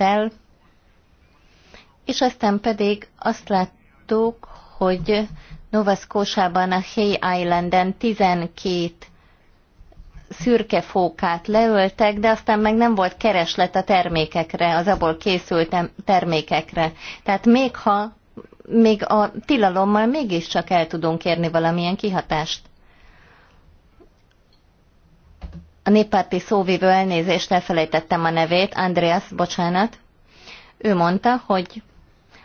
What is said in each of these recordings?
el, és aztán pedig azt láttuk, hogy Nova Scotia-ban a Hay Islanden 12 szürke fókát leöltek, de aztán meg nem volt kereslet a termékekre, az abból készült termékekre. Tehát még ha még a tilalommal mégiscsak el tudunk érni valamilyen kihatást. a néppárti szóvívő elnézést, elfelejtettem a nevét, Andreas, bocsánat, ő mondta, hogy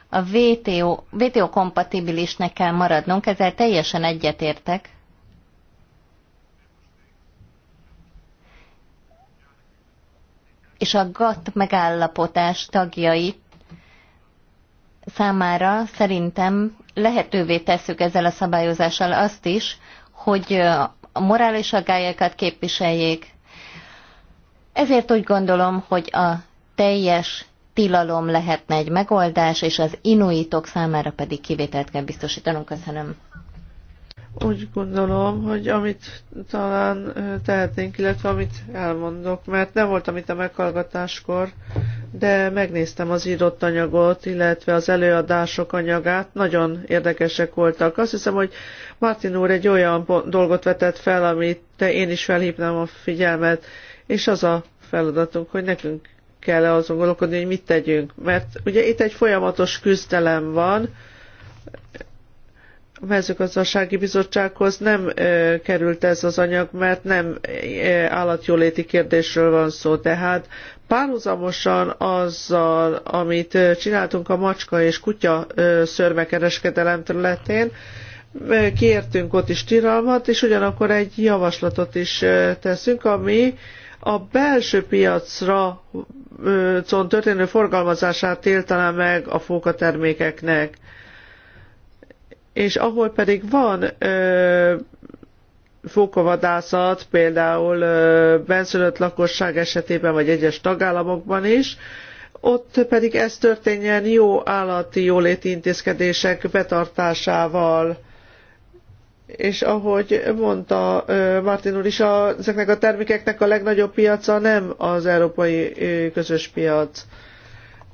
a VTO, VTO kompatibilisnek kell maradnunk, ezzel teljesen egyetértek. És a GATT megállapotás tagjai számára szerintem lehetővé tesszük ezzel a szabályozással azt is, hogy a morális aggályokat képviseljék, ezért úgy gondolom, hogy a teljes tilalom lehetne egy megoldás, és az inuitok számára pedig kivételt kell biztosítanunk. Köszönöm. Úgy gondolom, hogy amit talán tehetnénk, illetve amit elmondok, mert nem voltam itt a meghallgatáskor, de megnéztem az írott anyagot, illetve az előadások anyagát, nagyon érdekesek voltak. Azt hiszem, hogy Martin úr egy olyan dolgot vetett fel, amit én is felhívnám a figyelmet, és az a feladatunk, hogy nekünk kell -e azon gondolkodni, hogy mit tegyünk. Mert ugye itt egy folyamatos küzdelem van, a mezőgazdasági bizottsághoz nem ö, került ez az anyag, mert nem ö, állatjóléti kérdésről van szó. Tehát párhuzamosan azzal, amit ö, csináltunk a macska és kutya ö, szörmekereskedelem területén, ö, kiértünk ott is tiralmat, és ugyanakkor egy javaslatot is ö, teszünk, ami ö, a belső piacra piacon történő forgalmazását tiltaná meg a fókatermékeknek. És ahol pedig van ö, fókavadászat, például ö, benszülött lakosság esetében, vagy egyes tagállamokban is, ott pedig ez történjen jó állati jóléti intézkedések betartásával és ahogy mondta Martin úr is, a, ezeknek a termékeknek a legnagyobb piaca nem az európai közös piac.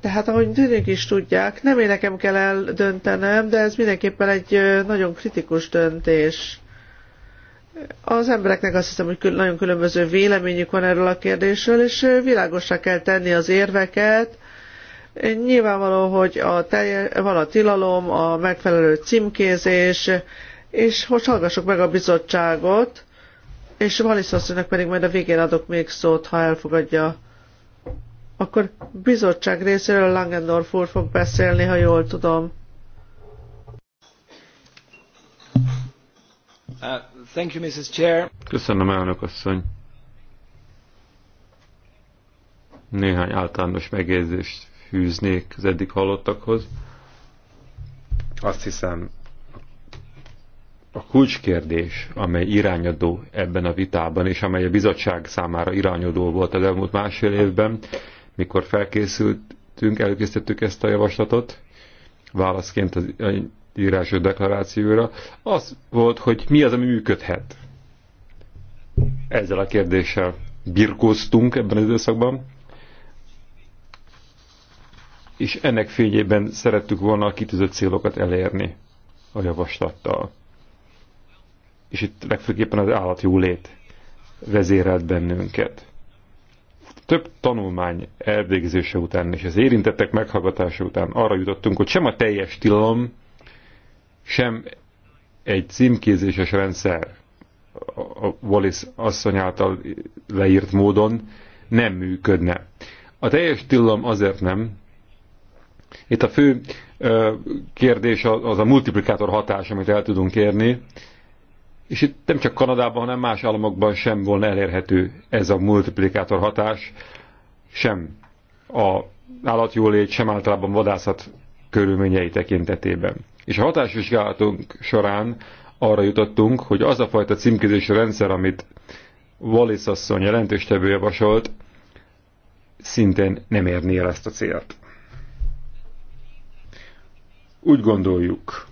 Tehát ahogy tűnik is tudják, nem én nekem kell eldöntenem, de ez mindenképpen egy nagyon kritikus döntés. Az embereknek azt hiszem, hogy nagyon különböző véleményük van erről a kérdésről, és világosra kell tenni az érveket. Nyilvánvaló, hogy a telje, van a tilalom, a megfelelő címkézés, és most hallgassuk meg a bizottságot, és Valisz asszonynak pedig majd a végén adok még szót, ha elfogadja. Akkor bizottság részéről Langendorf úr fog beszélni, ha jól tudom. Uh, thank you, Mrs. Chair. Köszönöm, elnök asszony. Néhány általános megjegyzést fűznék az eddig hallottakhoz. Azt hiszem, a kulcskérdés, amely irányadó ebben a vitában, és amely a bizottság számára irányadó volt az elmúlt másfél évben, mikor felkészültünk, előkészítettük ezt a javaslatot, válaszként az írású deklarációra, az volt, hogy mi az, ami működhet. Ezzel a kérdéssel birkóztunk ebben az időszakban, és ennek fényében szerettük volna a kitűzött célokat elérni a javaslattal és itt legfőképpen az jólét vezérelt bennünket. Több tanulmány elvégzése után és az érintettek meghallgatása után arra jutottunk, hogy sem a teljes tilalom, sem egy címkézéses rendszer a Wallis asszony által leírt módon nem működne. A teljes tilalom azért nem. Itt a fő kérdés az a multiplikátor hatás, amit el tudunk érni, és itt nem csak Kanadában, hanem más államokban sem volna elérhető ez a multiplikátor hatás, sem a állatjólét, sem általában vadászat körülményei tekintetében. És a hatásvizsgálatunk során arra jutottunk, hogy az a fajta címkézési rendszer, amit Wallis asszony jelentéstevő javasolt, szintén nem érné el ezt a célt. Úgy gondoljuk,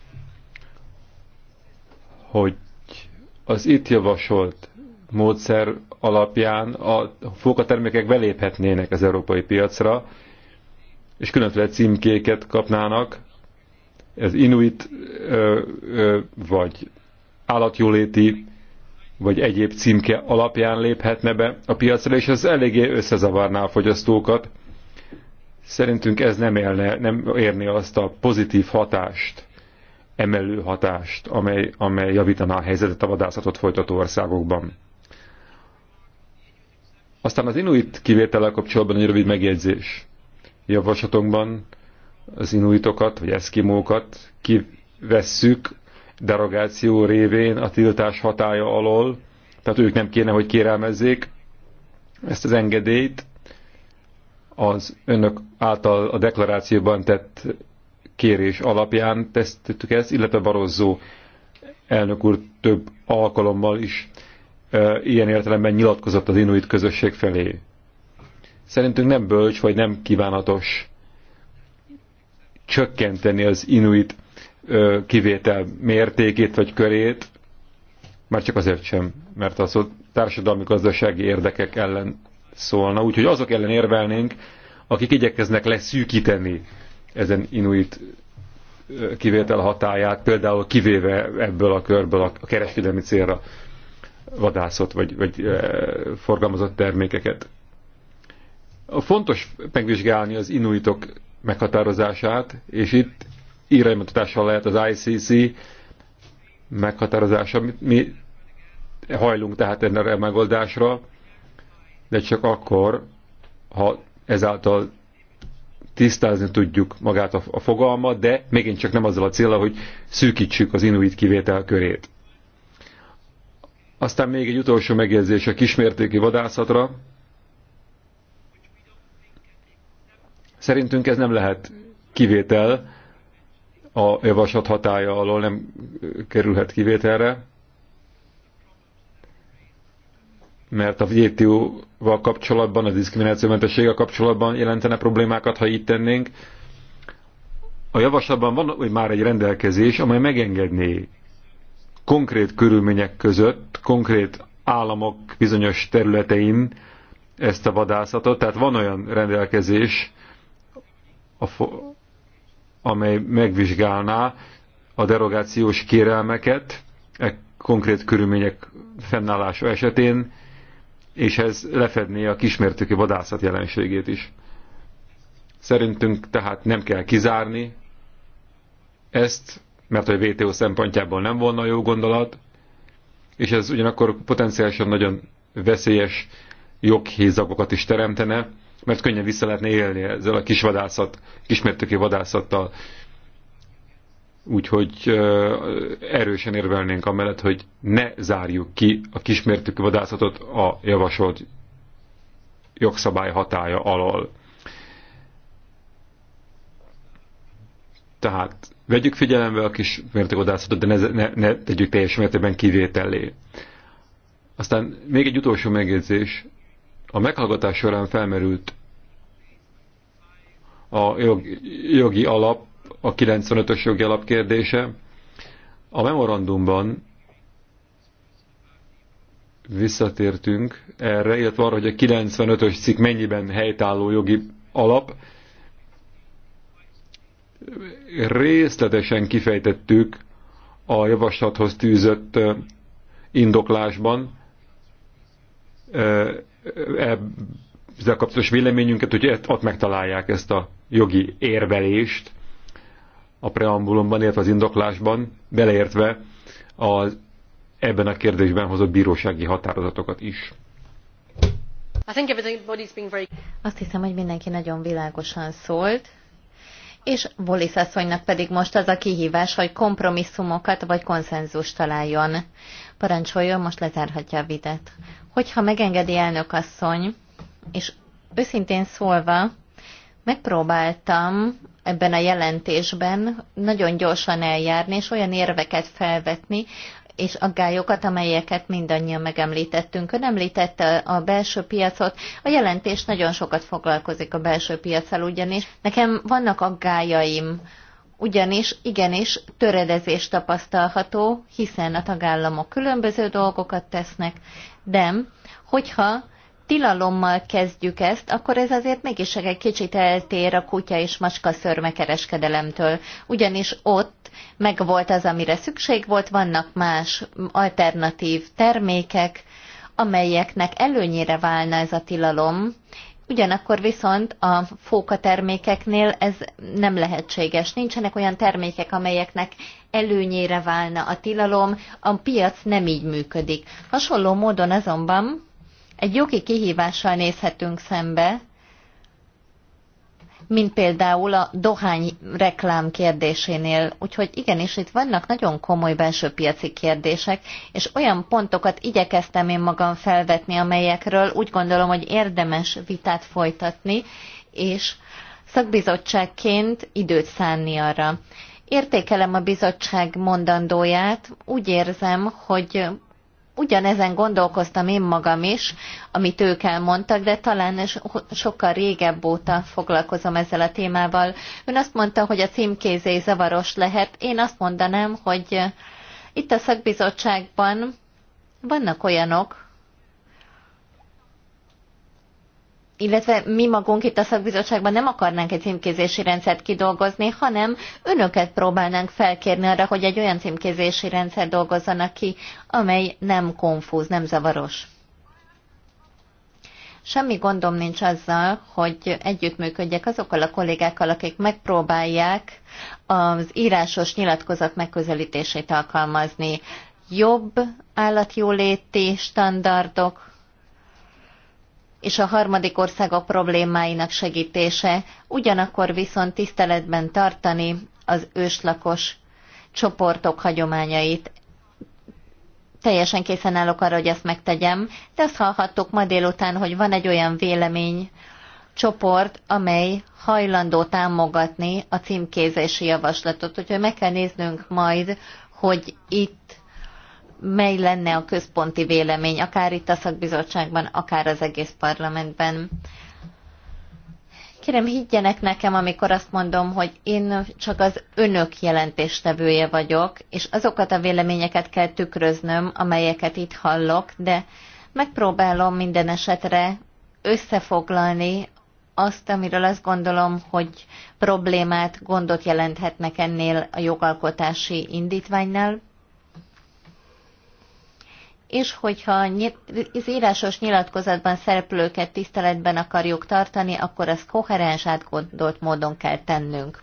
hogy az itt javasolt módszer alapján a fókatermékek beléphetnének az európai piacra, és különféle címkéket kapnának, ez inuit ö, ö, vagy állatjóléti vagy egyéb címke alapján léphetne be a piacra, és ez eléggé összezavarná a fogyasztókat. Szerintünk ez nem, élne, nem érni azt a pozitív hatást, emelő hatást, amely, amely javítaná a helyzetet a vadászatot folytató országokban. Aztán az inuit kivétellel kapcsolatban egy rövid megjegyzés. Javaslatunkban az inuitokat, vagy eszkimókat kivesszük derogáció révén a tiltás hatája alól, tehát ők nem kéne, hogy kérelmezzék ezt az engedélyt, az önök által a deklarációban tett kérés alapján tesztettük ezt, illetve Barozzó elnök úr több alkalommal is e, ilyen értelemben nyilatkozott az inuit közösség felé. Szerintünk nem bölcs vagy nem kívánatos csökkenteni az inuit e, kivétel mértékét vagy körét, már csak azért sem, mert az ott társadalmi-gazdasági érdekek ellen szólna. Úgyhogy azok ellen érvelnénk, akik igyekeznek leszűkíteni ezen inuit kivétel hatáját, például kivéve ebből a körből a kereskedelmi célra vadászott vagy, vagy forgalmazott termékeket. Fontos megvizsgálni az inuitok meghatározását, és itt iránymutatással lehet az ICC meghatározása. Mi hajlunk tehát ennek a megoldásra, de csak akkor, ha ezáltal tisztázni tudjuk magát a, a fogalmat, de megint csak nem azzal a célra, hogy szűkítsük az inuit kivétel körét. Aztán még egy utolsó megjegyzés a kismértéki vadászatra. Szerintünk ez nem lehet kivétel, a javaslat hatája alól nem kerülhet kivételre. mert a WTO-val kapcsolatban, a diszkriminációmentességgel kapcsolatban jelentene problémákat, ha így tennénk. A javaslatban van hogy már egy rendelkezés, amely megengedné konkrét körülmények között, konkrét államok bizonyos területein ezt a vadászatot. Tehát van olyan rendelkezés, amely megvizsgálná a derogációs kérelmeket, e konkrét körülmények fennállása esetén, és ez lefedné a kismértőki vadászat jelenségét is. Szerintünk tehát nem kell kizárni ezt, mert a WTO szempontjából nem volna jó gondolat, és ez ugyanakkor potenciálisan nagyon veszélyes joghézagokat is teremtene, mert könnyen vissza lehetne élni ezzel a kisvadászat, kismértőki vadászattal Úgyhogy erősen érvelnénk amellett, hogy ne zárjuk ki a kismértékű vadászatot a javasolt jogszabály hatája alól. Tehát vegyük figyelembe a kis vadászatot, de ne, ne, ne tegyük teljes mértékben kivételé. Aztán még egy utolsó megjegyzés. A meghallgatás során felmerült a jog, jogi alap a 95-ös jogi alap kérdése. A memorandumban visszatértünk erre, illetve arra, hogy a 95-ös cikk mennyiben helytálló jogi alap. Részletesen kifejtettük a javaslathoz tűzött indoklásban ezzel kapcsolatos véleményünket, hogy ott megtalálják ezt a jogi érvelést, a preambulumban, illetve az indoklásban, beleértve az ebben a kérdésben hozott bírósági határozatokat is. Azt hiszem, hogy mindenki nagyon világosan szólt, és Bolis asszonynak pedig most az a kihívás, hogy kompromisszumokat vagy konszenzust találjon. Parancsoljon, most lezárhatja a videt. Hogyha megengedi elnök asszony, és őszintén szólva, megpróbáltam ebben a jelentésben nagyon gyorsan eljárni, és olyan érveket felvetni, és aggályokat, amelyeket mindannyian megemlítettünk. Ön említette a belső piacot. A jelentés nagyon sokat foglalkozik a belső piacsal ugyanis. Nekem vannak aggályaim, ugyanis igenis töredezés tapasztalható, hiszen a tagállamok különböző dolgokat tesznek, de hogyha tilalommal kezdjük ezt, akkor ez azért mégis egy kicsit eltér a kutya és macska szörme kereskedelemtől. Ugyanis ott meg volt az, amire szükség volt, vannak más alternatív termékek, amelyeknek előnyére válna ez a tilalom, Ugyanakkor viszont a fóka termékeknél ez nem lehetséges. Nincsenek olyan termékek, amelyeknek előnyére válna a tilalom, a piac nem így működik. Hasonló módon azonban egy jogi kihívással nézhetünk szembe, mint például a dohány reklám kérdésénél. Úgyhogy igenis, itt vannak nagyon komoly belső piaci kérdések, és olyan pontokat igyekeztem én magam felvetni, amelyekről úgy gondolom, hogy érdemes vitát folytatni, és szakbizottságként időt szánni arra. Értékelem a bizottság mondandóját, úgy érzem, hogy ugyanezen gondolkoztam én magam is, amit ők elmondtak, de talán sokkal régebb óta foglalkozom ezzel a témával. Ön azt mondta, hogy a címkézé zavaros lehet. Én azt mondanám, hogy itt a szakbizottságban vannak olyanok, illetve mi magunk itt a szakbizottságban nem akarnánk egy címkézési rendszert kidolgozni, hanem önöket próbálnánk felkérni arra, hogy egy olyan címkézési rendszer dolgozzanak ki, amely nem konfúz, nem zavaros. Semmi gondom nincs azzal, hogy együttműködjek azokkal a kollégákkal, akik megpróbálják az írásos nyilatkozat megközelítését alkalmazni. Jobb állatjóléti standardok, és a harmadik országok problémáinak segítése, ugyanakkor viszont tiszteletben tartani az őslakos csoportok hagyományait. Teljesen készen állok arra, hogy ezt megtegyem, de azt hallhattuk ma délután, hogy van egy olyan vélemény, csoport, amely hajlandó támogatni a címkézési javaslatot. Úgyhogy meg kell néznünk majd, hogy itt mely lenne a központi vélemény, akár itt a szakbizottságban, akár az egész parlamentben. Kérem, higgyenek nekem, amikor azt mondom, hogy én csak az önök jelentéstevője vagyok, és azokat a véleményeket kell tükröznöm, amelyeket itt hallok, de megpróbálom minden esetre összefoglalni azt, amiről azt gondolom, hogy problémát, gondot jelenthetnek ennél a jogalkotási indítványnál, és hogyha az írásos nyilatkozatban szereplőket tiszteletben akarjuk tartani, akkor ezt koherens átgondolt módon kell tennünk.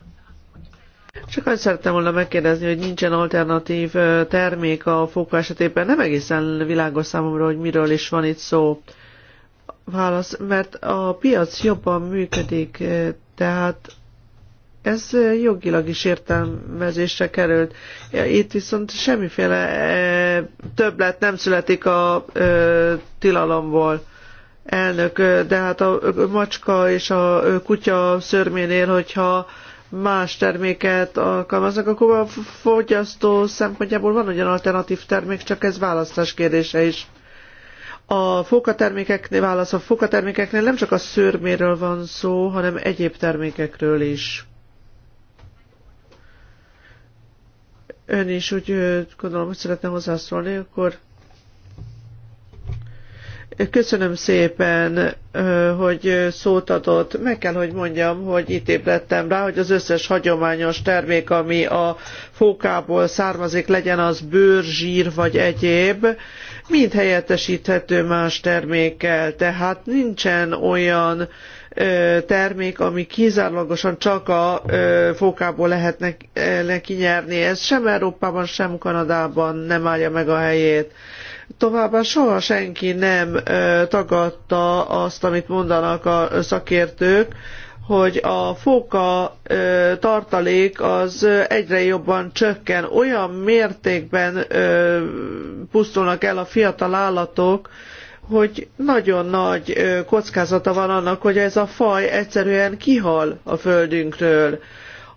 Csak azt szerettem volna megkérdezni, hogy nincsen alternatív termék a fóka esetében. Nem egészen világos számomra, hogy miről is van itt szó. Válasz, mert a piac jobban működik, tehát ez jogilag is értelmezésre került. Itt viszont semmiféle e, többlet nem születik a e, tilalomból. Elnök, de hát a macska és a kutya szörménél, hogyha más terméket alkalmaznak, akkor a fogyasztó szempontjából van ugyan alternatív termék, csak ez választás kérdése is. A fókatermékeknél válasz, a fókatermékeknél nem csak a szörméről van szó, hanem egyéb termékekről is. ön is úgy gondolom, hogy szeretne hozzászólni, akkor Köszönöm szépen, hogy szót adott. Meg kell, hogy mondjam, hogy itt ébredtem rá, hogy az összes hagyományos termék, ami a fókából származik, legyen az bőr, zsír vagy egyéb, mind helyettesíthető más termékkel. Tehát nincsen olyan termék, ami kizárólagosan csak a fókából lehetne kinyerni. Ez sem Európában, sem Kanadában nem állja meg a helyét. Továbbá soha senki nem tagadta azt, amit mondanak a szakértők, hogy a fóka tartalék az egyre jobban csökken. Olyan mértékben pusztulnak el a fiatal állatok, hogy nagyon nagy kockázata van annak, hogy ez a faj egyszerűen kihal a földünkről.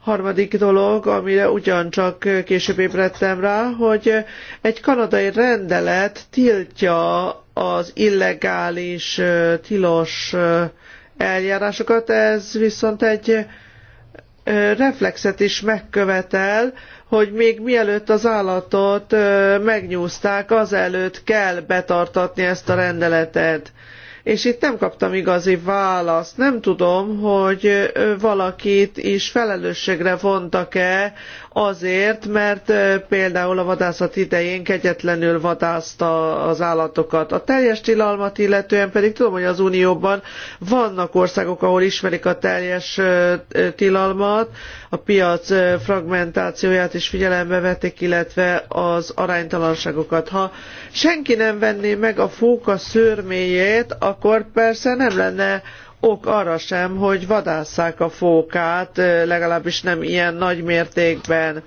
Harmadik dolog, amire ugyancsak később ébredtem rá, hogy egy kanadai rendelet tiltja az illegális, tilos eljárásokat, ez viszont egy reflexet is megkövetel, hogy még mielőtt az állatot megnyúzták, azelőtt kell betartatni ezt a rendeletet és itt nem kaptam igazi választ. Nem tudom, hogy valakit is felelősségre vontak-e Azért, mert például a vadászat idején kegyetlenül vadászta az állatokat. A teljes tilalmat illetően pedig tudom, hogy az Unióban vannak országok, ahol ismerik a teljes tilalmat, a piac fragmentációját is figyelembe vették, illetve az aránytalanságokat. Ha senki nem venné meg a fóka szőrméjét, akkor persze nem lenne ok arra sem, hogy vadásszák a fókát, legalábbis nem ilyen nagy mértékben.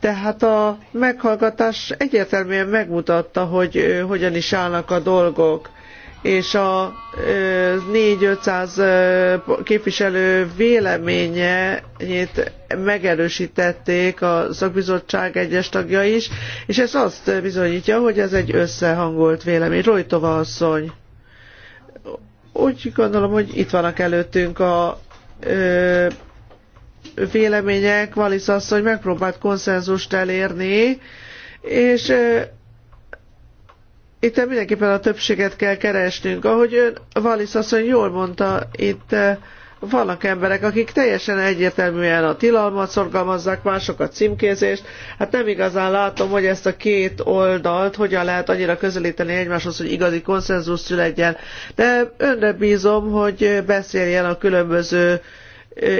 Tehát a meghallgatás egyértelműen megmutatta, hogy hogyan is állnak a dolgok és a 4-500 képviselő véleményét megerősítették a szakbizottság egyes tagja is, és ez azt bizonyítja, hogy ez egy összehangolt vélemény. Rojtova asszony. Úgy gondolom, hogy itt vannak előttünk a ö, vélemények. Valisz hogy megpróbált konszenzust elérni, és ö, itt mindenképpen a többséget kell keresnünk. Ahogy ön, Valisz hogy jól mondta, itt vannak emberek, akik teljesen egyértelműen a tilalmat szorgalmazzák, mások a címkézést. Hát nem igazán látom, hogy ezt a két oldalt hogyan lehet annyira közelíteni egymáshoz, hogy igazi konszenzus születjen. De önre bízom, hogy beszéljen a különböző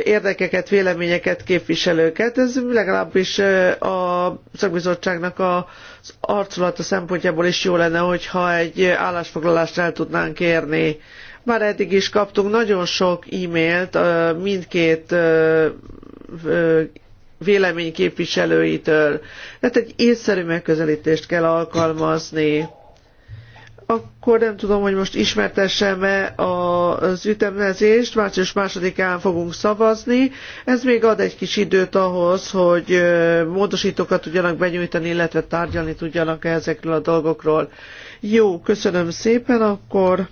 érdekeket, véleményeket, képviselőket. Ez legalábbis a szakbizottságnak az arculata szempontjából is jó lenne, hogyha egy állásfoglalást el tudnánk érni. Már eddig is kaptunk nagyon sok e-mailt mindkét véleményképviselőitől. Tehát egy észszerű megközelítést kell alkalmazni akkor nem tudom, hogy most ismertessem-e az ütemezést. Március másodikán fogunk szavazni. Ez még ad egy kis időt ahhoz, hogy módosítókat tudjanak benyújtani, illetve tárgyalni tudjanak -e ezekről a dolgokról. Jó, köszönöm szépen, akkor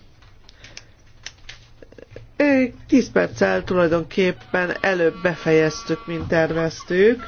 10 perccel tulajdonképpen előbb befejeztük, mint terveztük.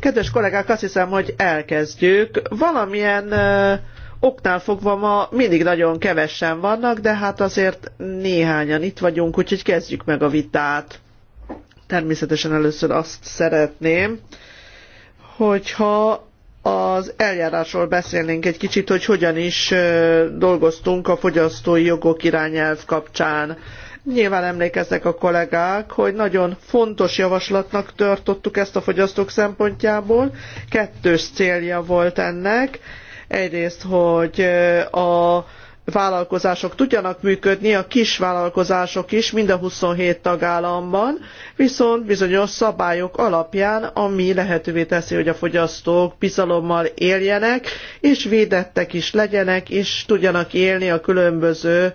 Kedves kollégák, azt hiszem, hogy elkezdjük. Valamilyen oknál fogva ma mindig nagyon kevesen vannak, de hát azért néhányan itt vagyunk, úgyhogy kezdjük meg a vitát. Természetesen először azt szeretném, hogyha az eljárásról beszélnénk egy kicsit, hogy hogyan is dolgoztunk a fogyasztói jogok irányelv kapcsán Nyilván emlékeznek a kollégák, hogy nagyon fontos javaslatnak tartottuk ezt a fogyasztók szempontjából. Kettős célja volt ennek. Egyrészt, hogy a vállalkozások tudjanak működni, a kis vállalkozások is, mind a 27 tagállamban, viszont bizonyos szabályok alapján, ami lehetővé teszi, hogy a fogyasztók bizalommal éljenek, és védettek is legyenek, és tudjanak élni a különböző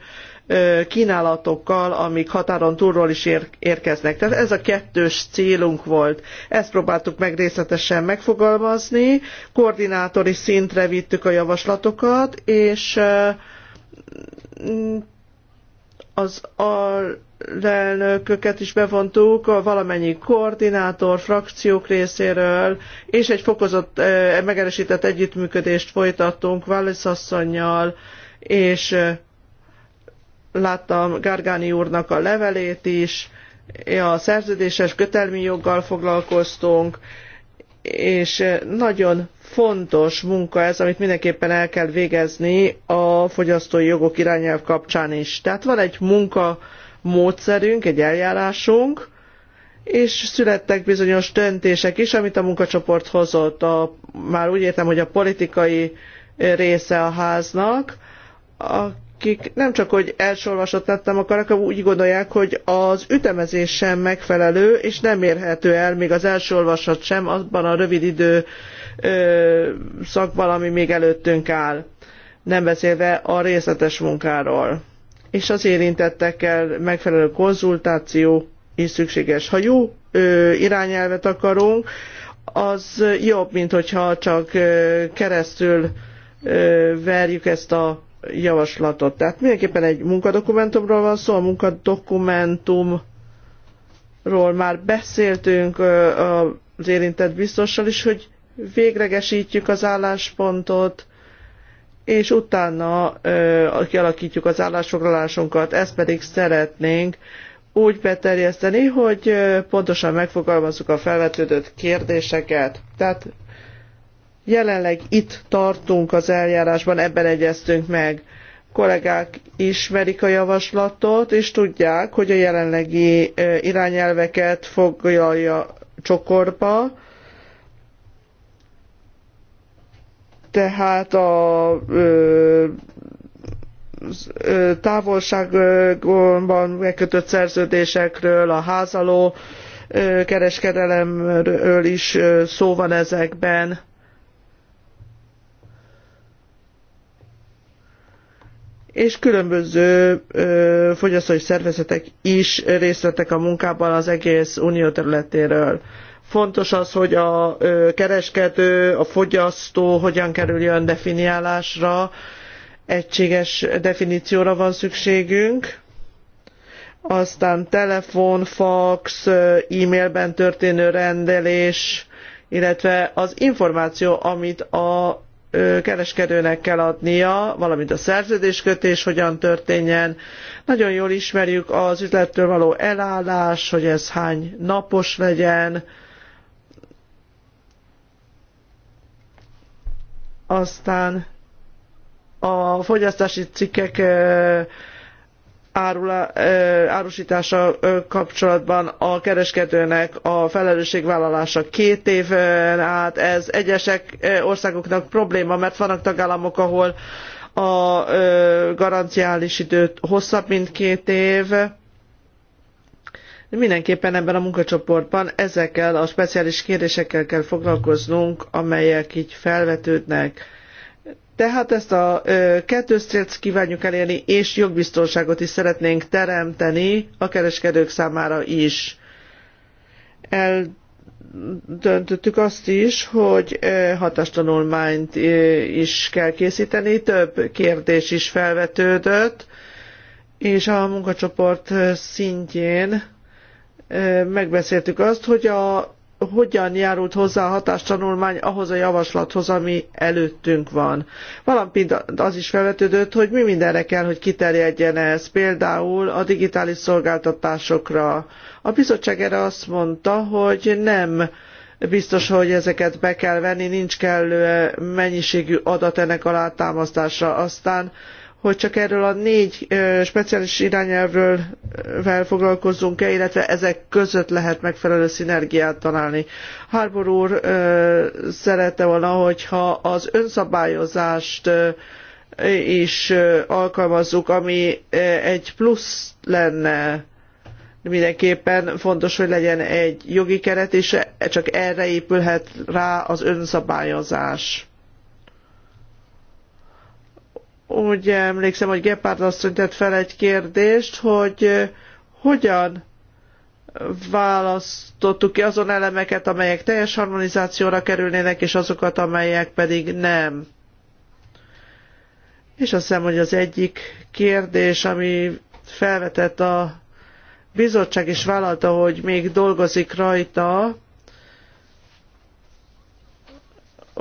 kínálatokkal, amik határon túlról is érkeznek. Tehát ez a kettős célunk volt. Ezt próbáltuk meg részletesen megfogalmazni, koordinátori szintre vittük a javaslatokat, és mm, az alelnököket is bevontuk, a valamennyi koordinátor, frakciók részéről, és egy fokozott, megerősített együttműködést folytattunk Wallis asszonynal, és láttam Gargani úrnak a levelét is, a szerződéses kötelmi joggal foglalkoztunk, és nagyon fontos munka ez, amit mindenképpen el kell végezni a fogyasztói jogok irányelv kapcsán is. Tehát van egy munka módszerünk, egy eljárásunk, és születtek bizonyos döntések is, amit a munkacsoport hozott. A, már úgy értem, hogy a politikai része a háznak, a akik nem csak, hogy elsolvasott lettem akarnak, úgy gondolják, hogy az ütemezés sem megfelelő, és nem érhető el még az első olvasat sem abban a rövid idő ö, szakban, ami még előttünk áll. Nem beszélve a részletes munkáról. És az érintettekkel megfelelő konzultáció is szükséges. Ha jó ö, irányelvet akarunk, az jobb, mint hogyha csak keresztül verjük ezt a javaslatot. Tehát mindenképpen egy munkadokumentumról van szó, a munkadokumentumról már beszéltünk az érintett biztossal is, hogy véglegesítjük az álláspontot, és utána kialakítjuk az állásfoglalásunkat, ezt pedig szeretnénk úgy beterjeszteni, hogy pontosan megfogalmazzuk a felvetődött kérdéseket. Tehát Jelenleg itt tartunk az eljárásban, ebben egyeztünk meg. Kollégák ismerik a javaslatot, és tudják, hogy a jelenlegi irányelveket foglalja csokorba, tehát a ö, távolságban megkötött szerződésekről, a házaló kereskedelemről is szó van ezekben. és különböző ö, fogyasztói szervezetek is részt vettek a munkában az egész unió területéről. Fontos az, hogy a ö, kereskedő, a fogyasztó hogyan kerüljön definiálásra, egységes definícióra van szükségünk. Aztán telefon, fax, e-mailben történő rendelés, illetve az információ, amit a kereskedőnek kell adnia, valamint a szerződéskötés hogyan történjen. Nagyon jól ismerjük az üzlettől való elállás, hogy ez hány napos legyen. Aztán a fogyasztási cikkek árusítása kapcsolatban a kereskedőnek a felelősségvállalása két éven át. Ez egyesek országoknak probléma, mert vannak tagállamok, ahol a garanciális idő hosszabb, mint két év. Mindenképpen ebben a munkacsoportban ezekkel a speciális kérdésekkel kell foglalkoznunk, amelyek így felvetődnek tehát ezt a kettős célt kívánjuk elérni, és jogbiztonságot is szeretnénk teremteni a kereskedők számára is. Eldöntöttük azt is, hogy hatástanulmányt is kell készíteni, több kérdés is felvetődött, és a munkacsoport szintjén megbeszéltük azt, hogy a hogyan járult hozzá a hatástanulmány ahhoz a javaslathoz, ami előttünk van. Valamint az is felvetődött, hogy mi mindenre kell, hogy kiterjedjen ez, például a digitális szolgáltatásokra. A bizottság erre azt mondta, hogy nem biztos, hogy ezeket be kell venni, nincs kellő mennyiségű adat ennek alátámasztásra. Aztán hogy csak erről a négy speciális irányelvről foglalkozzunk-e, illetve ezek között lehet megfelelő szinergiát találni. Harbour úr szerette volna, hogyha az önszabályozást is alkalmazzuk, ami egy plusz lenne mindenképpen fontos, hogy legyen egy jogi keret, és csak erre épülhet rá az önszabályozás úgy emlékszem, hogy Gepárd asszony tett fel egy kérdést, hogy eh, hogyan választottuk ki azon elemeket, amelyek teljes harmonizációra kerülnének, és azokat, amelyek pedig nem. És azt hiszem, hogy az egyik kérdés, ami felvetett a bizottság is vállalta, hogy még dolgozik rajta,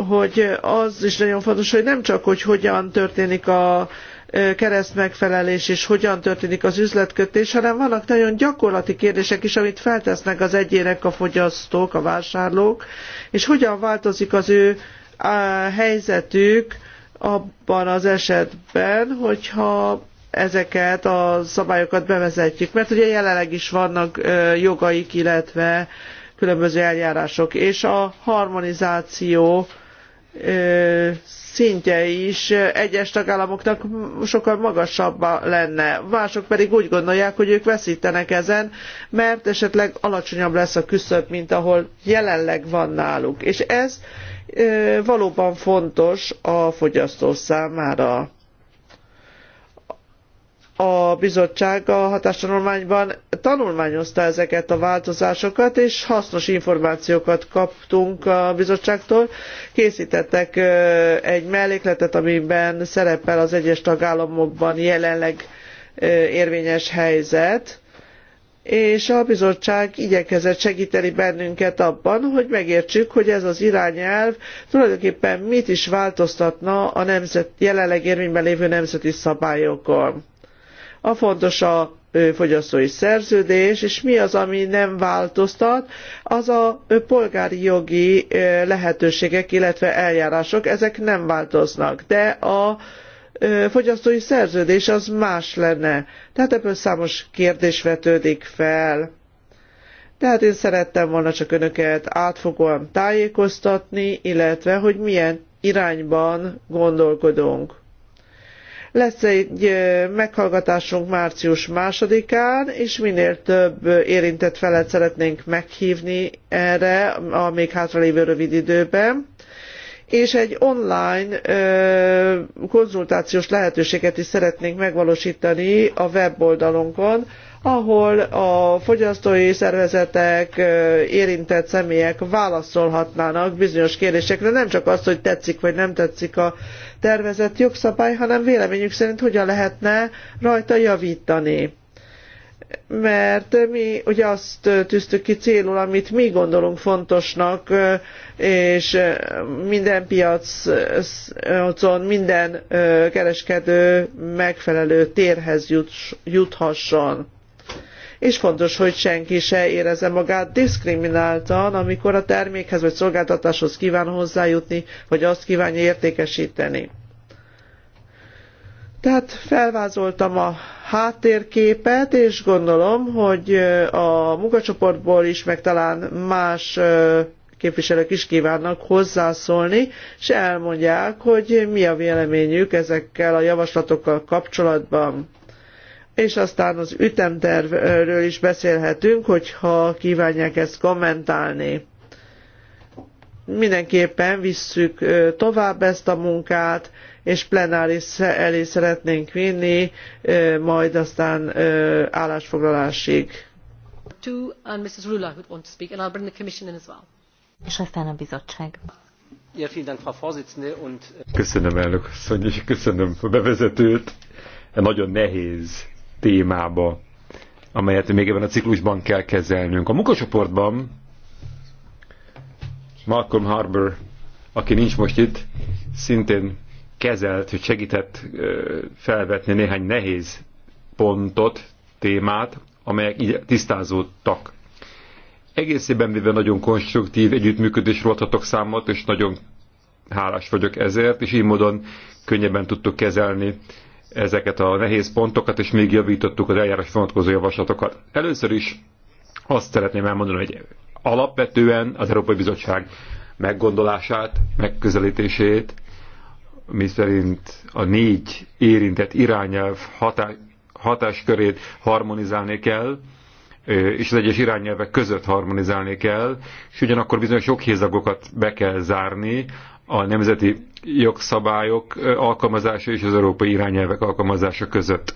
hogy az is nagyon fontos, hogy nem csak, hogy hogyan történik a keresztmegfelelés és hogyan történik az üzletkötés, hanem vannak nagyon gyakorlati kérdések is, amit feltesznek az egyének a fogyasztók, a vásárlók, és hogyan változik az ő helyzetük abban az esetben, hogyha ezeket a szabályokat bevezetjük. Mert ugye jelenleg is vannak jogaik, illetve különböző eljárások, és a harmonizáció szintje is egyes tagállamoknak sokkal magasabb lenne. Mások pedig úgy gondolják, hogy ők veszítenek ezen, mert esetleg alacsonyabb lesz a küszöb, mint ahol jelenleg van náluk. És ez valóban fontos a fogyasztó számára a bizottság a hatástanulmányban tanulmányozta ezeket a változásokat, és hasznos információkat kaptunk a bizottságtól. Készítettek egy mellékletet, amiben szerepel az egyes tagállamokban jelenleg érvényes helyzet, és a bizottság igyekezett segíteni bennünket abban, hogy megértsük, hogy ez az irányelv tulajdonképpen mit is változtatna a nemzet, jelenleg érvényben lévő nemzeti szabályokon a fontos a fogyasztói szerződés, és mi az, ami nem változtat, az a polgári jogi lehetőségek, illetve eljárások, ezek nem változnak, de a fogyasztói szerződés az más lenne. Tehát ebből számos kérdés vetődik fel. Tehát én szerettem volna csak önöket átfogóan tájékoztatni, illetve hogy milyen irányban gondolkodunk. Lesz egy meghallgatásunk március másodikán, és minél több érintett felet szeretnénk meghívni erre a még hátralévő rövid időben és egy online ö, konzultációs lehetőséget is szeretnénk megvalósítani a weboldalunkon, ahol a fogyasztói szervezetek, érintett személyek válaszolhatnának bizonyos kérdésekre, nem csak azt, hogy tetszik vagy nem tetszik a tervezett jogszabály, hanem véleményük szerint hogyan lehetne rajta javítani mert mi ugye azt tűztük ki célul, amit mi gondolunk fontosnak, és minden piacon minden kereskedő megfelelő térhez juthasson és fontos, hogy senki se érezze magát diszkrimináltan, amikor a termékhez vagy szolgáltatáshoz kíván hozzájutni, vagy azt kívánja értékesíteni. Tehát felvázoltam a háttérképet, és gondolom, hogy a munkacsoportból is, meg talán más képviselők is kívánnak hozzászólni, és elmondják, hogy mi a véleményük ezekkel a javaslatokkal kapcsolatban és aztán az ütemtervről is beszélhetünk, hogyha kívánják ezt kommentálni. Mindenképpen visszük tovább ezt a munkát, és plenáris elé szeretnénk vinni, majd aztán állásfoglalásig. És aztán a bizottság. Äh, köszönöm elnök asszony, és köszönöm a bevezetőt. Nagyon nehéz témába, amelyet még ebben a ciklusban kell kezelnünk. A munkacsoportban Malcolm Harbour, aki nincs most itt, szintén kezelt, hogy segített felvetni néhány nehéz pontot, témát, amelyek így tisztázódtak. Egészében véve nagyon konstruktív együttműködésről adhatok számot, és nagyon hálás vagyok ezért, és így módon könnyebben tudtuk kezelni ezeket a nehéz pontokat, és még javítottuk az eljárás vonatkozó javaslatokat. Először is azt szeretném elmondani, hogy alapvetően az Európai Bizottság meggondolását, megközelítését, miszerint a négy érintett irányelv hatás, hatáskörét harmonizálni kell, és az egyes irányelvek között harmonizálni kell, és ugyanakkor bizonyos joghézagokat be kell zárni, a nemzeti jogszabályok alkalmazása és az európai irányelvek alkalmazása között.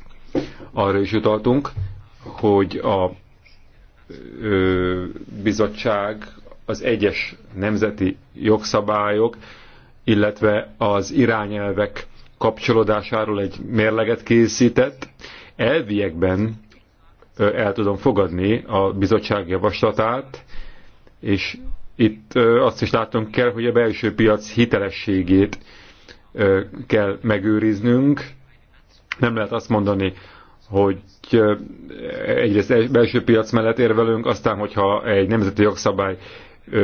Arra is utaltunk, hogy a ö, bizottság az egyes nemzeti jogszabályok, illetve az irányelvek kapcsolódásáról egy mérleget készített. Elviekben el tudom fogadni a bizottság javaslatát, és itt azt is látunk kell, hogy a belső piac hitelességét kell megőriznünk. Nem lehet azt mondani, hogy egyrészt belső piac mellett érvelünk, aztán, hogyha egy nemzeti jogszabály e,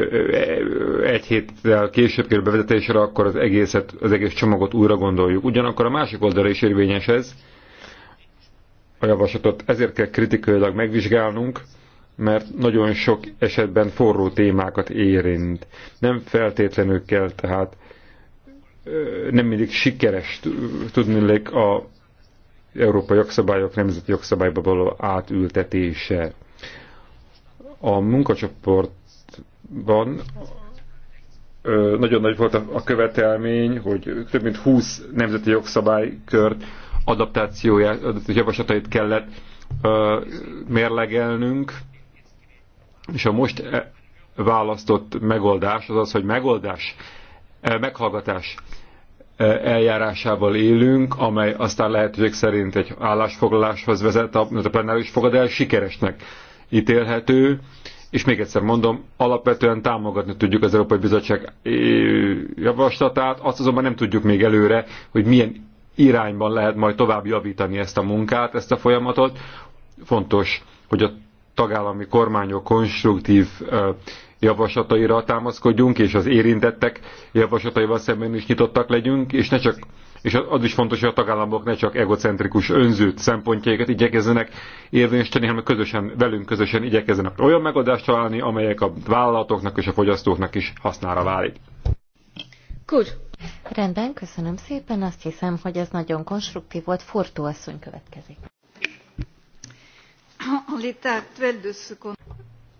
egy héttel később kerül bevezetésre, akkor az, egészet, az egész csomagot újra gondoljuk. Ugyanakkor a másik oldalra is érvényes ez, a javaslatot ezért kell kritikailag megvizsgálnunk, mert nagyon sok esetben forró témákat érint. Nem feltétlenül kell tehát nem mindig sikeres tudni a európai jogszabályok nemzeti jogszabályba való átültetése. A munkacsoportban nagyon nagy volt a követelmény, hogy több mint 20 nemzeti jogszabálykört adaptációját, javaslatait kellett mérlegelnünk, és a most eh, választott megoldás az az, hogy megoldás, eh, meghallgatás eh, eljárásával élünk, amely aztán lehetőség szerint egy állásfoglaláshoz vezet, a, a plenáris fogad el sikeresnek ítélhető, és még egyszer mondom, alapvetően támogatni tudjuk az Európai Bizottság javaslatát, azt azonban nem tudjuk még előre, hogy milyen irányban lehet majd tovább javítani ezt a munkát, ezt a folyamatot. Fontos, hogy a tagállami kormányok konstruktív javaslataira támaszkodjunk, és az érintettek javaslataival szemben is nyitottak legyünk, és ne csak és az is fontos, hogy a tagállamok ne csak egocentrikus, önzőt szempontjaikat igyekezzenek érvényesíteni, hanem közösen, velünk közösen igyekezzenek olyan megoldást találni, amelyek a vállalatoknak és a fogyasztóknak is hasznára válik. Good. Rendben, köszönöm szépen. Azt hiszem, hogy ez nagyon konstruktív volt. Fortó asszony következik.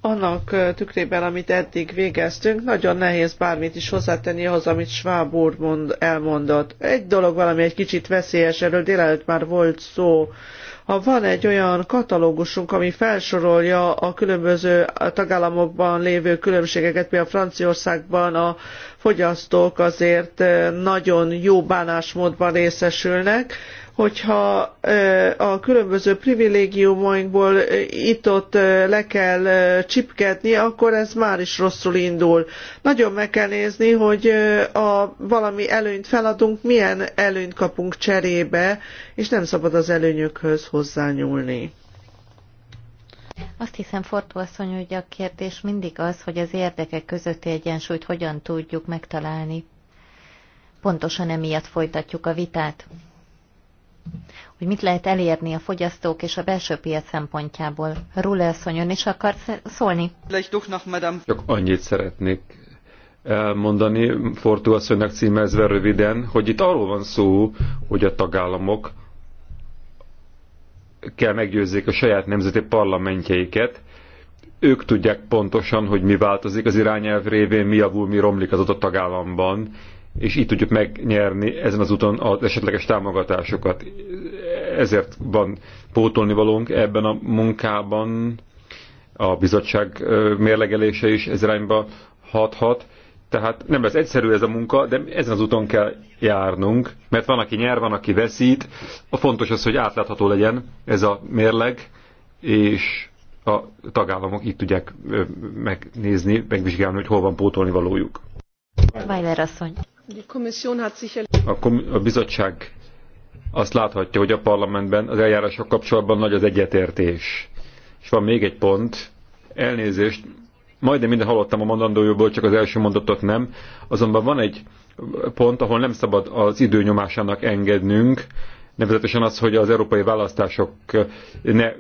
Annak tükrében, amit eddig végeztünk, nagyon nehéz bármit is hozzátenni ahhoz, amit Schwab úr mond, elmondott. Egy dolog valami egy kicsit veszélyes, erről délelőtt már volt szó. Ha van egy olyan katalógusunk, ami felsorolja a különböző tagállamokban lévő különbségeket, például Franciaországban a fogyasztók azért nagyon jó bánásmódban részesülnek, hogyha a különböző privilégiumainkból itt-ott le kell csipkedni, akkor ez már is rosszul indul. Nagyon meg kell nézni, hogy a valami előnyt feladunk, milyen előnyt kapunk cserébe, és nem szabad az előnyökhöz hozzányúlni. Azt hiszem, Fortó asszony, hogy a kérdés mindig az, hogy az érdekek közötti egyensúlyt hogyan tudjuk megtalálni. Pontosan emiatt folytatjuk a vitát hogy mit lehet elérni a fogyasztók és a belső piac szempontjából. Rule elszonyon is akar szólni? Csak annyit szeretnék elmondani, Fortu asszonynak címezve röviden, hogy itt arról van szó, hogy a tagállamok kell meggyőzzék a saját nemzeti parlamentjeiket, ők tudják pontosan, hogy mi változik az irányelv révén, mi javul, mi romlik az adott tagállamban, és így tudjuk megnyerni ezen az úton az esetleges támogatásokat. Ezért van pótolni valónk ebben a munkában, a bizottság mérlegelése is ez irányba hathat. Tehát nem lesz egyszerű ez a munka, de ezen az úton kell járnunk, mert van, aki nyer, van, aki veszít. A fontos az, hogy átlátható legyen ez a mérleg, és a tagállamok itt tudják megnézni, megvizsgálni, hogy hol van pótolni valójuk. Weiler asszony. A bizottság azt láthatja, hogy a parlamentben az eljárások kapcsolatban nagy az egyetértés. És van még egy pont, elnézést, majdnem minden hallottam a mondandójából, csak az első mondatot nem, azonban van egy pont, ahol nem szabad az időnyomásának engednünk, nevezetesen az, hogy az európai választások ne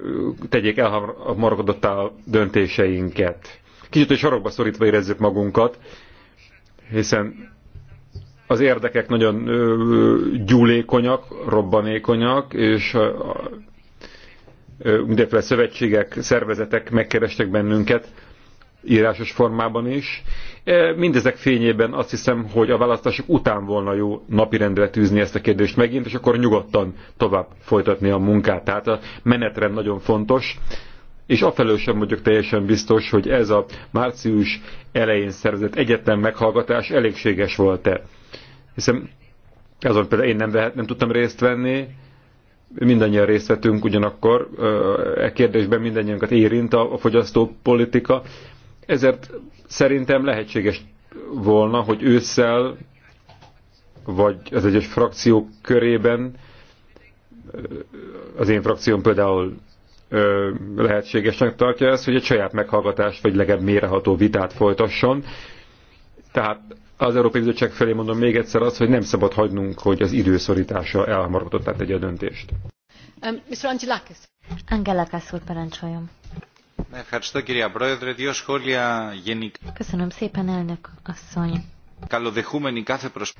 tegyék elhamarkodottá a döntéseinket. Kicsit, hogy sorokba szorítva érezzük magunkat, hiszen az érdekek nagyon gyúlékonyak, robbanékonyak, és mindenféle szövetségek, szervezetek megkerestek bennünket írásos formában is. E, mindezek fényében azt hiszem, hogy a választások után volna jó napirendre tűzni ezt a kérdést megint, és akkor nyugodtan tovább folytatni a munkát. Tehát a menetrend nagyon fontos, és afelől sem vagyok teljesen biztos, hogy ez a március elején szervezett egyetlen meghallgatás elégséges volt-e hiszen azon például én nem, vehet, nem tudtam részt venni, mindannyian részt vettünk ugyanakkor, e kérdésben mindannyiunkat érint a, a fogyasztópolitika, ezért szerintem lehetséges volna, hogy ősszel vagy az egyes frakciók körében, az én frakcióm például lehetségesnek tartja ezt, hogy egy saját meghallgatást, vagy legalább méreható vitát folytasson. Tehát az Európai Bizottság felé mondom még egyszer azt, hogy nem szabad hagynunk, hogy az időszorítása elhamaratottá egy a döntést. Um, Mr. Angelakis. Angelakis úr, parancsoljon. Köszönöm szépen, elnök asszony.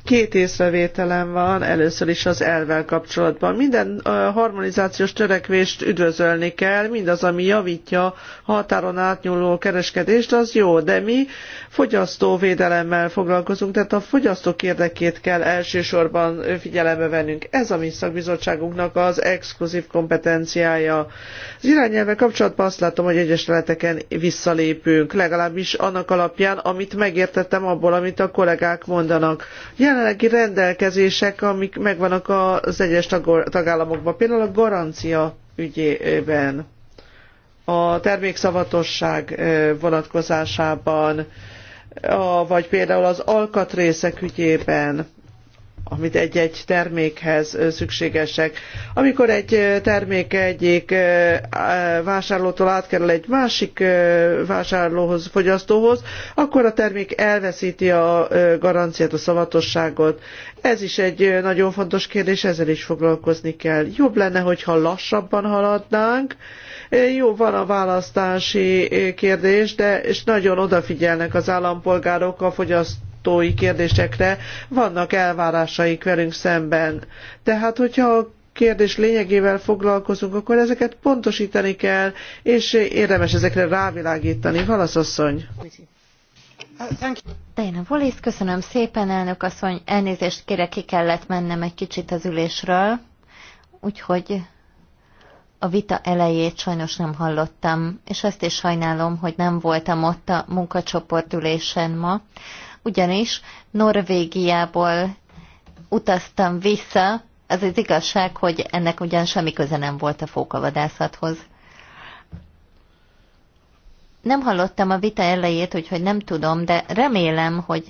Két észrevételem van, először is az elvel kapcsolatban. Minden harmonizációs törekvést üdvözölni kell, mindaz, ami javítja a határon átnyúló kereskedést, az jó, de mi fogyasztóvédelemmel foglalkozunk, tehát a fogyasztók érdekét kell elsősorban figyelembe vennünk. Ez a mi szakbizottságunknak az exkluzív kompetenciája. Az irányelvvel kapcsolatban azt látom, hogy egyes területeken visszalépünk, legalábbis annak alapján, amit megértettem abból, amit a kollégák kollégák mondanak. Jelenlegi rendelkezések, amik megvannak az egyes tagállamokban, például a garancia ügyében, a termékszavatosság vonatkozásában, vagy például az alkatrészek ügyében amit egy-egy termékhez szükségesek. Amikor egy termék egyik vásárlótól átkerül egy másik vásárlóhoz, fogyasztóhoz, akkor a termék elveszíti a garanciát, a szavatosságot. Ez is egy nagyon fontos kérdés, ezzel is foglalkozni kell. Jobb lenne, hogyha lassabban haladnánk. Jó, van a választási kérdés, de és nagyon odafigyelnek az állampolgárok a fogyaszt fogyasztói kérdésekre vannak elvárásaik velünk szemben. Tehát, hogyha a kérdés lényegével foglalkozunk, akkor ezeket pontosítani kell, és érdemes ezekre rávilágítani. Válaszasszony! Dana Wallis, köszönöm szépen, elnök asszony. Elnézést kérek, ki kellett mennem egy kicsit az ülésről, úgyhogy a vita elejét sajnos nem hallottam, és ezt is sajnálom, hogy nem voltam ott a munkacsoport ülésen ma ugyanis Norvégiából utaztam vissza, az az igazság, hogy ennek ugyan semmi köze nem volt a fókavadászathoz. Nem hallottam a vita elejét, úgyhogy nem tudom, de remélem, hogy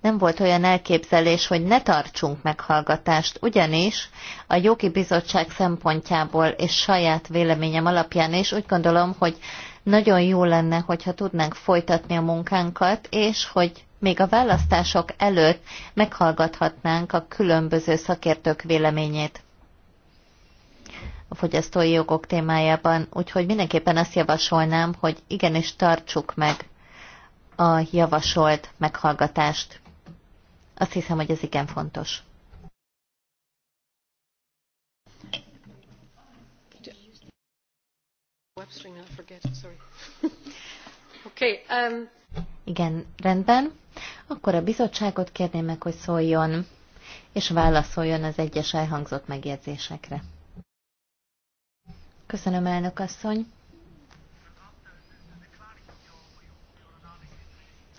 nem volt olyan elképzelés, hogy ne tartsunk meghallgatást, ugyanis a jogi bizottság szempontjából és saját véleményem alapján is úgy gondolom, hogy nagyon jó lenne, hogyha tudnánk folytatni a munkánkat, és hogy még a választások előtt meghallgathatnánk a különböző szakértők véleményét a fogyasztói jogok témájában, úgyhogy mindenképpen azt javasolnám, hogy igenis tartsuk meg a javasolt meghallgatást. Azt hiszem, hogy ez igen fontos. Webstream, I forget, sorry. Okay, um... Igen, rendben. Akkor a bizottságot kérném meg, hogy szóljon, és válaszoljon az egyes elhangzott megjegyzésekre. Köszönöm, elnök asszony.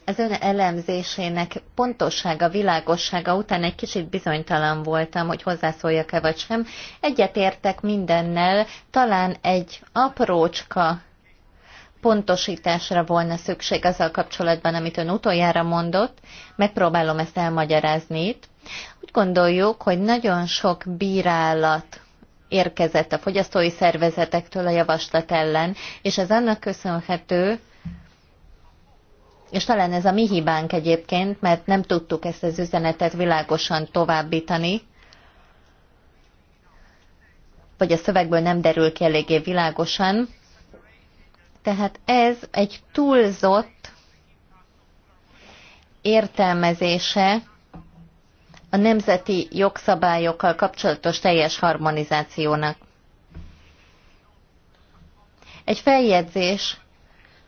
az ön elemzésének pontossága, világossága után egy kicsit bizonytalan voltam, hogy hozzászóljak-e vagy sem. Egyetértek mindennel, talán egy aprócska pontosításra volna szükség azzal kapcsolatban, amit ön utoljára mondott. Megpróbálom ezt elmagyarázni itt. Úgy gondoljuk, hogy nagyon sok bírálat érkezett a fogyasztói szervezetektől a javaslat ellen, és ez annak köszönhető, és talán ez a mi hibánk egyébként, mert nem tudtuk ezt az üzenetet világosan továbbítani, vagy a szövegből nem derül ki eléggé világosan, tehát ez egy túlzott értelmezése a nemzeti jogszabályokkal kapcsolatos teljes harmonizációnak. Egy feljegyzés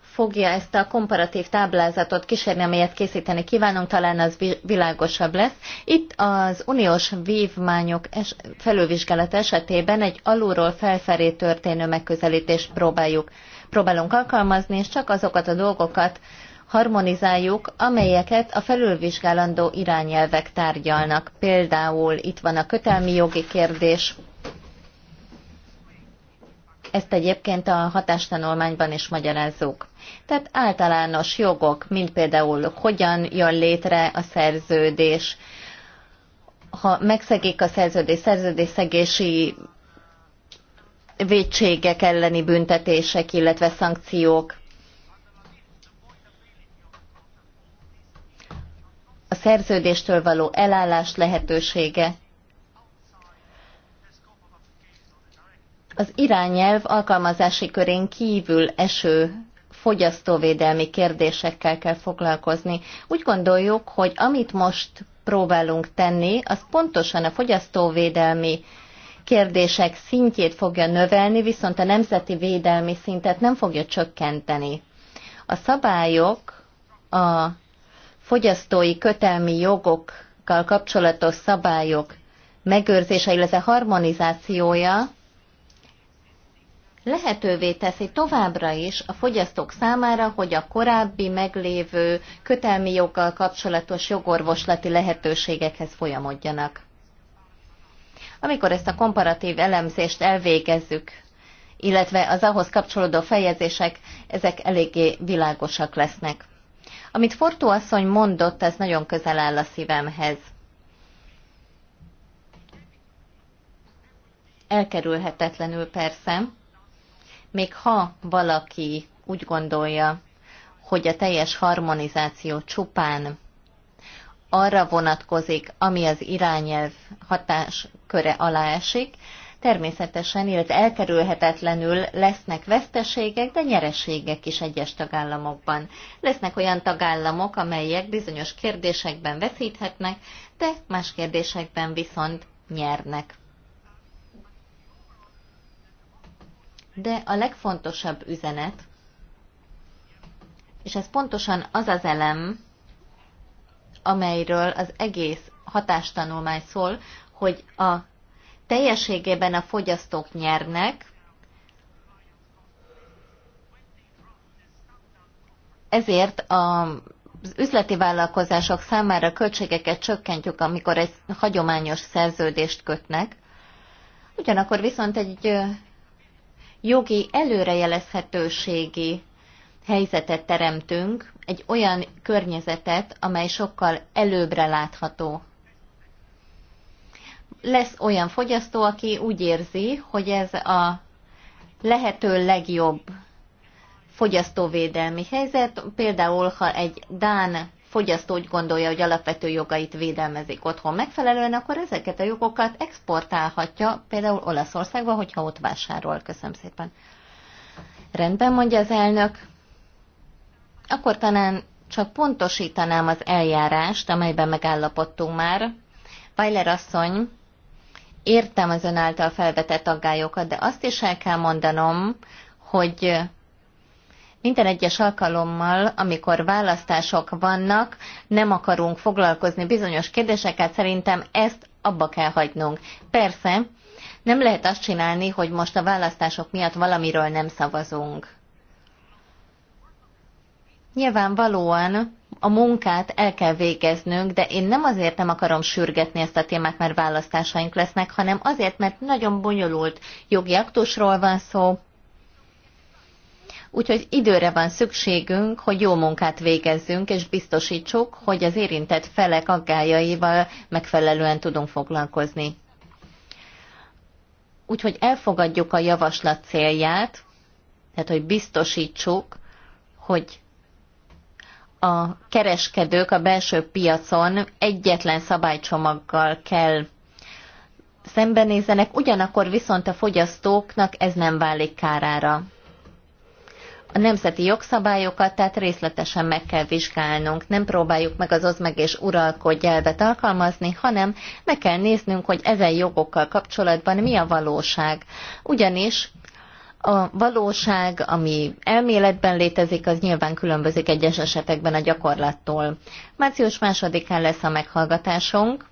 fogja ezt a komparatív táblázatot kísérni, amelyet készíteni kívánunk, talán az világosabb lesz. Itt az uniós vívmányok es- felülvizsgálat esetében egy alulról felfelé történő megközelítést próbáljuk próbálunk alkalmazni, és csak azokat a dolgokat harmonizáljuk, amelyeket a felülvizsgálandó irányelvek tárgyalnak. Például itt van a kötelmi jogi kérdés, ezt egyébként a hatástanulmányban is magyarázzuk. Tehát általános jogok, mint például hogyan jön létre a szerződés, ha megszegik a szerződés, szegési vétségek elleni büntetések, illetve szankciók. A szerződéstől való elállás lehetősége. Az irányelv alkalmazási körén kívül eső fogyasztóvédelmi kérdésekkel kell foglalkozni. Úgy gondoljuk, hogy amit most próbálunk tenni, az pontosan a fogyasztóvédelmi kérdések szintjét fogja növelni, viszont a nemzeti védelmi szintet nem fogja csökkenteni. A szabályok a fogyasztói kötelmi jogokkal kapcsolatos szabályok megőrzése, illetve harmonizációja lehetővé teszi továbbra is a fogyasztók számára, hogy a korábbi meglévő kötelmi joggal kapcsolatos jogorvoslati lehetőségekhez folyamodjanak amikor ezt a komparatív elemzést elvégezzük, illetve az ahhoz kapcsolódó fejezések, ezek eléggé világosak lesznek. Amit Fortó asszony mondott, ez nagyon közel áll a szívemhez. Elkerülhetetlenül persze, még ha valaki úgy gondolja, hogy a teljes harmonizáció csupán arra vonatkozik, ami az irányelv hatásköre alá esik, természetesen, illetve elkerülhetetlenül lesznek veszteségek, de nyereségek is egyes tagállamokban. Lesznek olyan tagállamok, amelyek bizonyos kérdésekben veszíthetnek, de más kérdésekben viszont nyernek. De a legfontosabb üzenet, és ez pontosan az az elem, amelyről az egész hatástanulmány szól, hogy a teljességében a fogyasztók nyernek, ezért a az üzleti vállalkozások számára költségeket csökkentjük, amikor egy hagyományos szerződést kötnek. Ugyanakkor viszont egy jogi előrejelezhetőségi helyzetet teremtünk, egy olyan környezetet, amely sokkal előbbre látható. Lesz olyan fogyasztó, aki úgy érzi, hogy ez a lehető legjobb fogyasztóvédelmi helyzet, például ha egy Dán fogyasztó úgy gondolja, hogy alapvető jogait védelmezik otthon megfelelően, akkor ezeket a jogokat exportálhatja például Olaszországba, hogyha ott vásárol. Köszönöm szépen. Rendben mondja az elnök akkor talán csak pontosítanám az eljárást, amelyben megállapodtunk már. Weiler asszony, értem az ön által felvetett aggályokat, de azt is el kell mondanom, hogy minden egyes alkalommal, amikor választások vannak, nem akarunk foglalkozni bizonyos kérdéseket, szerintem ezt abba kell hagynunk. Persze, nem lehet azt csinálni, hogy most a választások miatt valamiről nem szavazunk. Nyilvánvalóan a munkát el kell végeznünk, de én nem azért nem akarom sürgetni ezt a témát, mert választásaink lesznek, hanem azért, mert nagyon bonyolult jogi aktusról van szó, Úgyhogy időre van szükségünk, hogy jó munkát végezzünk, és biztosítsuk, hogy az érintett felek aggájaival megfelelően tudunk foglalkozni. Úgyhogy elfogadjuk a javaslat célját, tehát hogy biztosítsuk, hogy a kereskedők a belső piacon egyetlen szabálycsomaggal kell szembenézenek, ugyanakkor viszont a fogyasztóknak ez nem válik kárára. A nemzeti jogszabályokat tehát részletesen meg kell vizsgálnunk, nem próbáljuk meg az oz meg és uralkodj elvet alkalmazni, hanem meg kell néznünk, hogy ezen jogokkal kapcsolatban mi a valóság. Ugyanis a valóság, ami elméletben létezik, az nyilván különbözik egyes esetekben a gyakorlattól. Március másodikán lesz a meghallgatásunk.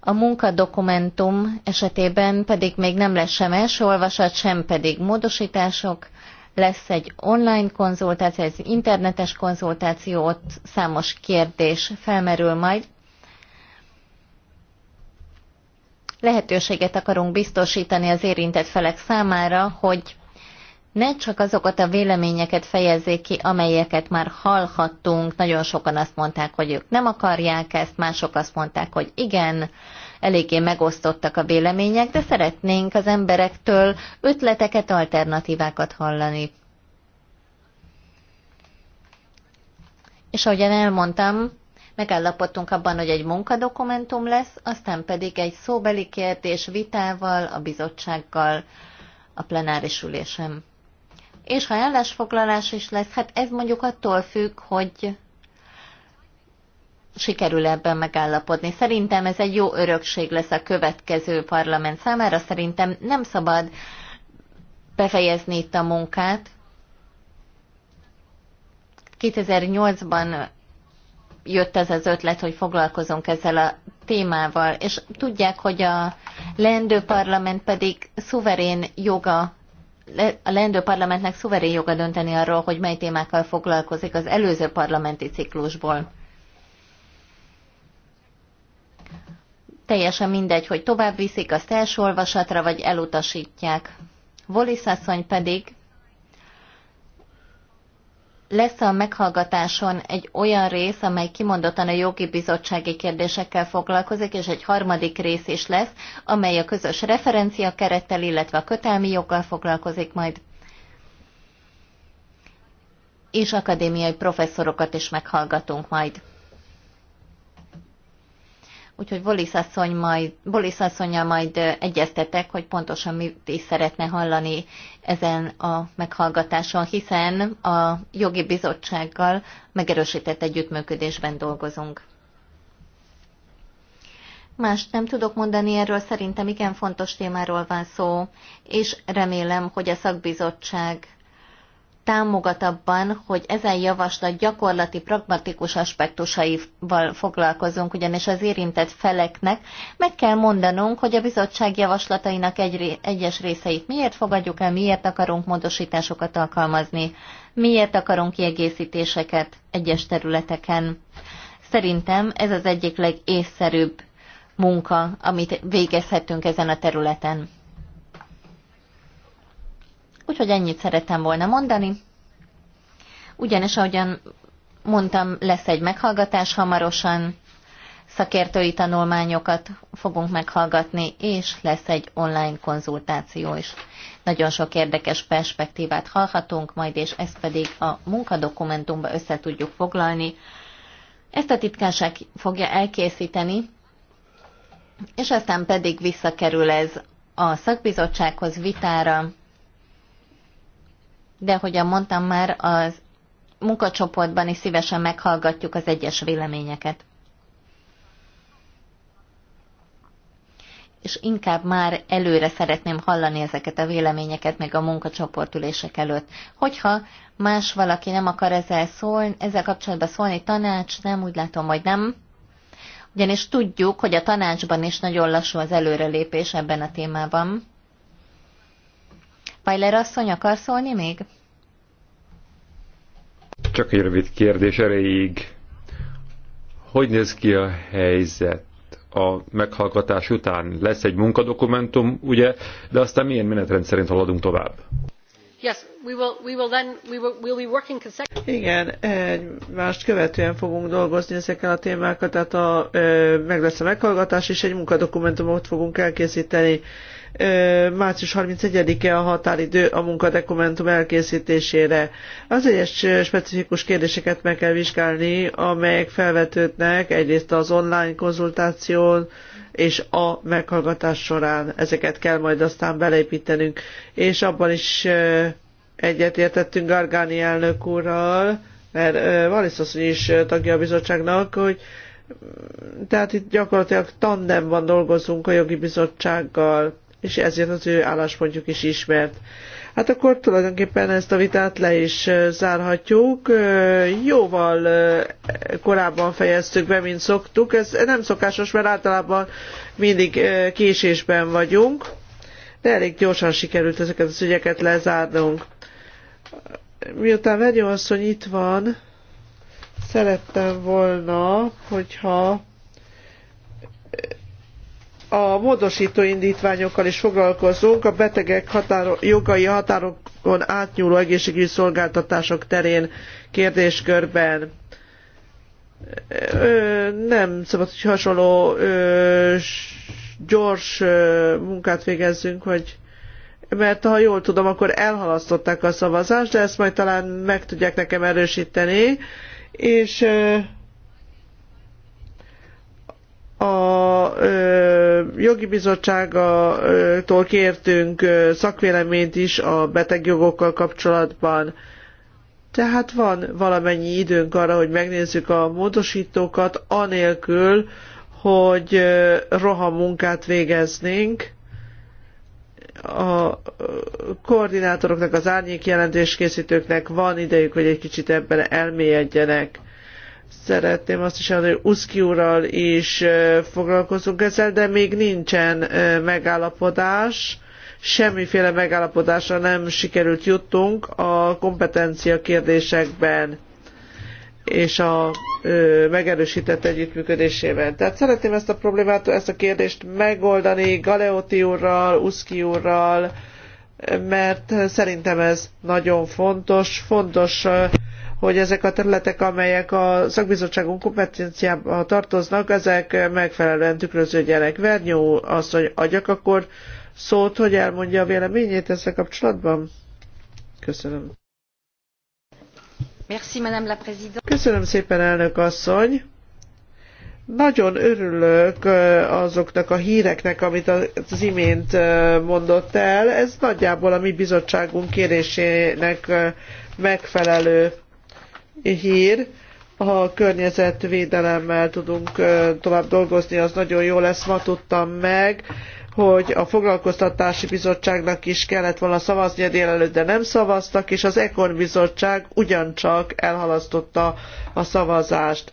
A munkadokumentum esetében pedig még nem lesz sem első olvasat, sem pedig módosítások. Lesz egy online konzultáció, egy internetes konzultáció, ott számos kérdés felmerül majd. lehetőséget akarunk biztosítani az érintett felek számára, hogy ne csak azokat a véleményeket fejezzék ki, amelyeket már hallhattunk, nagyon sokan azt mondták, hogy ők nem akarják ezt, mások azt mondták, hogy igen, eléggé megosztottak a vélemények, de szeretnénk az emberektől ötleteket, alternatívákat hallani. És ahogyan elmondtam, Megállapodtunk abban, hogy egy munkadokumentum lesz, aztán pedig egy szóbeli kérdés vitával, a bizottsággal, a plenáris ülésem. És ha állásfoglalás is lesz, hát ez mondjuk attól függ, hogy sikerül ebben megállapodni. Szerintem ez egy jó örökség lesz a következő parlament számára. Szerintem nem szabad befejezni itt a munkát. 2008-ban jött ez az ötlet, hogy foglalkozunk ezzel a témával, és tudják, hogy a leendő parlament pedig szuverén joga a leendő parlamentnek szuverén joga dönteni arról, hogy mely témákkal foglalkozik az előző parlamenti ciklusból. Teljesen mindegy, hogy tovább viszik azt első olvasatra, vagy elutasítják. Volis asszony pedig lesz a meghallgatáson egy olyan rész, amely kimondottan a jogi bizottsági kérdésekkel foglalkozik, és egy harmadik rész is lesz, amely a közös referencia kerettel, illetve a kötelmi joggal foglalkozik majd. És akadémiai professzorokat is meghallgatunk majd úgyhogy Bolis, asszony majd, Bolis asszonyjal majd egyeztetek, hogy pontosan mit is szeretne hallani ezen a meghallgatáson, hiszen a jogi bizottsággal megerősített együttműködésben dolgozunk. Más nem tudok mondani erről, szerintem igen fontos témáról van szó, és remélem, hogy a szakbizottság támogat abban, hogy ezen javaslat gyakorlati, pragmatikus aspektusaival foglalkozunk, ugyanis az érintett feleknek meg kell mondanunk, hogy a bizottság javaslatainak egy, egyes részeit miért fogadjuk el, miért akarunk módosításokat alkalmazni, miért akarunk kiegészítéseket egyes területeken. Szerintem ez az egyik legészszerűbb munka, amit végezhetünk ezen a területen. Úgyhogy ennyit szerettem volna mondani. Ugyanis, ahogyan mondtam, lesz egy meghallgatás hamarosan, szakértői tanulmányokat fogunk meghallgatni, és lesz egy online konzultáció is. Nagyon sok érdekes perspektívát hallhatunk majd, és ezt pedig a munkadokumentumba össze tudjuk foglalni. Ezt a titkárság fogja elkészíteni, és aztán pedig visszakerül ez a szakbizottsághoz vitára, de ahogyan mondtam már, az munkacsoportban is szívesen meghallgatjuk az egyes véleményeket. És inkább már előre szeretném hallani ezeket a véleményeket még a munkacsoportülések előtt. Hogyha más valaki nem akar ezzel szólni, ezzel kapcsolatban szólni tanács, nem, úgy látom, hogy nem. Ugyanis tudjuk, hogy a tanácsban is nagyon lassú az előrelépés ebben a témában Weiler asszony akar szólni még? Csak egy rövid kérdés erejéig. Hogy néz ki a helyzet? a meghallgatás után lesz egy munkadokumentum, ugye, de aztán milyen menetrend szerint haladunk tovább? Igen, egymást követően fogunk dolgozni ezekkel a témákat, tehát a, meg lesz a meghallgatás, és egy munkadokumentumot fogunk elkészíteni március 31-e a határidő a munkadokumentum elkészítésére. Az egyes specifikus kérdéseket meg kell vizsgálni, amelyek felvetődnek egyrészt az online konzultáción és a meghallgatás során. Ezeket kell majd aztán beleépítenünk, és abban is egyetértettünk Gargáni elnök úrral, mert Valisz is tagja a bizottságnak, hogy mm, tehát itt gyakorlatilag tandemban dolgozunk a jogi bizottsággal és ezért az ő álláspontjuk is ismert. Hát akkor tulajdonképpen ezt a vitát le is zárhatjuk. Jóval korábban fejeztük be, mint szoktuk. Ez nem szokásos, mert általában mindig késésben vagyunk, de elég gyorsan sikerült ezeket az ügyeket lezárnunk. Miután Vegyó asszony itt van, szerettem volna, hogyha a módosító indítványokkal is foglalkozunk a betegek határo, jogai határokon átnyúló egészségügyi szolgáltatások terén kérdéskörben. Nem szabad, hogy hasonló gyors munkát végezzünk, hogy mert ha jól tudom, akkor elhalasztották a szavazást, de ezt majd talán meg tudják nekem erősíteni, és a jogi bizottságtól kértünk szakvéleményt is a betegjogokkal kapcsolatban. Tehát van valamennyi időnk arra, hogy megnézzük a módosítókat, anélkül, hogy munkát végeznénk a koordinátoroknak, az árnyék jelentéskészítőknek van idejük, hogy egy kicsit ebben elmélyedjenek szeretném azt is elmondani, hogy Uszki úrral is foglalkozunk ezzel, de még nincsen megállapodás, semmiféle megállapodásra nem sikerült jutnunk a kompetencia kérdésekben és a ö, megerősített együttműködésében. Tehát szeretném ezt a problémát, ezt a kérdést megoldani Galeoti úrral, Uszki úrral, mert szerintem ez nagyon fontos, fontos hogy ezek a területek, amelyek a szakbizottságunk kompetenciába tartoznak, ezek megfelelően tükröződjenek. Vernyó asszony, adjak akkor szót, hogy elmondja a véleményét ezzel kapcsolatban? Köszönöm. Merci, Madame la Présidente. Köszönöm szépen, elnök asszony. Nagyon örülök azoknak a híreknek, amit az imént mondott el. Ez nagyjából a mi bizottságunk kérésének megfelelő hír. Ha környezetvédelemmel tudunk tovább dolgozni, az nagyon jó lesz. Ma tudtam meg, hogy a foglalkoztatási bizottságnak is kellett volna szavazni a délelőtt, de nem szavaztak, és az Ekon bizottság ugyancsak elhalasztotta a szavazást.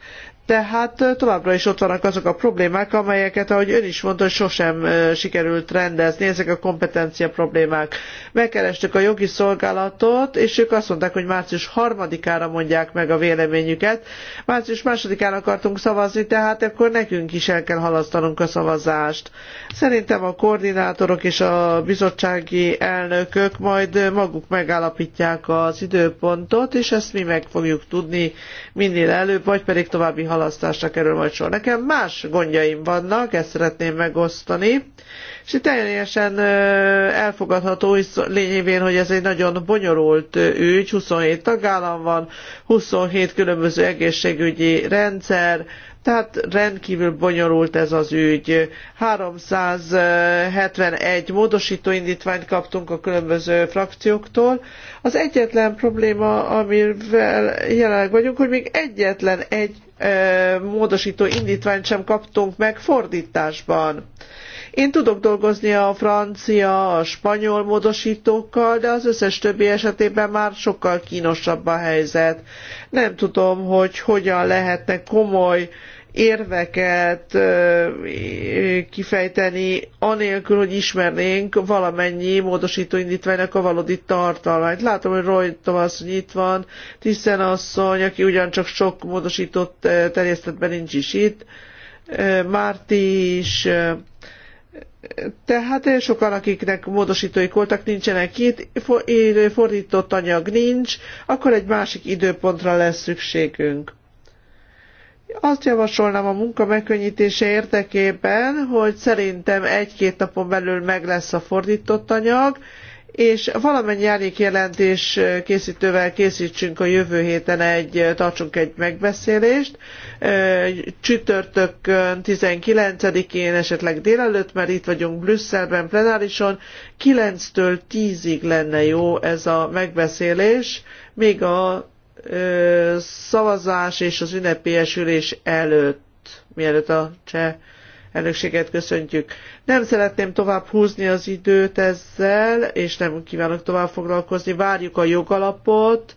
Tehát továbbra is ott vannak azok a problémák, amelyeket, ahogy ön is mondta, sosem sikerült rendezni, ezek a kompetencia problémák. Megkerestük a jogi szolgálatot, és ők azt mondták, hogy március 3-ára mondják meg a véleményüket. Március 2-án akartunk szavazni, tehát akkor nekünk is el kell halasztanunk a szavazást. Szerintem a koordinátorok és a bizottsági elnökök majd maguk megállapítják az időpontot, és ezt mi meg fogjuk tudni minél előbb, vagy pedig további halasztást választásra kerül majd sor. Nekem más gondjaim vannak, ezt szeretném megosztani, és itt teljesen elfogadható hisz lényévén, hogy ez egy nagyon bonyolult ügy, 27 tagállam van, 27 különböző egészségügyi rendszer, tehát rendkívül bonyolult ez az ügy. 371 módosító indítványt kaptunk a különböző frakcióktól. Az egyetlen probléma, amivel jelenleg vagyunk, hogy még egyetlen egy módosító indítványt sem kaptunk meg fordításban. Én tudok dolgozni a francia, a spanyol módosítókkal, de az összes többi esetében már sokkal kínosabb a helyzet. Nem tudom, hogy hogyan lehetne komoly érveket kifejteni, anélkül, hogy ismernénk valamennyi módosító indítványnak a valódi tartalmát. Látom, hogy Roy Thomas itt van, Tiszen asszony, aki ugyancsak sok módosított terjesztetben nincs is itt, Márti is, tehát eh, sokan, akiknek módosítóik voltak, nincsenek itt, eh, fordított anyag nincs, akkor egy másik időpontra lesz szükségünk. Azt javasolnám a munka megkönnyítése érdekében, hogy szerintem egy-két napon belül meg lesz a fordított anyag, és valamennyi árnyékjelentés jelentés készítővel készítsünk a jövő héten egy, tartsunk egy megbeszélést, csütörtökön 19-én esetleg délelőtt, mert itt vagyunk Brüsszelben plenárison, 9-től 10-ig lenne jó ez a megbeszélés, még a szavazás és az ünnepélyesülés előtt, mielőtt a cseh elnökséget köszöntjük. Nem szeretném tovább húzni az időt ezzel, és nem kívánok tovább foglalkozni. Várjuk a jogalapot.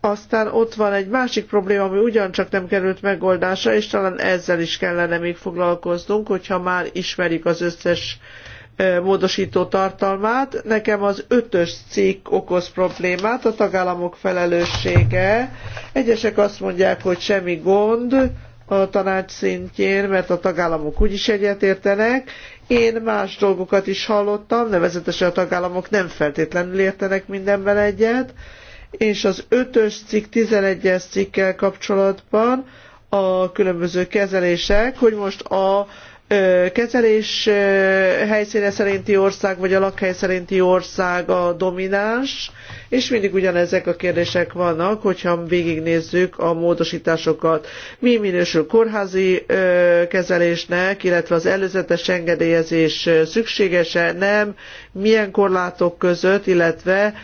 Aztán ott van egy másik probléma, ami ugyancsak nem került megoldásra, és talán ezzel is kellene még foglalkoznunk, hogyha már ismerik az összes módosító tartalmát. Nekem az ötös cikk okoz problémát, a tagállamok felelőssége. Egyesek azt mondják, hogy semmi gond a tanács szintjén, mert a tagállamok úgyis egyetértenek. Én más dolgokat is hallottam, nevezetesen a tagállamok nem feltétlenül értenek mindenben egyet, és az ötös cikk 11-es cikkel kapcsolatban a különböző kezelések, hogy most a kezelés helyszíne szerinti ország, vagy a lakhely szerinti ország a domináns, és mindig ugyanezek a kérdések vannak, hogyha végignézzük a módosításokat. Mi minősül kórházi kezelésnek, illetve az előzetes engedélyezés szükséges-e, nem, milyen korlátok között, illetve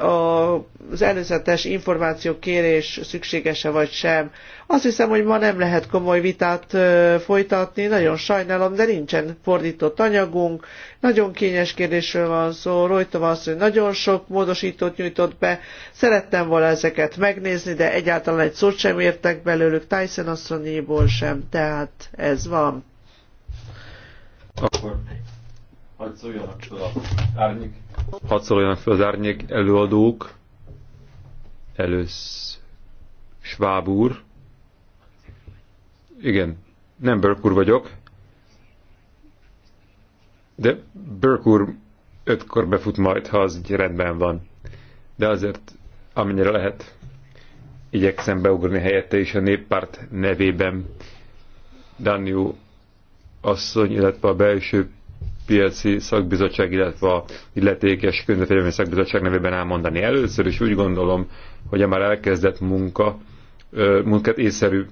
az előzetes információkérés szükséges-e vagy sem azt hiszem, hogy ma nem lehet komoly vitát folytatni, nagyon sajnálom, de nincsen fordított anyagunk. Nagyon kényes kérdésről van szó, Rojtom azt, hogy nagyon sok módosítót nyújtott be, szerettem volna ezeket megnézni, de egyáltalán egy szót sem értek belőlük, Tyson asszonyéból sem, tehát ez van. Akkor hadd szóljanak az árnyék. Hadd szóljanak az árnyék előadók. Először Schwab úr. Igen, nem Burke úr vagyok, de Burke úr ötkor befut majd, ha az így rendben van. De azért, amennyire lehet, igyekszem beugrani helyette is a néppárt nevében. Daniel asszony, illetve a belső piaci szakbizottság, illetve a illetékes könyvefegyelmi szakbizottság nevében elmondani. Először is úgy gondolom, hogy a már elkezdett munka munkát észszerű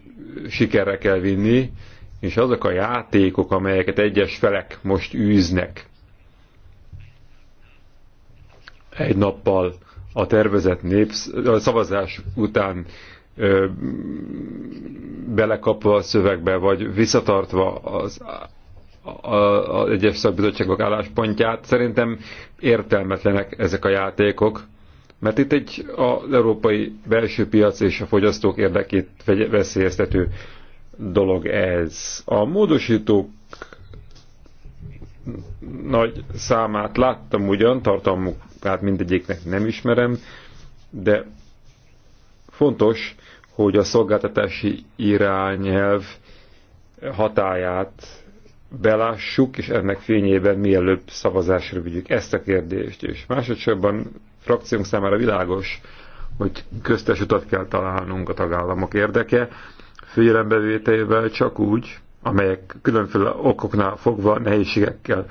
sikerre kell vinni, és azok a játékok, amelyeket egyes felek most űznek egy nappal a tervezett népsz, a szavazás után ö, belekapva a szövegbe, vagy visszatartva az, a egyes szakbizottságok álláspontját, szerintem értelmetlenek ezek a játékok. Mert itt egy az európai belső piac és a fogyasztók érdekét veszélyeztető dolog ez. A módosítók nagy számát láttam ugyan, tartalmuk, hát mindegyiknek nem ismerem, de fontos, hogy a szolgáltatási irányelv hatáját belássuk, és ennek fényében mielőbb szavazásra vigyük ezt a kérdést. És másodszorban frakciónk számára világos, hogy köztes utat kell találnunk a tagállamok érdeke, figyelembevételével csak úgy, amelyek különféle okoknál fogva nehézségekkel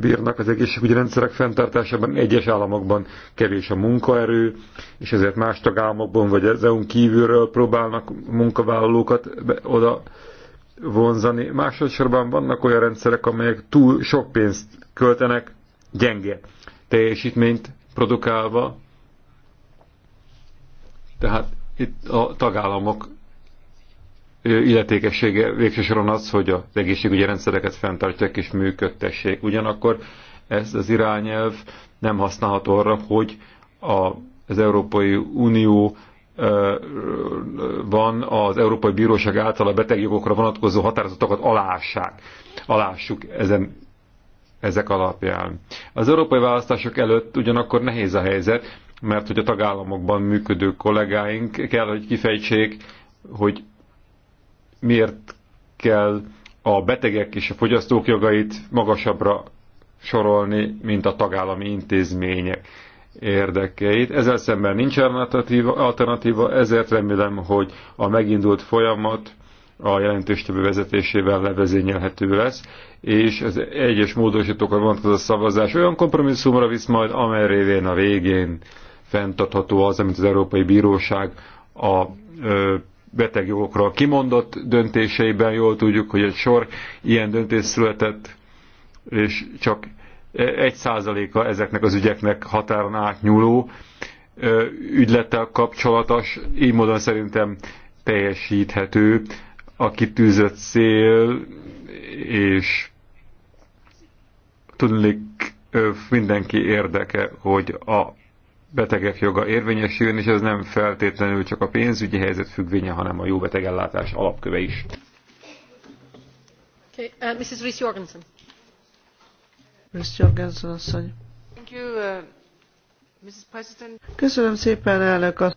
bírnak az egészségügyi rendszerek fenntartásában. Egyes államokban kevés a munkaerő, és ezért más tagállamokban vagy az EU-n kívülről próbálnak munkavállalókat oda vonzani. Másodszorban vannak olyan rendszerek, amelyek túl sok pénzt költenek, gyenge teljesítményt produkálva. Tehát itt a tagállamok illetékessége végső soron az, hogy az egészségügyi rendszereket fenntartják és működtessék. Ugyanakkor ez az irányelv nem használható arra, hogy a, az Európai Unió van az Európai Bíróság által a betegjogokra vonatkozó határozatokat alássák. Alássuk ezen, ezek alapján. Az európai választások előtt ugyanakkor nehéz a helyzet, mert hogy a tagállamokban működő kollégáink kell, hogy kifejtsék, hogy miért kell a betegek és a fogyasztók jogait magasabbra sorolni, mint a tagállami intézmények érdekeit. Ezzel szemben nincs alternatíva, alternatíva ezért remélem, hogy a megindult folyamat a jelentéstevő vezetésével levezényelhető lesz, és az egyes az vonatkozó szavazás olyan kompromisszumra visz majd, amely révén a végén fenntartható az, amit az Európai Bíróság a ö, betegjogokról kimondott döntéseiben. Jól tudjuk, hogy egy sor ilyen döntés született, és csak egy százaléka ezeknek az ügyeknek határon átnyúló ügylettel kapcsolatos, így módon szerintem teljesíthető a kitűzött cél, és tudnék mindenki érdeke, hogy a betegek joga érvényesüljön, és ez nem feltétlenül csak a pénzügyi helyzet függvénye, hanem a jó betegellátás alapköve is. Okay, uh, Mrs. Rhys jorgensen Jorgensen asszony. Uh, köszönöm szépen, elnök asszony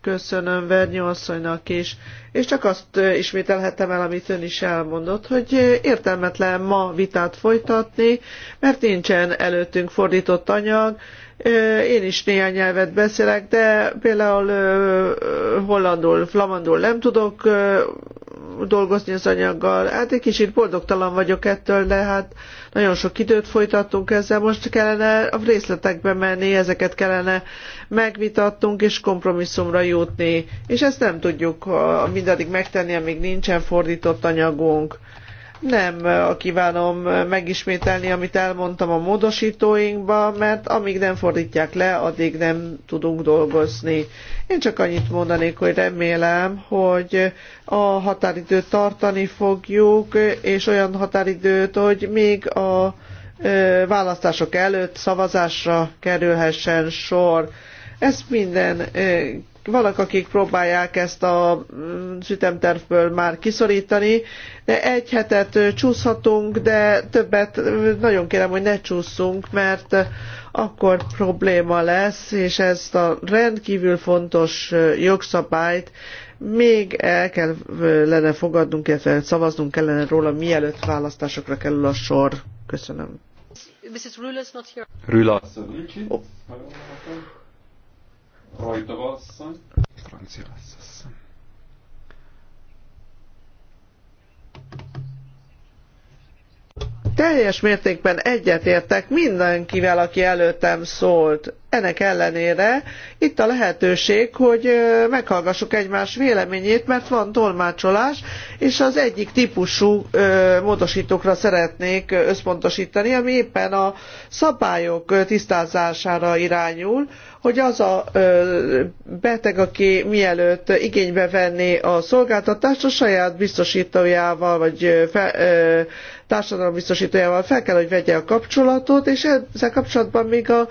köszönöm Vernyó asszonynak is, és csak azt uh, ismételhetem el, amit ön is elmondott, hogy uh, értelmetlen ma vitát folytatni, mert nincsen előttünk fordított anyag, én is néhány nyelvet beszélek, de például hollandul, flamandul nem tudok dolgozni az anyaggal. Hát egy kicsit boldogtalan vagyok ettől, de hát nagyon sok időt folytattunk ezzel. Most kellene a részletekbe menni, ezeket kellene megvitattunk és kompromisszumra jutni. És ezt nem tudjuk mindaddig megtenni, amíg nincsen fordított anyagunk. Nem eh, kívánom eh, megismételni, amit elmondtam a módosítóinkba, mert amíg nem fordítják le, addig nem tudunk dolgozni. Én csak annyit mondanék, hogy remélem, hogy a határidőt tartani fogjuk, és olyan határidőt, hogy még a eh, választások előtt szavazásra kerülhessen sor. Ez minden vannak, akik próbálják ezt a mm, ütemtervből már kiszorítani. De egy hetet csúszhatunk, de többet nagyon kérem, hogy ne csúszunk, mert akkor probléma lesz, és ezt a rendkívül fontos jogszabályt még el kellene fogadnunk, illetve szavaznunk kellene róla, mielőtt választásokra kerül a sor. Köszönöm. Mrs. Rula not here. Francia lesz Teljes mértékben egyetértek mindenkivel, aki előttem szólt ennek ellenére itt a lehetőség, hogy meghallgassuk egymás véleményét, mert van tolmácsolás, és az egyik típusú módosítókra szeretnék összpontosítani, ami éppen a szabályok tisztázására irányul, hogy az a beteg, aki mielőtt igénybe venné a szolgáltatást, a saját biztosítójával vagy fe, ö, fel kell, hogy vegye a kapcsolatot, és ezzel kapcsolatban még a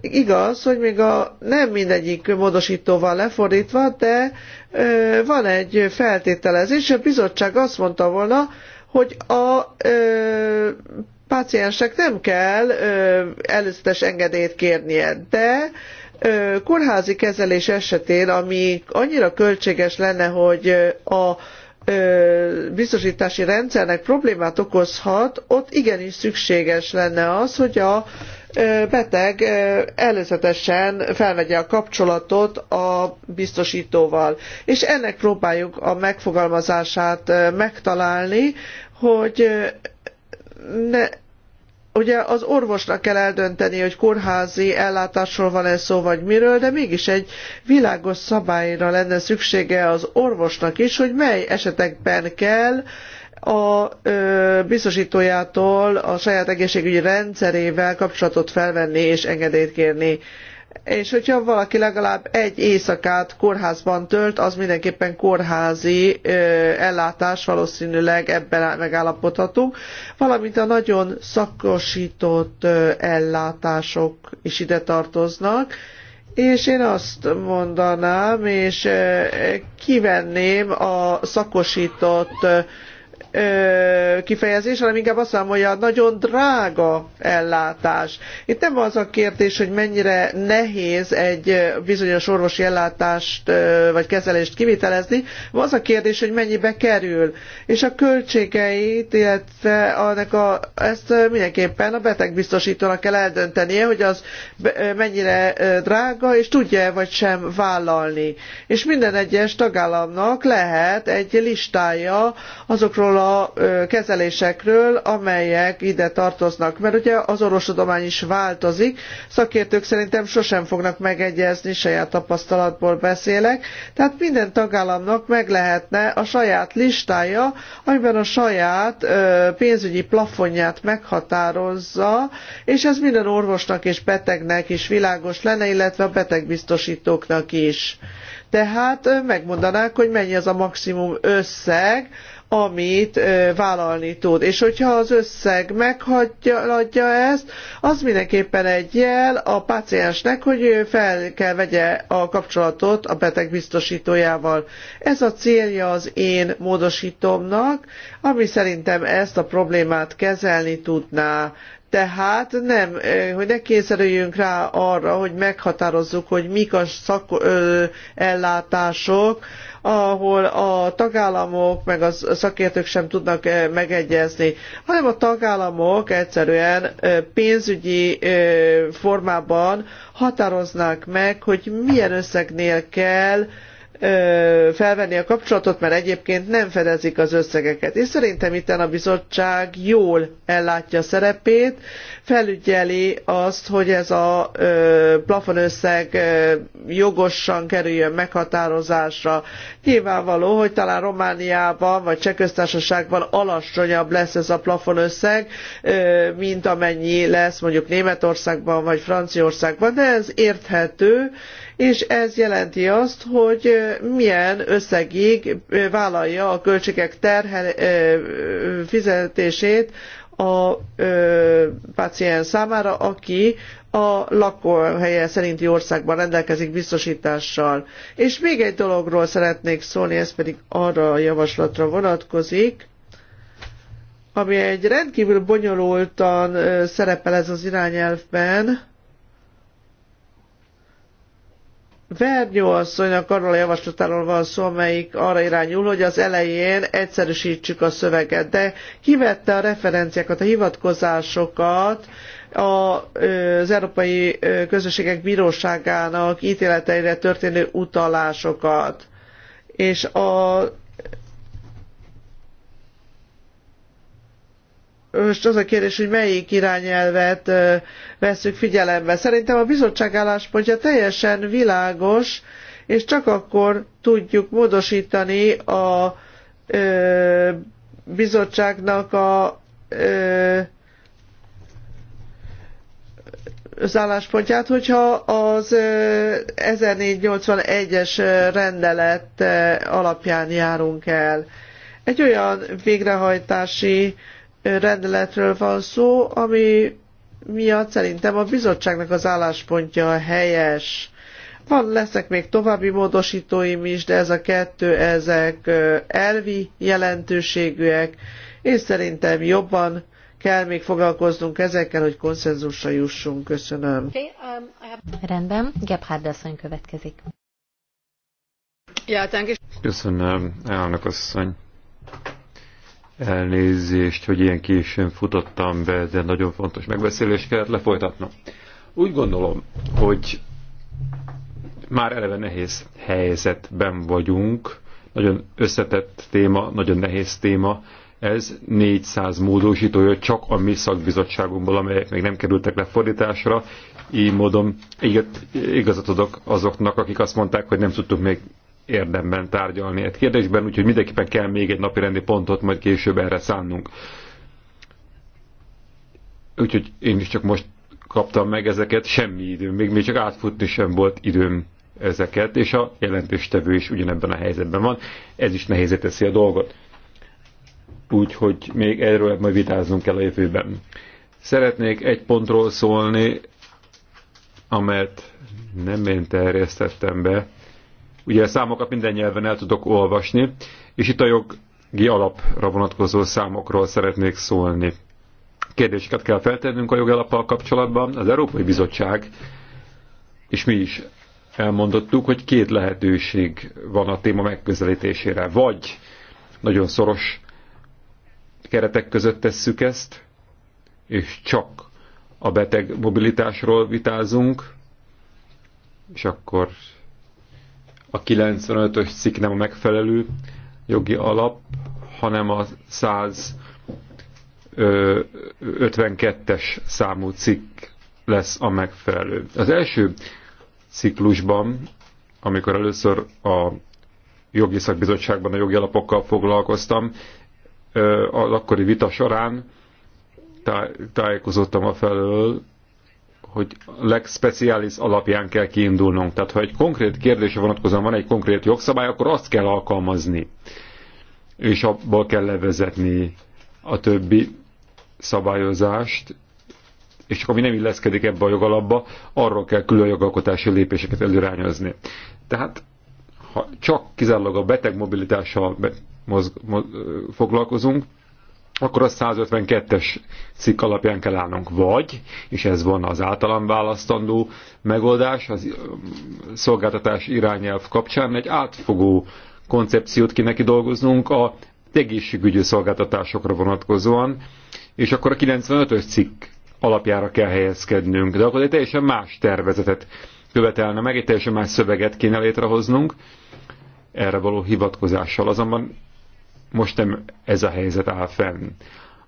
igaz, az, hogy még a nem mindegyik módosítóval lefordítva, de ö, van egy feltételezés, a bizottság azt mondta volna, hogy a ö, páciensnek nem kell előzetes engedélyt kérnie, de ö, kórházi kezelés esetén, ami annyira költséges lenne, hogy a biztosítási rendszernek problémát okozhat, ott igenis szükséges lenne az, hogy a beteg előzetesen felvegye a kapcsolatot a biztosítóval. És ennek próbáljuk a megfogalmazását megtalálni, hogy ne, ugye az orvosnak kell eldönteni, hogy kórházi ellátásról van-e szó, vagy miről, de mégis egy világos szabályra lenne szüksége az orvosnak is, hogy mely esetekben kell a ö, biztosítójától a saját egészségügyi rendszerével kapcsolatot felvenni és engedélyt kérni és hogyha valaki legalább egy éjszakát kórházban tölt, az mindenképpen kórházi ellátás, valószínűleg ebben megállapodhatunk, valamint a nagyon szakosított ellátások is ide tartoznak, és én azt mondanám, és kivenném a szakosított kifejezés, hanem inkább azt mondom, hogy a nagyon drága ellátás. Itt nem az a kérdés, hogy mennyire nehéz egy bizonyos orvosi ellátást vagy kezelést kivitelezni, az a kérdés, hogy mennyibe kerül. És a költségeit, illetve annak a, ezt mindenképpen a betegbiztosítónak kell eldöntenie, hogy az mennyire drága, és tudja-e vagy sem vállalni. És minden egyes tagállamnak lehet egy listája azokról a kezelésekről, amelyek ide tartoznak. Mert ugye az orvostudomány is változik, szakértők szerintem sosem fognak megegyezni, saját tapasztalatból beszélek, tehát minden tagállamnak meg lehetne a saját listája, amiben a saját pénzügyi plafonját meghatározza, és ez minden orvosnak és betegnek is világos lenne, illetve a betegbiztosítóknak is. Tehát megmondanák, hogy mennyi az a maximum összeg, amit vállalni tud. És hogyha az összeg meghagyja ezt, az mindenképpen egy jel a páciensnek, hogy fel kell vegye a kapcsolatot a beteg biztosítójával. Ez a célja az én módosítomnak, ami szerintem ezt a problémát kezelni tudná. Tehát nem, hogy ne kényszerüljünk rá arra, hogy meghatározzuk, hogy mik a szak, ö, ellátások, ahol a tagállamok meg a szakértők sem tudnak eh, megegyezni, hanem a tagállamok egyszerűen eh, pénzügyi eh, formában határoznák meg, hogy milyen összegnél kell felvenni a kapcsolatot, mert egyébként nem fedezik az összegeket. És szerintem itten a bizottság jól ellátja szerepét, felügyeli azt, hogy ez a plafonösszeg jogosan kerüljön meghatározásra. Nyilvánvaló, hogy talán Romániában vagy Csehköztársaságban alacsonyabb lesz ez a plafonösszeg, mint amennyi lesz mondjuk Németországban vagy Franciaországban, de ez érthető, és ez jelenti azt, hogy milyen összegig vállalja a költségek terhe fizetését a ö, páciens számára, aki a lakóhelye szerinti országban rendelkezik biztosítással. És még egy dologról szeretnék szólni, ez pedig arra a javaslatra vonatkozik, ami egy rendkívül bonyolultan szerepel ez az irányelvben, Vernyó asszonynak arról a javaslatáról van szó, amelyik arra irányul, hogy az elején egyszerűsítsük a szöveget, de kivette a referenciákat, a hivatkozásokat, az Európai Közösségek Bíróságának ítéleteire történő utalásokat. És a most az a kérdés, hogy melyik irányelvet vesszük figyelembe. Szerintem a bizottság álláspontja teljesen világos, és csak akkor tudjuk módosítani a ö, bizottságnak a ö, az álláspontját, hogyha az 1481-es rendelet alapján járunk el. Egy olyan végrehajtási rendeletről van szó, ami miatt szerintem a bizottságnak az álláspontja helyes. Van, lesznek még további módosítóim is, de ez a kettő, ezek elvi jelentőségűek, és szerintem jobban kell még foglalkoznunk ezekkel, hogy konszenzusra jussunk. Köszönöm. Okay, um, have... Rendben, Gebhard asszony következik. Yeah, Köszönöm, elnök asszony. Elnézést, hogy ilyen későn futottam be, de nagyon fontos megbeszélést kellett lefolytatnom. Úgy gondolom, hogy már eleve nehéz helyzetben vagyunk. Nagyon összetett téma, nagyon nehéz téma. Ez 400 módosítója csak a mi szakbizottságunkból, amelyek még nem kerültek lefordításra. Így módon igazat adok azoknak, akik azt mondták, hogy nem tudtuk még érdemben tárgyalni egy kérdésben, úgyhogy mindenképpen kell még egy napi rendi pontot majd később erre szánnunk. Úgyhogy én is csak most kaptam meg ezeket, semmi időm, még, még csak átfutni sem volt időm ezeket, és a jelentéstevő is ugyanebben a helyzetben van. Ez is nehézé teszi a dolgot. Úgyhogy még erről majd vitázunk kell a jövőben. Szeretnék egy pontról szólni, amelyet nem én terjesztettem be, Ugye számokat minden nyelven el tudok olvasni, és itt a jogi alapra vonatkozó számokról szeretnék szólni. Kérdéseket kell feltennünk a jogi alappal kapcsolatban. Az Európai Bizottság, és mi is elmondottuk, hogy két lehetőség van a téma megközelítésére. Vagy nagyon szoros keretek között tesszük ezt, és csak a beteg mobilitásról vitázunk, és akkor a 95-ös cikk nem a megfelelő jogi alap, hanem a 152-es számú cikk lesz a megfelelő. Az első ciklusban, amikor először a jogi szakbizottságban a jogi alapokkal foglalkoztam, az akkori vita során tájékozottam a felől, hogy legspeciális alapján kell kiindulnunk. Tehát ha egy konkrét kérdése vonatkozóan van egy konkrét jogszabály, akkor azt kell alkalmazni, és abból kell levezetni a többi szabályozást, és csak ami nem illeszkedik ebbe a jogalapba, arról kell külön jogalkotási lépéseket előrányozni. Tehát ha csak kizárólag a beteg mobilitással mozg, mozg, foglalkozunk, akkor a 152-es cikk alapján kell állnunk. Vagy, és ez van az általam választandó megoldás, az szolgáltatás irányelv kapcsán egy átfogó koncepciót kéne kidolgoznunk a egészségügyi szolgáltatásokra vonatkozóan, és akkor a 95-ös cikk alapjára kell helyezkednünk. De akkor egy teljesen más tervezetet követelne meg, egy teljesen más szöveget kéne létrehoznunk, erre való hivatkozással. Azonban most nem ez a helyzet áll fenn.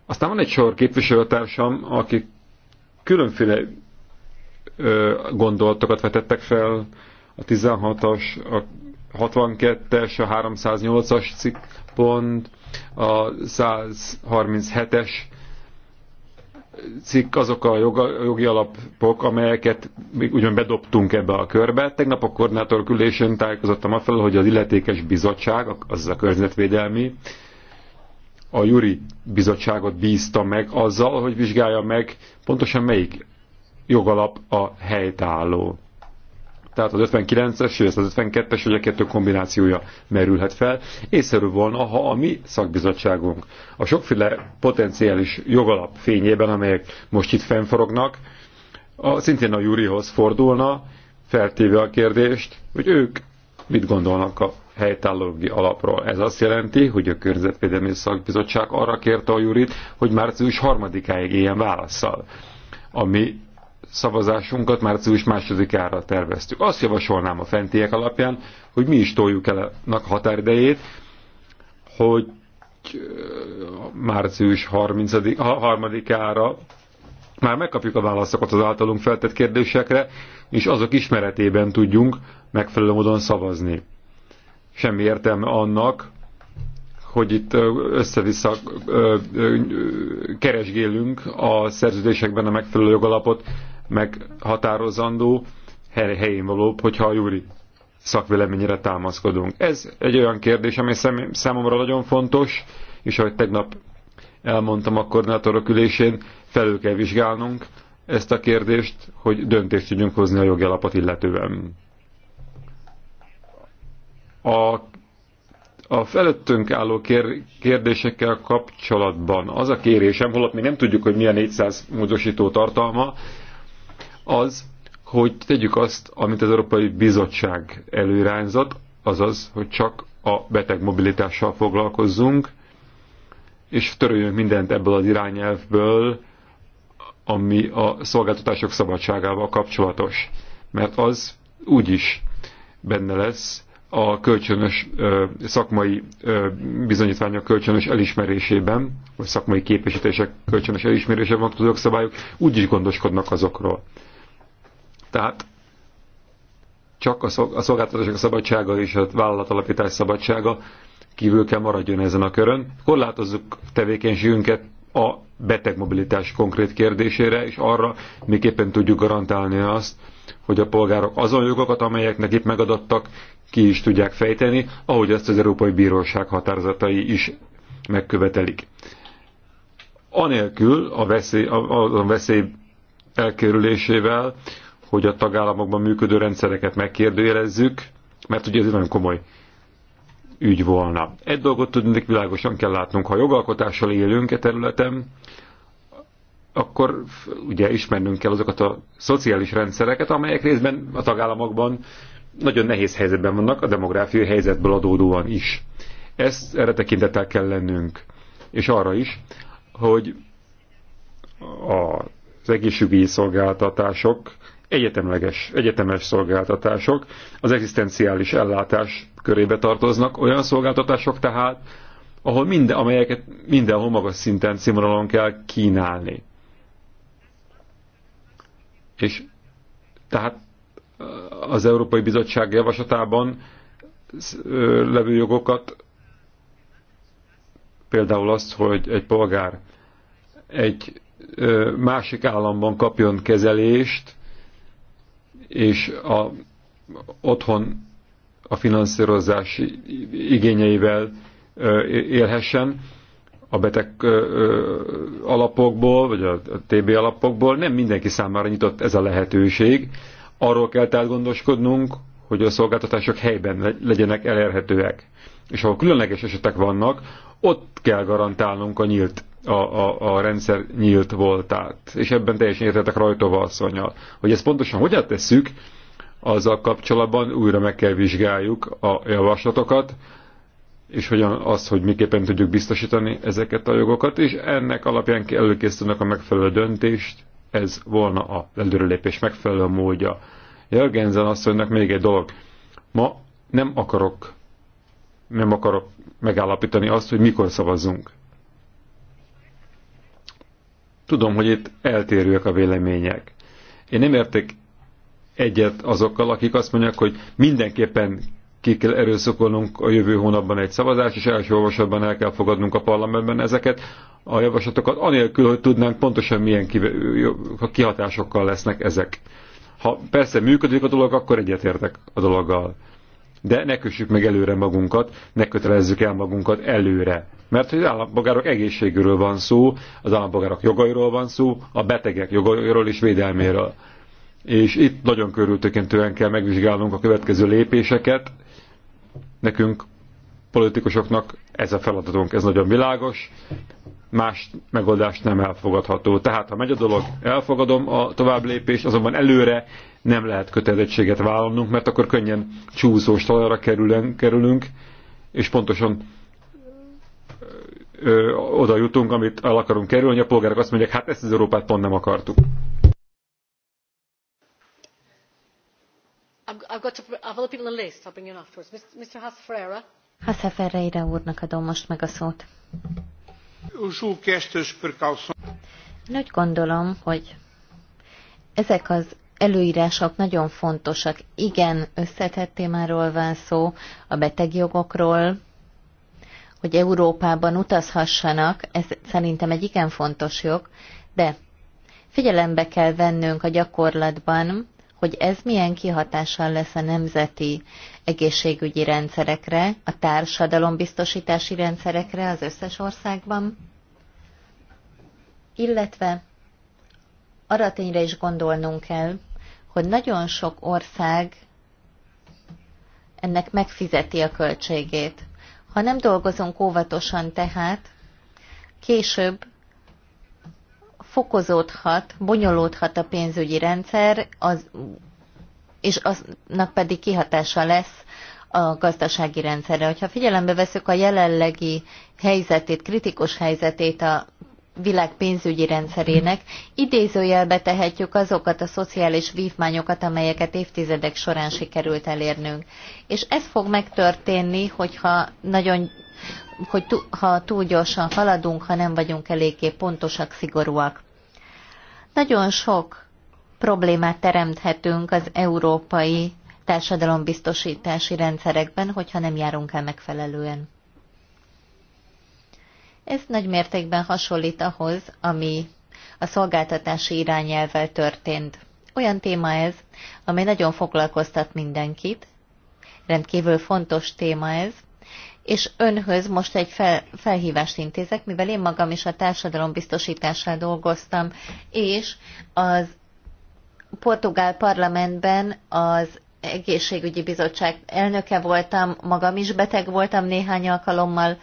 Aztán van egy sor képviselőtársam, akik különféle ö, gondolatokat vetettek fel, a 16-as, a 62-es, a 308-as cikkpont, a 137-es cikk azok a jogi alapok, amelyeket még ugyan bedobtunk ebbe a körbe. Tegnap a koordinátor külésön tájékozottam fel, hogy az illetékes bizottság, az a környezetvédelmi, a Juri bizottságot bízta meg azzal, hogy vizsgálja meg pontosan melyik jogalap a helytálló tehát az 59-es, és az 52-es, hogy a kettő kombinációja merülhet fel. Észszerű volna, ha a mi szakbizottságunk a sokféle potenciális jogalap fényében, amelyek most itt fennforognak, a, szintén a Júrihoz fordulna, feltéve a kérdést, hogy ők mit gondolnak a helytállógi alapról. Ez azt jelenti, hogy a Környezetvédelmi Szakbizottság arra kérte a Jurit, hogy március harmadikáig éljen válaszsal. Ami szavazásunkat március másodikára terveztük. Azt javasolnám a fentiek alapján, hogy mi is toljuk el a határidejét, hogy március 33-ára már megkapjuk a válaszokat az általunk feltett kérdésekre, és azok ismeretében tudjunk megfelelő módon szavazni. Semmi értelme annak, hogy itt össze-vissza keresgélünk a szerződésekben a megfelelő jogalapot meghatározandó, helyén valóbb, hogyha a júri szakvéleményre támaszkodunk. Ez egy olyan kérdés, ami számomra nagyon fontos, és ahogy tegnap elmondtam a koordinátorok ülésén, felül kell vizsgálnunk ezt a kérdést, hogy döntést tudjunk hozni a jogalapot illetően. A, a felettünk álló kér, kérdésekkel kapcsolatban az a kérésem, holott még nem tudjuk, hogy milyen 400 módosító tartalma, az, hogy tegyük azt, amit az Európai Bizottság előirányzat, azaz, hogy csak a beteg mobilitással foglalkozzunk, és töröljünk mindent ebből az irányelvből, ami a szolgáltatások szabadságával kapcsolatos. Mert az úgyis benne lesz a kölcsönös szakmai bizonyítványok kölcsönös elismerésében, vagy szakmai képesítések kölcsönös elismerésében vonatkozó szabályok, úgyis gondoskodnak azokról. Tehát csak a szolgáltatások szabadsága és a vállalatalapítás szabadsága kívül kell maradjon ezen a körön. Korlátozzuk tevékenységünket a betegmobilitás konkrét kérdésére, és arra miképpen tudjuk garantálni azt, hogy a polgárok azon jogokat, amelyeknek itt megadottak, ki is tudják fejteni, ahogy ezt az Európai Bíróság határozatai is megkövetelik. Anélkül a veszély, a, a veszély elkerülésével, hogy a tagállamokban működő rendszereket megkérdőjelezzük, mert ugye ez nagyon komoly ügy volna. Egy dolgot tudnék világosan kell látnunk, ha jogalkotással élünk e területen, akkor ugye ismernünk kell azokat a szociális rendszereket, amelyek részben a tagállamokban nagyon nehéz helyzetben vannak, a demográfiai helyzetből adódóan is. Ezt erre tekintettel kell lennünk. És arra is, hogy az egészségügyi szolgáltatások egyetemleges, egyetemes szolgáltatások az egzisztenciális ellátás körébe tartoznak, olyan szolgáltatások tehát, ahol minden, amelyeket mindenhol magas szinten színvonalon kell kínálni. És tehát az Európai Bizottság javaslatában levő jogokat, például azt, hogy egy polgár egy másik államban kapjon kezelést, és a, otthon a finanszírozás igényeivel élhessen a beteg alapokból, vagy a TB alapokból. Nem mindenki számára nyitott ez a lehetőség. Arról kell tehát gondoskodnunk, hogy a szolgáltatások helyben legyenek elérhetőek. És ahol különleges esetek vannak, ott kell garantálnunk a nyílt a, a, a rendszer nyílt volt át. És ebben teljesen értetek Rajtova asszonyal. Hogy ezt pontosan hogyan tesszük, azzal kapcsolatban újra meg kell vizsgáljuk a javaslatokat, és hogyan az, hogy miképpen tudjuk biztosítani ezeket a jogokat, és ennek alapján előkészülnek a megfelelő döntést, ez volna a előrelépés megfelelő módja. Jörgenzen asszonynak még egy dolog. Ma nem akarok, nem akarok megállapítani azt, hogy mikor szavazzunk. Tudom, hogy itt eltérőek a vélemények. Én nem értek egyet azokkal, akik azt mondják, hogy mindenképpen ki kell erőszakolnunk a jövő hónapban egy szavazást, és első olvasatban el kell fogadnunk a parlamentben ezeket a javaslatokat, anélkül, hogy tudnánk pontosan milyen kihatásokkal lesznek ezek. Ha persze működik a dolog, akkor egyetértek a dologgal de ne kössük meg előre magunkat, ne kötelezzük el magunkat előre. Mert hogy az állampolgárok egészségéről van szó, az állampolgárok jogairól van szó, a betegek jogairól és védelméről. És itt nagyon körültökentően kell megvizsgálnunk a következő lépéseket. Nekünk politikusoknak ez a feladatunk, ez nagyon világos, más megoldást nem elfogadható. Tehát, ha megy a dolog, elfogadom a tovább lépést, azonban előre nem lehet kötelezettséget vállalnunk, mert akkor könnyen csúszós talajra kerülünk, és pontosan ö, oda jutunk, amit el akarunk kerülni, a polgárok azt mondják, hát ezt az Európát pont nem akartuk. I've got to, I've other people on the list. I'll bring you in afterwards. Mr. Mr. Ferreira. Hasse Ferreira úrnak adom most meg a szót. Én úgy gondolom, hogy ezek az előírások nagyon fontosak. Igen, összetett témáról van szó, a betegjogokról, hogy Európában utazhassanak, ez szerintem egy igen fontos jog, de figyelembe kell vennünk a gyakorlatban, hogy ez milyen kihatással lesz a nemzeti egészségügyi rendszerekre, a társadalombiztosítási rendszerekre az összes országban, illetve arra tényre is gondolnunk kell, hogy nagyon sok ország ennek megfizeti a költségét. Ha nem dolgozunk óvatosan tehát, később fokozódhat, bonyolódhat a pénzügyi rendszer, az és aznak pedig kihatása lesz a gazdasági rendszerre. Hogyha figyelembe veszük a jelenlegi helyzetét, kritikus helyzetét a világ pénzügyi rendszerének, idézőjelbe tehetjük azokat a szociális vívmányokat, amelyeket évtizedek során sikerült elérnünk. És ez fog megtörténni, hogyha nagyon hogy ha túl gyorsan haladunk, ha nem vagyunk eléggé pontosak, szigorúak. Nagyon sok problémát teremthetünk az európai társadalombiztosítási rendszerekben, hogyha nem járunk el megfelelően. Ez nagy mértékben hasonlít ahhoz, ami a szolgáltatási irányelvvel történt. Olyan téma ez, amely nagyon foglalkoztat mindenkit, rendkívül fontos téma ez, és önhöz most egy fel, felhívást intézek, mivel én magam is a társadalombiztosítással dolgoztam, és az portugál parlamentben az egészségügyi bizottság elnöke voltam, magam is beteg voltam néhány alkalommal,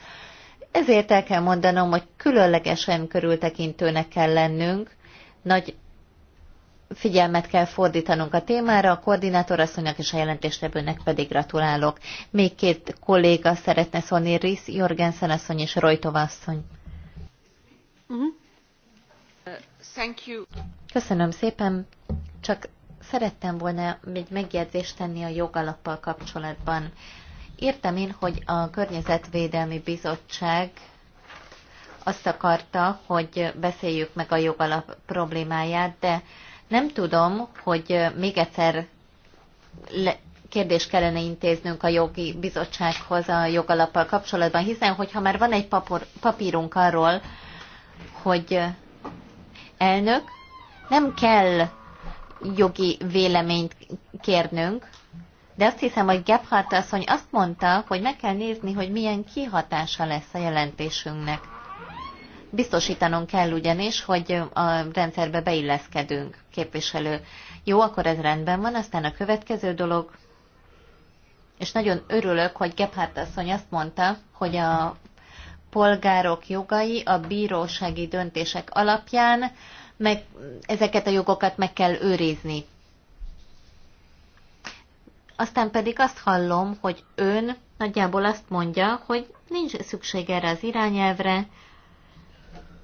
ezért el kell mondanom, hogy különlegesen körültekintőnek kell lennünk, nagy figyelmet kell fordítanunk a témára, a koordinátorasszonynak és a jelentéstevőnek pedig gratulálok. Még két kolléga szeretne szólni, Risz Jorgensen asszony és Rojtov asszony. Mm-hmm. Uh, Köszönöm szépen. Csak szerettem volna egy megjegyzést tenni a jogalappal kapcsolatban. Értem én, hogy a Környezetvédelmi Bizottság azt akarta, hogy beszéljük meg a jogalap problémáját, de nem tudom, hogy még egyszer le, kérdést kellene intéznünk a jogi bizottsághoz a jogalappal kapcsolatban, hiszen hogyha már van egy papor, papírunk arról, hogy elnök, nem kell jogi véleményt kérnünk, de azt hiszem, hogy Gebhardt asszony azt mondta, hogy meg kell nézni, hogy milyen kihatása lesz a jelentésünknek. Biztosítanunk kell ugyanis, hogy a rendszerbe beilleszkedünk, képviselő. Jó, akkor ez rendben van, aztán a következő dolog, és nagyon örülök, hogy Gebhardt asszony azt mondta, hogy a polgárok jogai a bírósági döntések alapján meg, ezeket a jogokat meg kell őrizni. Aztán pedig azt hallom, hogy ön nagyjából azt mondja, hogy nincs szükség erre az irányelvre,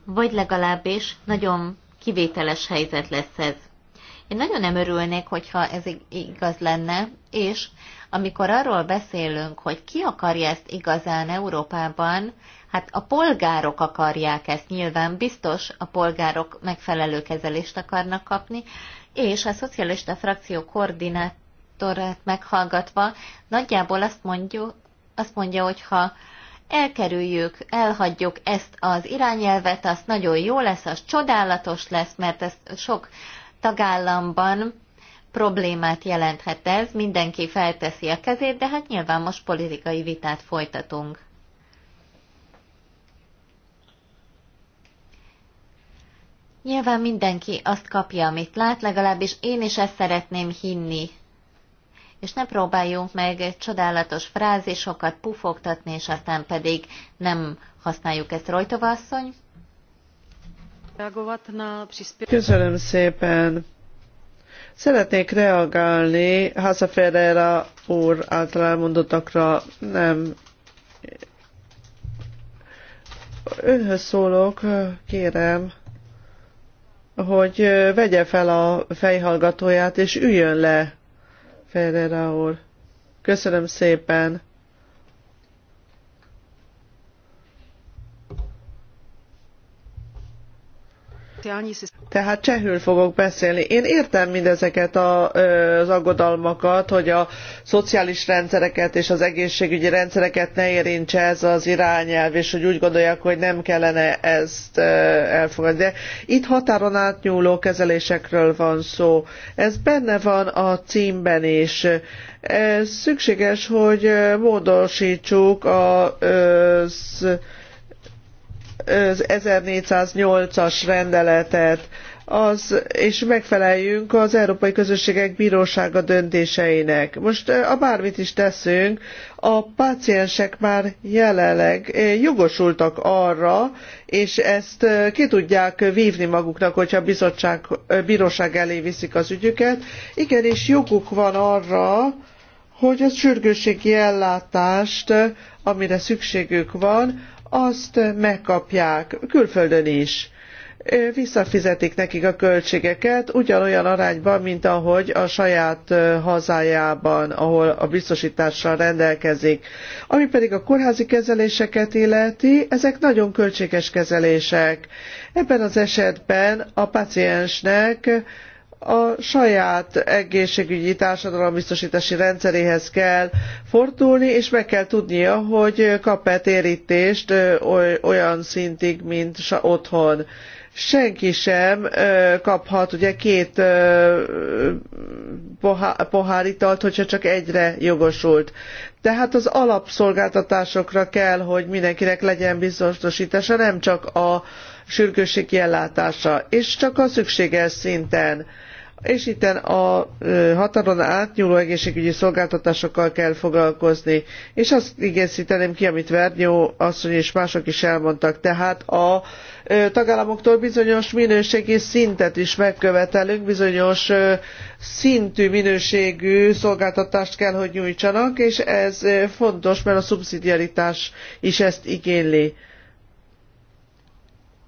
vagy legalábbis nagyon kivételes helyzet lesz ez. Én nagyon nem örülnék, hogyha ez igaz lenne, és amikor arról beszélünk, hogy ki akarja ezt igazán Európában, Hát a polgárok akarják ezt, nyilván biztos a polgárok megfelelő kezelést akarnak kapni, és a szocialista frakció koordinátorát meghallgatva nagyjából azt, mondjuk, azt mondja, hogy ha elkerüljük, elhagyjuk ezt az irányelvet, az nagyon jó lesz, az csodálatos lesz, mert ez sok tagállamban problémát jelenthet ez, mindenki felteszi a kezét, de hát nyilván most politikai vitát folytatunk. Nyilván mindenki azt kapja, amit lát, legalábbis én is ezt szeretném hinni. És ne próbáljunk meg csodálatos frázisokat pufogtatni, és aztán pedig nem használjuk ezt Rojtova asszony. Köszönöm szépen. Szeretnék reagálni Haza Ferreira úr által elmondottakra. Nem. Önhöz szólok, kérem hogy vegye fel a fejhallgatóját, és üljön le Ferreira úr. Köszönöm szépen. Tehát csehül fogok beszélni. Én értem mindezeket a, az aggodalmakat, hogy a szociális rendszereket és az egészségügyi rendszereket ne érintse ez az irányelv, és hogy úgy gondolják, hogy nem kellene ezt elfogadni. De itt határon átnyúló kezelésekről van szó. Ez benne van a címben is. Ez szükséges, hogy módosítsuk az az 1408-as rendeletet, az, és megfeleljünk az Európai Közösségek Bírósága döntéseinek. Most a bármit is teszünk, a páciensek már jelenleg jogosultak arra, és ezt ki tudják vívni maguknak, hogyha a bizottság, bíróság elé viszik az ügyüket. Igen, és joguk van arra, hogy a sürgősségi ellátást, amire szükségük van, azt megkapják külföldön is visszafizetik nekik a költségeket ugyanolyan arányban, mint ahogy a saját hazájában, ahol a biztosítással rendelkezik. Ami pedig a kórházi kezeléseket illeti, ezek nagyon költséges kezelések. Ebben az esetben a paciensnek a saját egészségügyi társadalombiztostási rendszeréhez kell fordulni, és meg kell tudnia, hogy kap-e térítést olyan szintig, mint otthon. Senki sem kaphat ugye két pohár italt, hogyha csak egyre jogosult. Tehát az alapszolgáltatásokra kell, hogy mindenkinek legyen biztosítása, nem csak a sürgősségi ellátása, és csak a szükséges szinten és itten a határon átnyúló egészségügyi szolgáltatásokkal kell foglalkozni. És azt igészíteném ki, amit Vernyó asszony és mások is elmondtak, tehát a tagállamoktól bizonyos minőségi szintet is megkövetelünk, bizonyos szintű minőségű szolgáltatást kell, hogy nyújtsanak, és ez fontos, mert a szubszidiaritás is ezt igényli.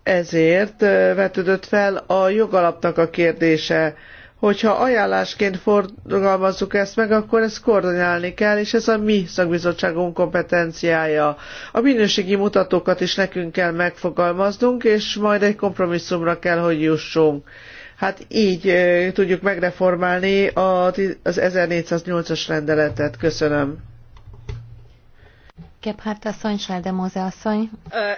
Ezért vetődött fel a jogalapnak a kérdése hogyha ajánlásként forgalmazzuk ezt meg, akkor ezt koordinálni kell, és ez a mi szakbizottságunk kompetenciája. A minőségi mutatókat is nekünk kell megfogalmaznunk, és majd egy kompromisszumra kell, hogy jussunk. Hát így tudjuk megreformálni az 1408-as rendeletet. Köszönöm. Gebhardt asszony, Sáldemóze asszony.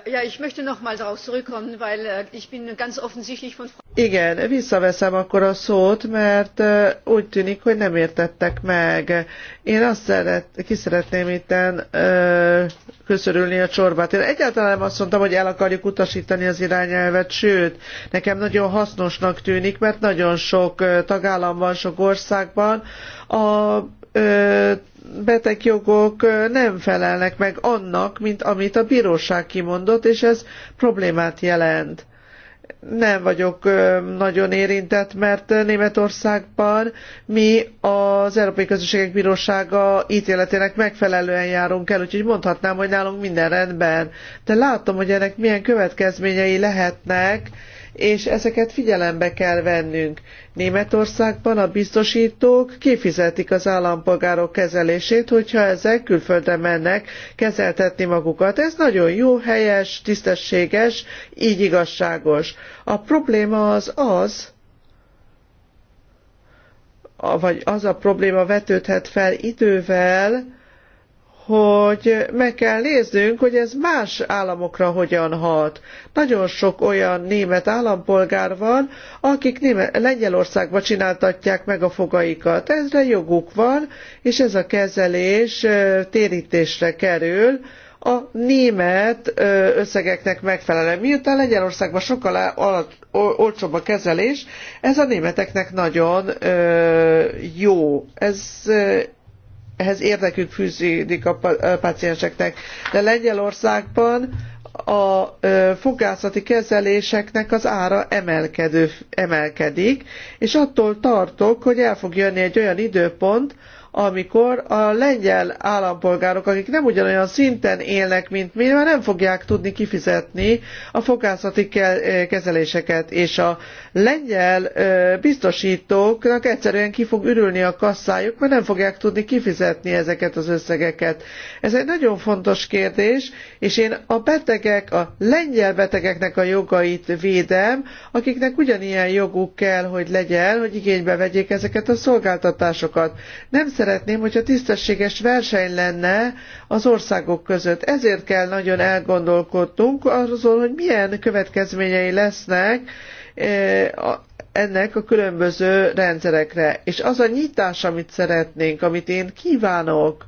Ja, ich möchte noch mal darauf zurückkommen, weil äh, ich bin ganz offensichtlich von... Igen, visszaveszem akkor a szót, mert úgy tűnik, hogy nem értettek meg. Én azt szeret, ki szeretném itten köszörülni a csorbát. Én egyáltalán nem azt mondtam, hogy el akarjuk utasítani az irányelvet, sőt, nekem nagyon hasznosnak tűnik, mert nagyon sok tagállamban, sok országban a betegjogok nem felelnek meg annak, mint amit a bíróság kimondott, és ez problémát jelent nem vagyok nagyon érintett, mert Németországban mi az Európai Közösségek Bírósága ítéletének megfelelően járunk el, úgyhogy mondhatnám, hogy nálunk minden rendben. De látom, hogy ennek milyen következményei lehetnek, és ezeket figyelembe kell vennünk. Németországban a biztosítók kifizetik az állampolgárok kezelését, hogyha ezek külföldre mennek kezeltetni magukat. Ez nagyon jó, helyes, tisztességes, így igazságos. A probléma az az, vagy az a probléma vetődhet fel idővel, hogy meg kell néznünk, hogy ez más államokra hogyan hat. Nagyon sok olyan német állampolgár van, akik német, Lengyelországba csináltatják meg a fogaikat. Ezre joguk van, és ez a kezelés térítésre kerül, a német összegeknek megfelelően. Miután Lengyelországban sokkal olcsóbb a kezelés, ez a németeknek nagyon jó. Ez ehhez érdekük fűződik a pácienseknek. De Lengyelországban a fogászati kezeléseknek az ára emelkedő, emelkedik, és attól tartok, hogy el fog jönni egy olyan időpont, amikor a lengyel állampolgárok, akik nem ugyanolyan szinten élnek, mint mi, már nem fogják tudni kifizetni a fogászati kezeléseket, és a lengyel biztosítóknak egyszerűen ki fog ürülni a kasszájuk, mert nem fogják tudni kifizetni ezeket az összegeket. Ez egy nagyon fontos kérdés, és én a betegek, a lengyel betegeknek a jogait védem, akiknek ugyanilyen joguk kell, hogy legyen, hogy igénybe vegyék ezeket a szolgáltatásokat. Nem szeretném, hogyha tisztességes verseny lenne az országok között. Ezért kell nagyon elgondolkodnunk azon, hogy milyen következményei lesznek eh, ennek a különböző rendszerekre. És az a nyitás, amit szeretnénk, amit én kívánok,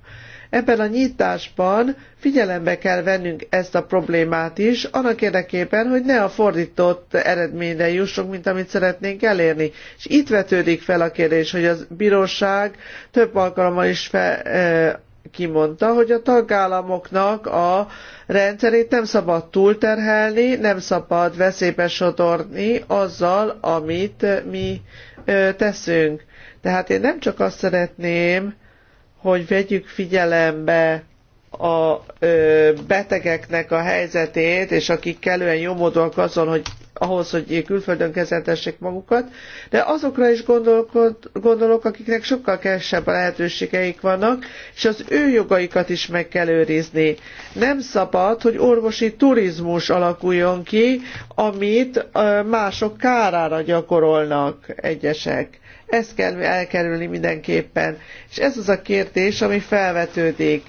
Ebben a nyitásban figyelembe kell vennünk ezt a problémát is, annak érdekében, hogy ne a fordított eredményre jussunk, mint amit szeretnénk elérni. És itt vetődik fel a kérdés, hogy a bíróság több alkalommal is fel, e, kimondta, hogy a tagállamoknak a rendszerét nem szabad túlterhelni, nem szabad veszélybe sodorni azzal, amit mi e, teszünk. Tehát én nem csak azt szeretném, hogy vegyük figyelembe a betegeknek a helyzetét, és akik kellően jómódúak azon, hogy ahhoz, hogy külföldön kezeltessék magukat, de azokra is gondolok, akiknek sokkal kevesebb lehetőségeik vannak, és az ő jogaikat is meg kell őrizni. Nem szabad, hogy orvosi turizmus alakuljon ki, amit mások kárára gyakorolnak egyesek ezt kell elkerülni mindenképpen. És ez az a kérdés, ami felvetődik.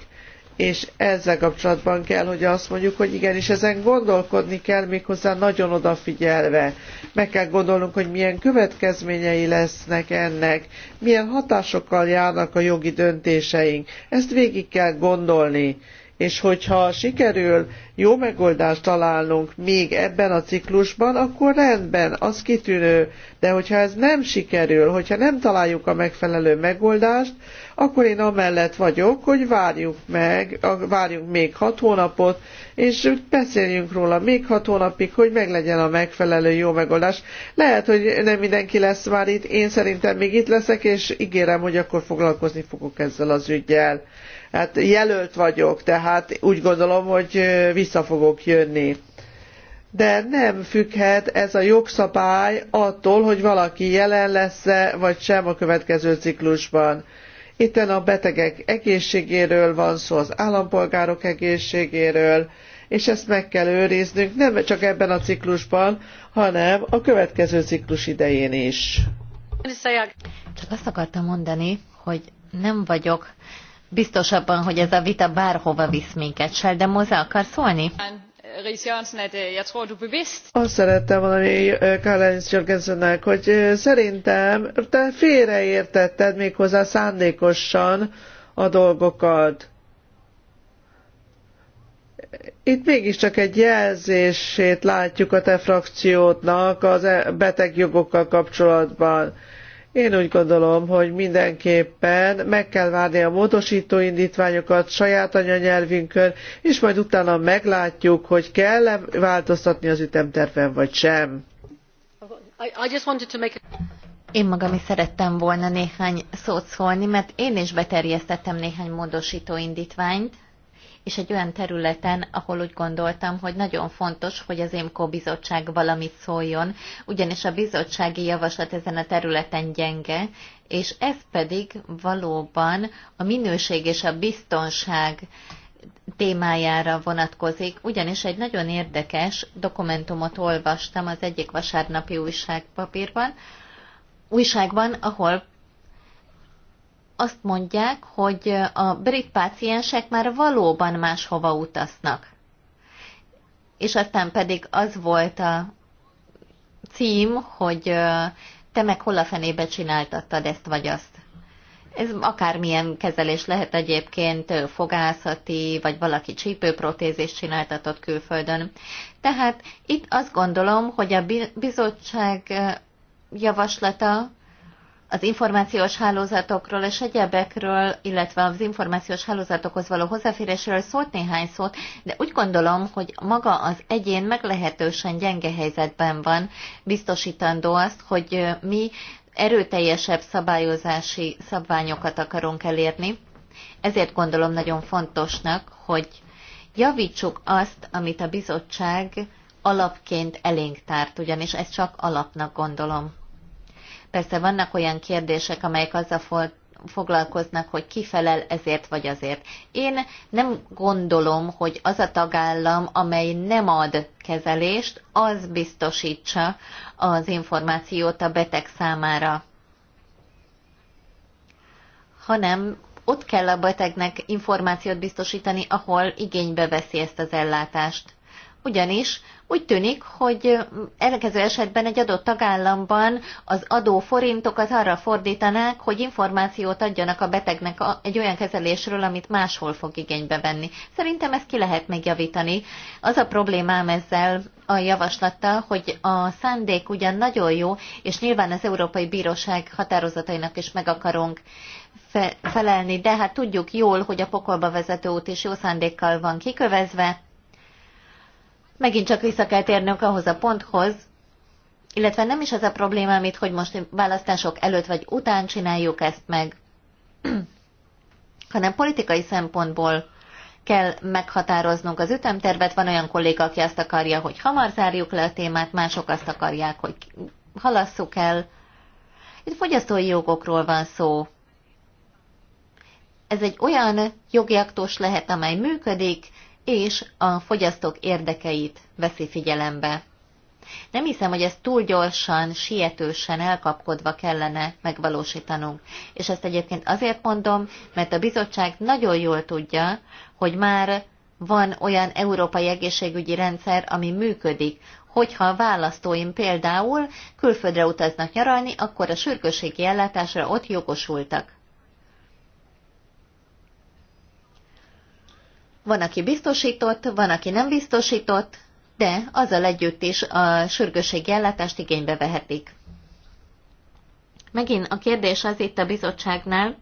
És ezzel kapcsolatban kell, hogy azt mondjuk, hogy igenis ezen gondolkodni kell, méghozzá nagyon odafigyelve. Meg kell gondolnunk, hogy milyen következményei lesznek ennek, milyen hatásokkal járnak a jogi döntéseink. Ezt végig kell gondolni és hogyha sikerül jó megoldást találnunk még ebben a ciklusban, akkor rendben, az kitűnő, de hogyha ez nem sikerül, hogyha nem találjuk a megfelelő megoldást, akkor én amellett vagyok, hogy várjuk meg, várjunk még hat hónapot, és beszéljünk róla még hat hónapig, hogy meglegyen a megfelelő jó megoldás. Lehet, hogy nem mindenki lesz már itt, én szerintem még itt leszek, és ígérem, hogy akkor foglalkozni fogok ezzel az ügyjel. Hát jelölt vagyok, tehát úgy gondolom, hogy vissza fogok jönni. De nem függhet ez a jogszabály attól, hogy valaki jelen lesz-e, vagy sem a következő ciklusban. Itten a betegek egészségéről van szó, az állampolgárok egészségéről, és ezt meg kell őriznünk nem csak ebben a ciklusban, hanem a következő ciklus idején is. Csak azt akartam mondani, hogy nem vagyok biztos abban, hogy ez a vita bárhova visz minket. de Moza akar szólni? Azt szerettem mondani Karl-Heinz hogy szerintem te félreértetted méghozzá szándékosan a dolgokat. Itt mégiscsak egy jelzését látjuk a te frakciótnak az e-, betegjogokkal kapcsolatban én úgy gondolom, hogy mindenképpen meg kell várni a módosító indítványokat saját anyanyelvünkön, és majd utána meglátjuk, hogy kell-e változtatni az ütemterven, vagy sem. Én magam is szerettem volna néhány szót szólni, mert én is beterjesztettem néhány módosító indítványt, és egy olyan területen, ahol úgy gondoltam, hogy nagyon fontos, hogy az Émkó bizottság valamit szóljon, ugyanis a bizottsági javaslat ezen a területen gyenge, és ez pedig valóban a minőség és a biztonság témájára vonatkozik, ugyanis egy nagyon érdekes dokumentumot olvastam az egyik vasárnapi újságpapírban, újságban, ahol azt mondják, hogy a brit páciensek már valóban máshova utaznak. És aztán pedig az volt a cím, hogy te meg hol a fenébe csináltattad ezt vagy azt. Ez akármilyen kezelés lehet egyébként, fogászati, vagy valaki csípőprotézést csináltatott külföldön. Tehát itt azt gondolom, hogy a bizottság javaslata az információs hálózatokról és egyebekről, illetve az információs hálózatokhoz való hozzáférésről szólt néhány szót, de úgy gondolom, hogy maga az egyén meglehetősen gyenge helyzetben van, biztosítandó azt, hogy mi erőteljesebb szabályozási szabványokat akarunk elérni. Ezért gondolom nagyon fontosnak, hogy javítsuk azt, amit a bizottság alapként elénk tárt, ugyanis ezt csak alapnak gondolom. Persze vannak olyan kérdések, amelyek azzal fog, foglalkoznak, hogy ki felel ezért vagy azért. Én nem gondolom, hogy az a tagállam, amely nem ad kezelést, az biztosítsa az információt a beteg számára. Hanem ott kell a betegnek információt biztosítani, ahol igénybe veszi ezt az ellátást. Ugyanis úgy tűnik, hogy elkező esetben egy adott tagállamban az adó forintokat arra fordítanák, hogy információt adjanak a betegnek egy olyan kezelésről, amit máshol fog igénybe venni. Szerintem ezt ki lehet megjavítani. Az a problémám ezzel a javaslattal, hogy a szándék ugyan nagyon jó, és nyilván az Európai Bíróság határozatainak is meg akarunk felelni, de hát tudjuk jól, hogy a pokolba vezető út is jó szándékkal van kikövezve, Megint csak vissza kell térnünk ahhoz a ponthoz, illetve nem is az a probléma, amit, hogy most választások előtt vagy után csináljuk ezt meg, hanem politikai szempontból kell meghatároznunk az ütemtervet. Van olyan kolléga, aki azt akarja, hogy hamar zárjuk le a témát, mások azt akarják, hogy halasszuk el. Itt fogyasztói jogokról van szó. Ez egy olyan jogi aktus lehet, amely működik, és a fogyasztók érdekeit veszi figyelembe. Nem hiszem, hogy ezt túl gyorsan, sietősen, elkapkodva kellene megvalósítanunk. És ezt egyébként azért mondom, mert a bizottság nagyon jól tudja, hogy már van olyan európai egészségügyi rendszer, ami működik, hogyha a választóim például külföldre utaznak nyaralni, akkor a sürgősségi ellátásra ott jogosultak. Van, aki biztosított, van, aki nem biztosított, de azzal együtt is a sürgősségi ellátást igénybe vehetik. Megint a kérdés az itt a bizottságnál,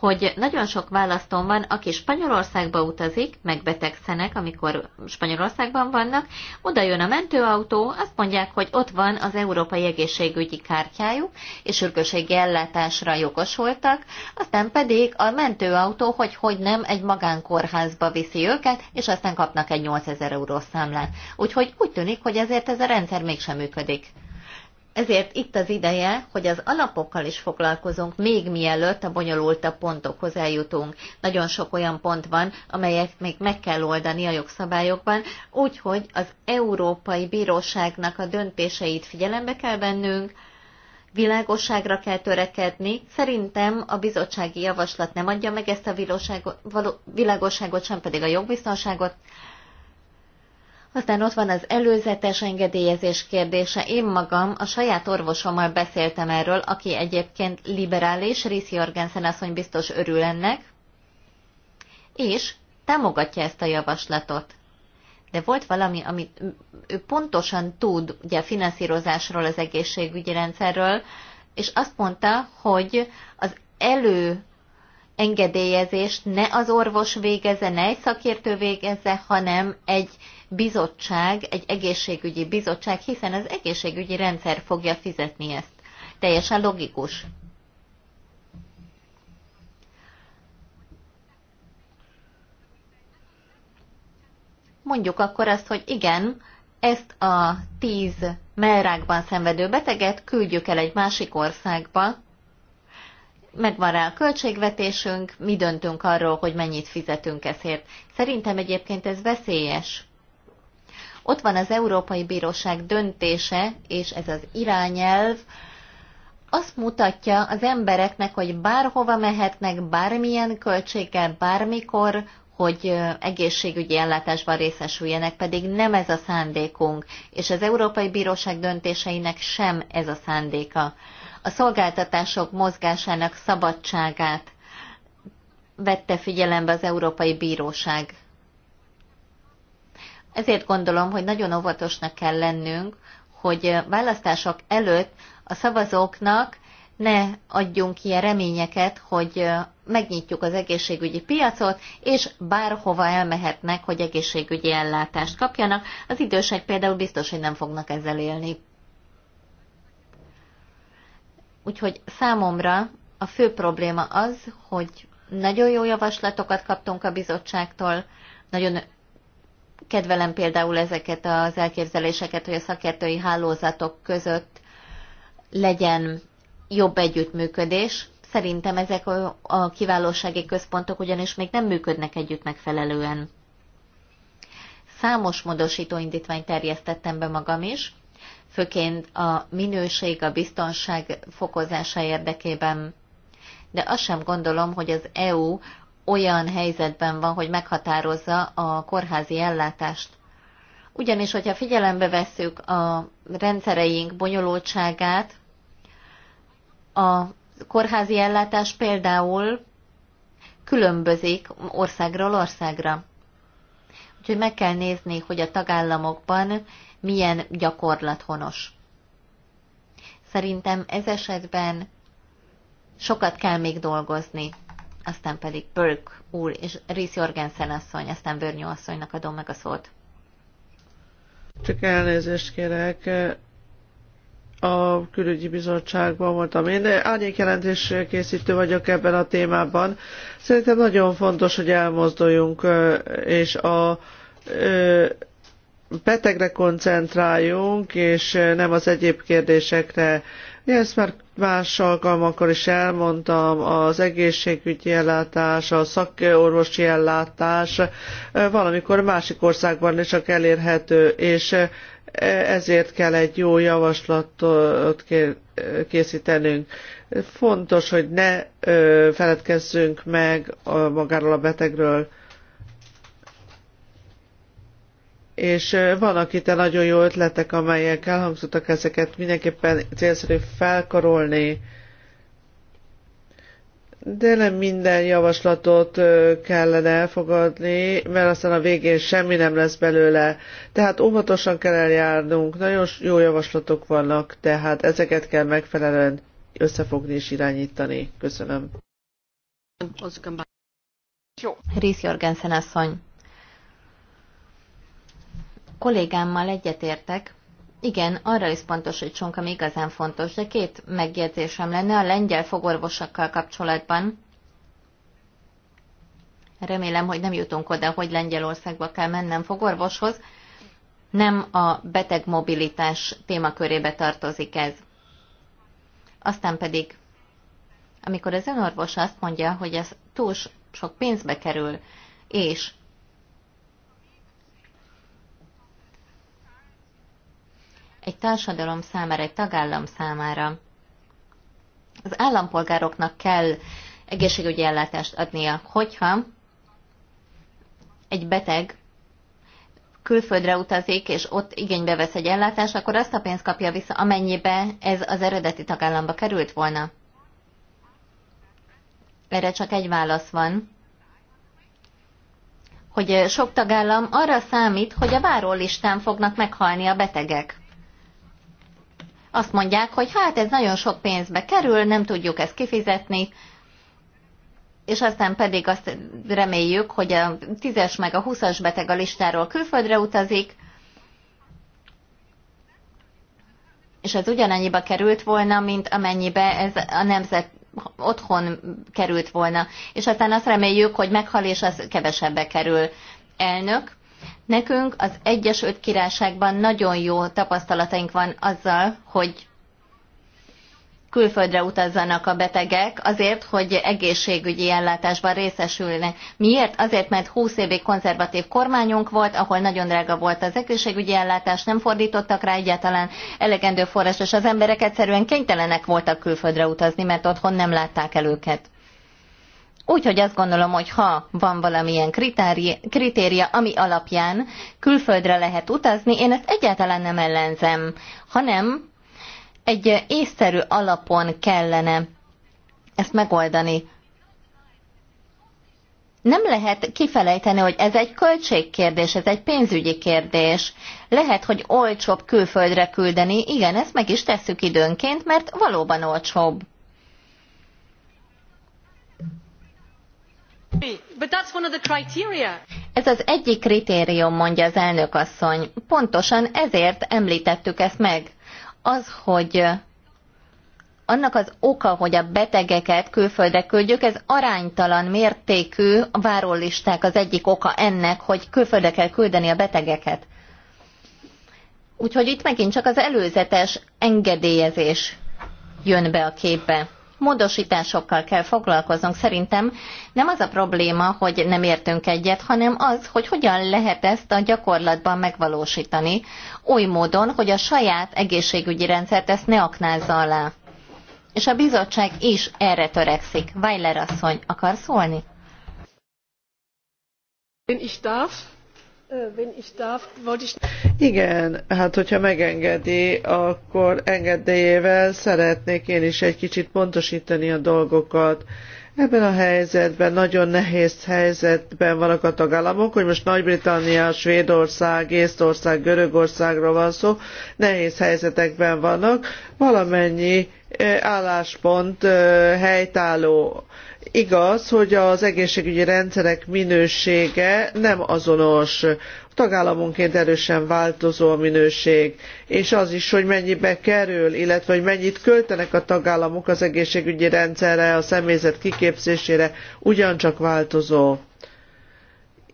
hogy nagyon sok választón van, aki Spanyolországba utazik, megbetegszenek, amikor Spanyolországban vannak, oda jön a mentőautó, azt mondják, hogy ott van az európai egészségügyi kártyájuk, és sürgőségi ellátásra jogosultak, aztán pedig a mentőautó, hogy hogy nem, egy magánkórházba viszi őket, és aztán kapnak egy 8000 eurós számlát. Úgyhogy úgy tűnik, hogy ezért ez a rendszer mégsem működik. Ezért itt az ideje, hogy az alapokkal is foglalkozunk, még mielőtt a bonyolultabb pontokhoz eljutunk. Nagyon sok olyan pont van, amelyet még meg kell oldani a jogszabályokban, úgyhogy az Európai Bíróságnak a döntéseit figyelembe kell vennünk, világosságra kell törekedni. Szerintem a bizottsági javaslat nem adja meg ezt a világosságot, sem pedig a jogbiztonságot. Aztán ott van az előzetes engedélyezés kérdése. Én magam a saját orvosommal beszéltem erről, aki egyébként liberális, Rissi Jorgensen asszony biztos örül ennek, és támogatja ezt a javaslatot. De volt valami, amit ő pontosan tud, ugye a finanszírozásról, az egészségügyi rendszerről, és azt mondta, hogy az elő engedélyezést ne az orvos végezze, ne egy szakértő végezze, hanem egy bizottság, egy egészségügyi bizottság, hiszen az egészségügyi rendszer fogja fizetni ezt. Teljesen logikus. Mondjuk akkor azt, hogy igen, ezt a tíz melrákban szenvedő beteget küldjük el egy másik országba, megvan rá a költségvetésünk, mi döntünk arról, hogy mennyit fizetünk ezért. Szerintem egyébként ez veszélyes. Ott van az Európai Bíróság döntése, és ez az irányelv, azt mutatja az embereknek, hogy bárhova mehetnek, bármilyen költséggel, bármikor, hogy egészségügyi ellátásban részesüljenek, pedig nem ez a szándékunk, és az Európai Bíróság döntéseinek sem ez a szándéka. A szolgáltatások mozgásának szabadságát vette figyelembe az Európai Bíróság ezért gondolom, hogy nagyon óvatosnak kell lennünk, hogy választások előtt a szavazóknak ne adjunk ilyen reményeket, hogy megnyitjuk az egészségügyi piacot, és bárhova elmehetnek, hogy egészségügyi ellátást kapjanak. Az idősek például biztos, hogy nem fognak ezzel élni. Úgyhogy számomra a fő probléma az, hogy nagyon jó javaslatokat kaptunk a bizottságtól, nagyon kedvelem például ezeket az elképzeléseket, hogy a szakértői hálózatok között legyen jobb együttműködés. Szerintem ezek a kiválósági központok ugyanis még nem működnek együtt megfelelően. Számos módosító indítványt terjesztettem be magam is, főként a minőség, a biztonság fokozása érdekében de azt sem gondolom, hogy az EU olyan helyzetben van, hogy meghatározza a kórházi ellátást. Ugyanis, hogyha figyelembe vesszük a rendszereink bonyolultságát, a kórházi ellátás például különbözik országról országra. Úgyhogy meg kell nézni, hogy a tagállamokban milyen gyakorlat honos. Szerintem ez esetben sokat kell még dolgozni aztán pedig Burke úr és Rhys Jorgensen asszony, aztán Börnyó asszonynak adom meg a szót. Csak elnézést kérek, a külügyi bizottságban voltam. Én árnyék jelentés készítő vagyok ebben a témában. Szerintem nagyon fontos, hogy elmozduljunk, és a betegre koncentráljunk, és nem az egyéb kérdésekre ezt már más alkalmakkor is elmondtam, az egészségügyi ellátás, a szakorvosi ellátás valamikor másik országban is csak elérhető, és ezért kell egy jó javaslatot készítenünk. Fontos, hogy ne feledkezzünk meg magáról a betegről. és vannak itt nagyon jó ötletek, amelyek elhangzottak, ezeket mindenképpen célszerű felkarolni. De nem minden javaslatot kellene elfogadni, mert aztán a végén semmi nem lesz belőle. Tehát óvatosan kell eljárnunk, nagyon jó javaslatok vannak, tehát ezeket kell megfelelően összefogni és irányítani. Köszönöm. Rész Jorgensen asszony kollégámmal egyetértek. Igen, arra is hogy csonka még igazán fontos, de két megjegyzésem lenne a lengyel fogorvosokkal kapcsolatban. Remélem, hogy nem jutunk oda, hogy Lengyelországba kell mennem fogorvoshoz. Nem a beteg mobilitás témakörébe tartozik ez. Aztán pedig, amikor az önorvos azt mondja, hogy ez túl sok pénzbe kerül, és egy társadalom számára, egy tagállam számára. Az állampolgároknak kell egészségügyi ellátást adnia, hogyha egy beteg külföldre utazik, és ott igénybe vesz egy ellátást, akkor azt a pénzt kapja vissza, amennyibe ez az eredeti tagállamba került volna. Erre csak egy válasz van, hogy sok tagállam arra számít, hogy a várólistán fognak meghalni a betegek azt mondják, hogy hát ez nagyon sok pénzbe kerül, nem tudjuk ezt kifizetni, és aztán pedig azt reméljük, hogy a 10 meg a 20 beteg a listáról külföldre utazik, és ez ugyanannyiba került volna, mint amennyibe ez a nemzet otthon került volna. És aztán azt reméljük, hogy meghal, és az kevesebbe kerül. Elnök, Nekünk az Egyesült Királyságban nagyon jó tapasztalataink van azzal, hogy külföldre utazzanak a betegek azért, hogy egészségügyi ellátásban részesülnek. Miért? Azért, mert 20 évig konzervatív kormányunk volt, ahol nagyon drága volt az egészségügyi ellátás, nem fordítottak rá egyáltalán elegendő forrás, és az emberek egyszerűen kénytelenek voltak külföldre utazni, mert otthon nem látták el őket. Úgyhogy azt gondolom, hogy ha van valamilyen kritéria, ami alapján külföldre lehet utazni, én ezt egyáltalán nem ellenzem, hanem egy észszerű alapon kellene ezt megoldani. Nem lehet kifelejteni, hogy ez egy költségkérdés, ez egy pénzügyi kérdés. Lehet, hogy olcsóbb külföldre küldeni, igen, ezt meg is tesszük időnként, mert valóban olcsóbb. Ez az egyik kritérium, mondja az elnök asszony. Pontosan ezért említettük ezt meg. Az, hogy annak az oka, hogy a betegeket külföldre küldjük, ez aránytalan mértékű a várólisták az egyik oka ennek, hogy külföldre kell küldeni a betegeket. Úgyhogy itt megint csak az előzetes engedélyezés jön be a képbe módosításokkal kell foglalkoznunk. Szerintem nem az a probléma, hogy nem értünk egyet, hanem az, hogy hogyan lehet ezt a gyakorlatban megvalósítani, oly módon, hogy a saját egészségügyi rendszert ezt ne aknázza alá. És a bizottság is erre törekszik. Weiler asszony, akar szólni? Én is darf. Igen, hát hogyha megengedi, akkor engedélyével szeretnék én is egy kicsit pontosítani a dolgokat. Ebben a helyzetben nagyon nehéz helyzetben vannak a tagállamok, hogy most Nagy-Britannia, Svédország, Észtország, Görögországról van szó, nehéz helyzetekben vannak, valamennyi eh, álláspont eh, helytálló igaz, hogy az egészségügyi rendszerek minősége nem azonos. Tagállamonként erősen változó a minőség, és az is, hogy mennyibe kerül, illetve hogy mennyit költenek a tagállamok az egészségügyi rendszerre, a személyzet kiképzésére, ugyancsak változó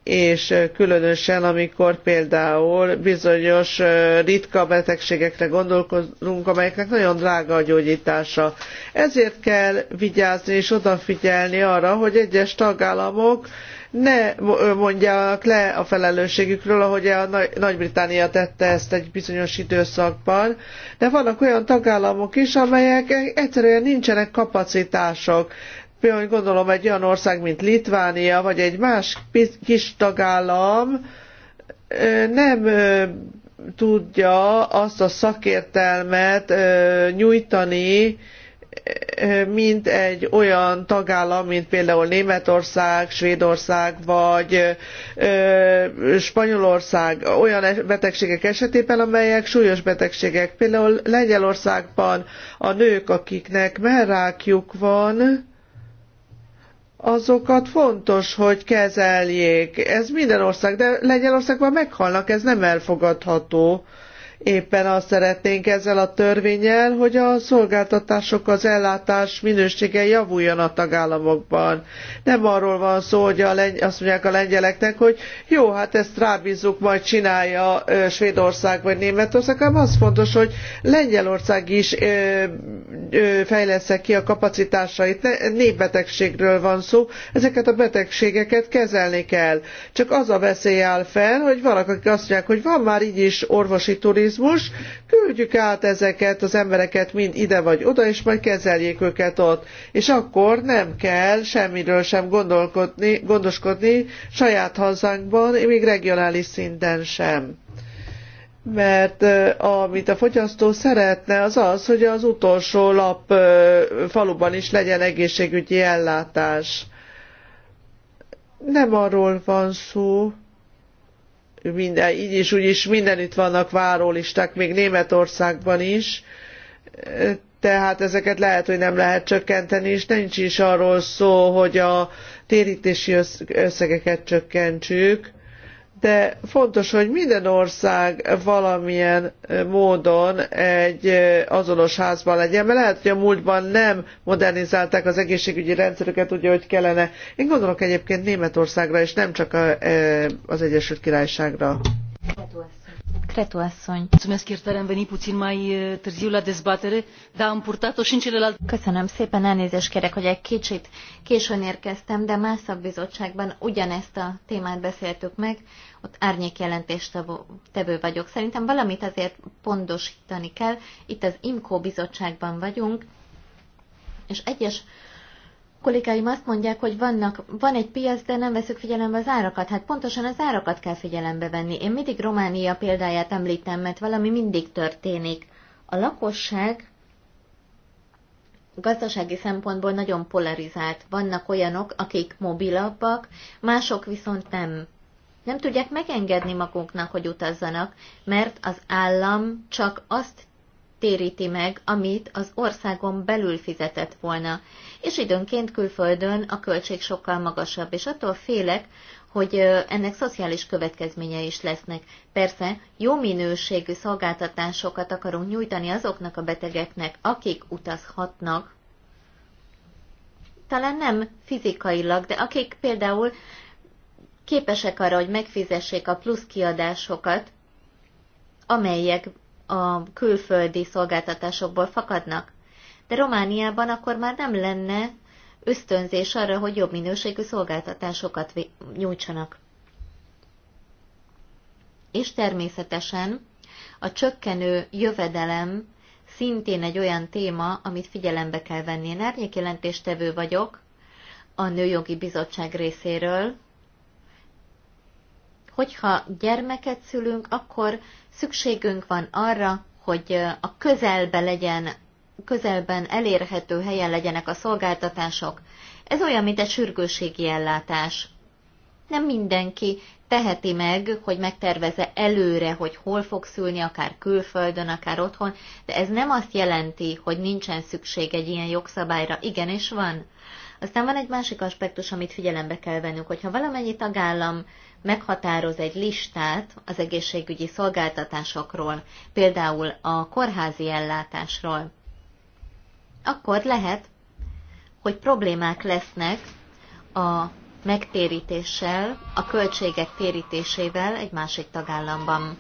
és különösen amikor például bizonyos ritka betegségekre gondolkozunk, amelyeknek nagyon drága a gyógyítása. Ezért kell vigyázni és odafigyelni arra, hogy egyes tagállamok ne mondjanak le a felelősségükről, ahogy a nagy británia tette ezt egy bizonyos időszakban, de vannak olyan tagállamok is, amelyek egyszerűen nincsenek kapacitások. Például gondolom egy olyan ország, mint Litvánia, vagy egy más kis tagállam nem tudja azt a szakértelmet nyújtani, mint egy olyan tagállam, mint például Németország, Svédország vagy Spanyolország olyan betegségek esetében, amelyek súlyos betegségek. Például Lengyelországban a nők, akiknek merrákjuk van, azokat fontos, hogy kezeljék. Ez minden ország, de Lengyelországban meghalnak, ez nem elfogadható. Éppen azt szeretnénk ezzel a törvényel, hogy a szolgáltatások, az ellátás minősége javuljon a tagállamokban. Nem arról van szó, hogy a lengy- azt mondják a lengyeleknek, hogy jó, hát ezt rábízzuk, majd csinálja Svédország vagy Németország, hanem az fontos, hogy Lengyelország is ö, fejlesz ki a kapacitásait. Népbetegségről van szó, ezeket a betegségeket kezelni kell. Csak az a veszély áll fenn, hogy vannak, akik azt mondják, hogy van már így is orvosi turizmus, turizmus, küldjük át ezeket az embereket mind ide vagy oda, és majd kezeljék őket ott. És akkor nem kell semmiről sem gondolkodni, gondoskodni saját hazánkban, még regionális szinten sem mert amit a fogyasztó szeretne, az az, hogy az utolsó lap faluban is legyen egészségügyi ellátás. Nem arról van szó, minden, így is, úgy is mindenütt vannak várólisták, még Németországban is, tehát ezeket lehet, hogy nem lehet csökkenteni, és nincs is arról szó, hogy a térítési összegeket csökkentsük, de fontos, hogy minden ország valamilyen módon egy azonos házban legyen, mert lehet, hogy a múltban nem modernizálták az egészségügyi rendszerüket úgy, ahogy kellene. Én gondolok egyébként Németországra, és nem csak az Egyesült Királyságra. Cretu asszony. Mulțumesc iertarea, am venit puțin mai e, târziu la dezbatere, dar am purtat-o și în celelalte... Köszönöm szépen, elnézést kérek, hogy egy kicsit későn érkeztem, de más szakbizottságban ugyanezt a témát beszéltük meg, ott árnyék tevő vagyok. Szerintem valamit azért pontosítani kell. Itt az IMCO bizottságban vagyunk, és egyes kollégáim azt mondják, hogy vannak, van egy piac, de nem veszük figyelembe az árakat. Hát pontosan az árakat kell figyelembe venni. Én mindig Románia példáját említem, mert valami mindig történik. A lakosság gazdasági szempontból nagyon polarizált. Vannak olyanok, akik mobilabbak, mások viszont nem nem tudják megengedni maguknak, hogy utazzanak, mert az állam csak azt téríti meg, amit az országon belül fizetett volna, és időnként külföldön a költség sokkal magasabb, és attól félek, hogy ennek szociális következménye is lesznek. Persze jó minőségű szolgáltatásokat akarunk nyújtani azoknak a betegeknek, akik utazhatnak, talán nem fizikailag, de akik például képesek arra, hogy megfizessék a plusz kiadásokat, amelyek a külföldi szolgáltatásokból fakadnak. De Romániában akkor már nem lenne ösztönzés arra, hogy jobb minőségű szolgáltatásokat nyújtsanak. És természetesen a csökkenő jövedelem szintén egy olyan téma, amit figyelembe kell venni. Én jelentéstevő vagyok a Nőjogi Bizottság részéről, hogyha gyermeket szülünk, akkor szükségünk van arra, hogy a közelbe legyen, közelben elérhető helyen legyenek a szolgáltatások. Ez olyan, mint egy sürgőségi ellátás. Nem mindenki teheti meg, hogy megtervezze előre, hogy hol fog szülni, akár külföldön, akár otthon, de ez nem azt jelenti, hogy nincsen szükség egy ilyen jogszabályra. Igenis van. Aztán van egy másik aspektus, amit figyelembe kell vennünk, hogyha valamennyi tagállam meghatároz egy listát az egészségügyi szolgáltatásokról, például a kórházi ellátásról, akkor lehet, hogy problémák lesznek a megtérítéssel, a költségek térítésével egy másik tagállamban.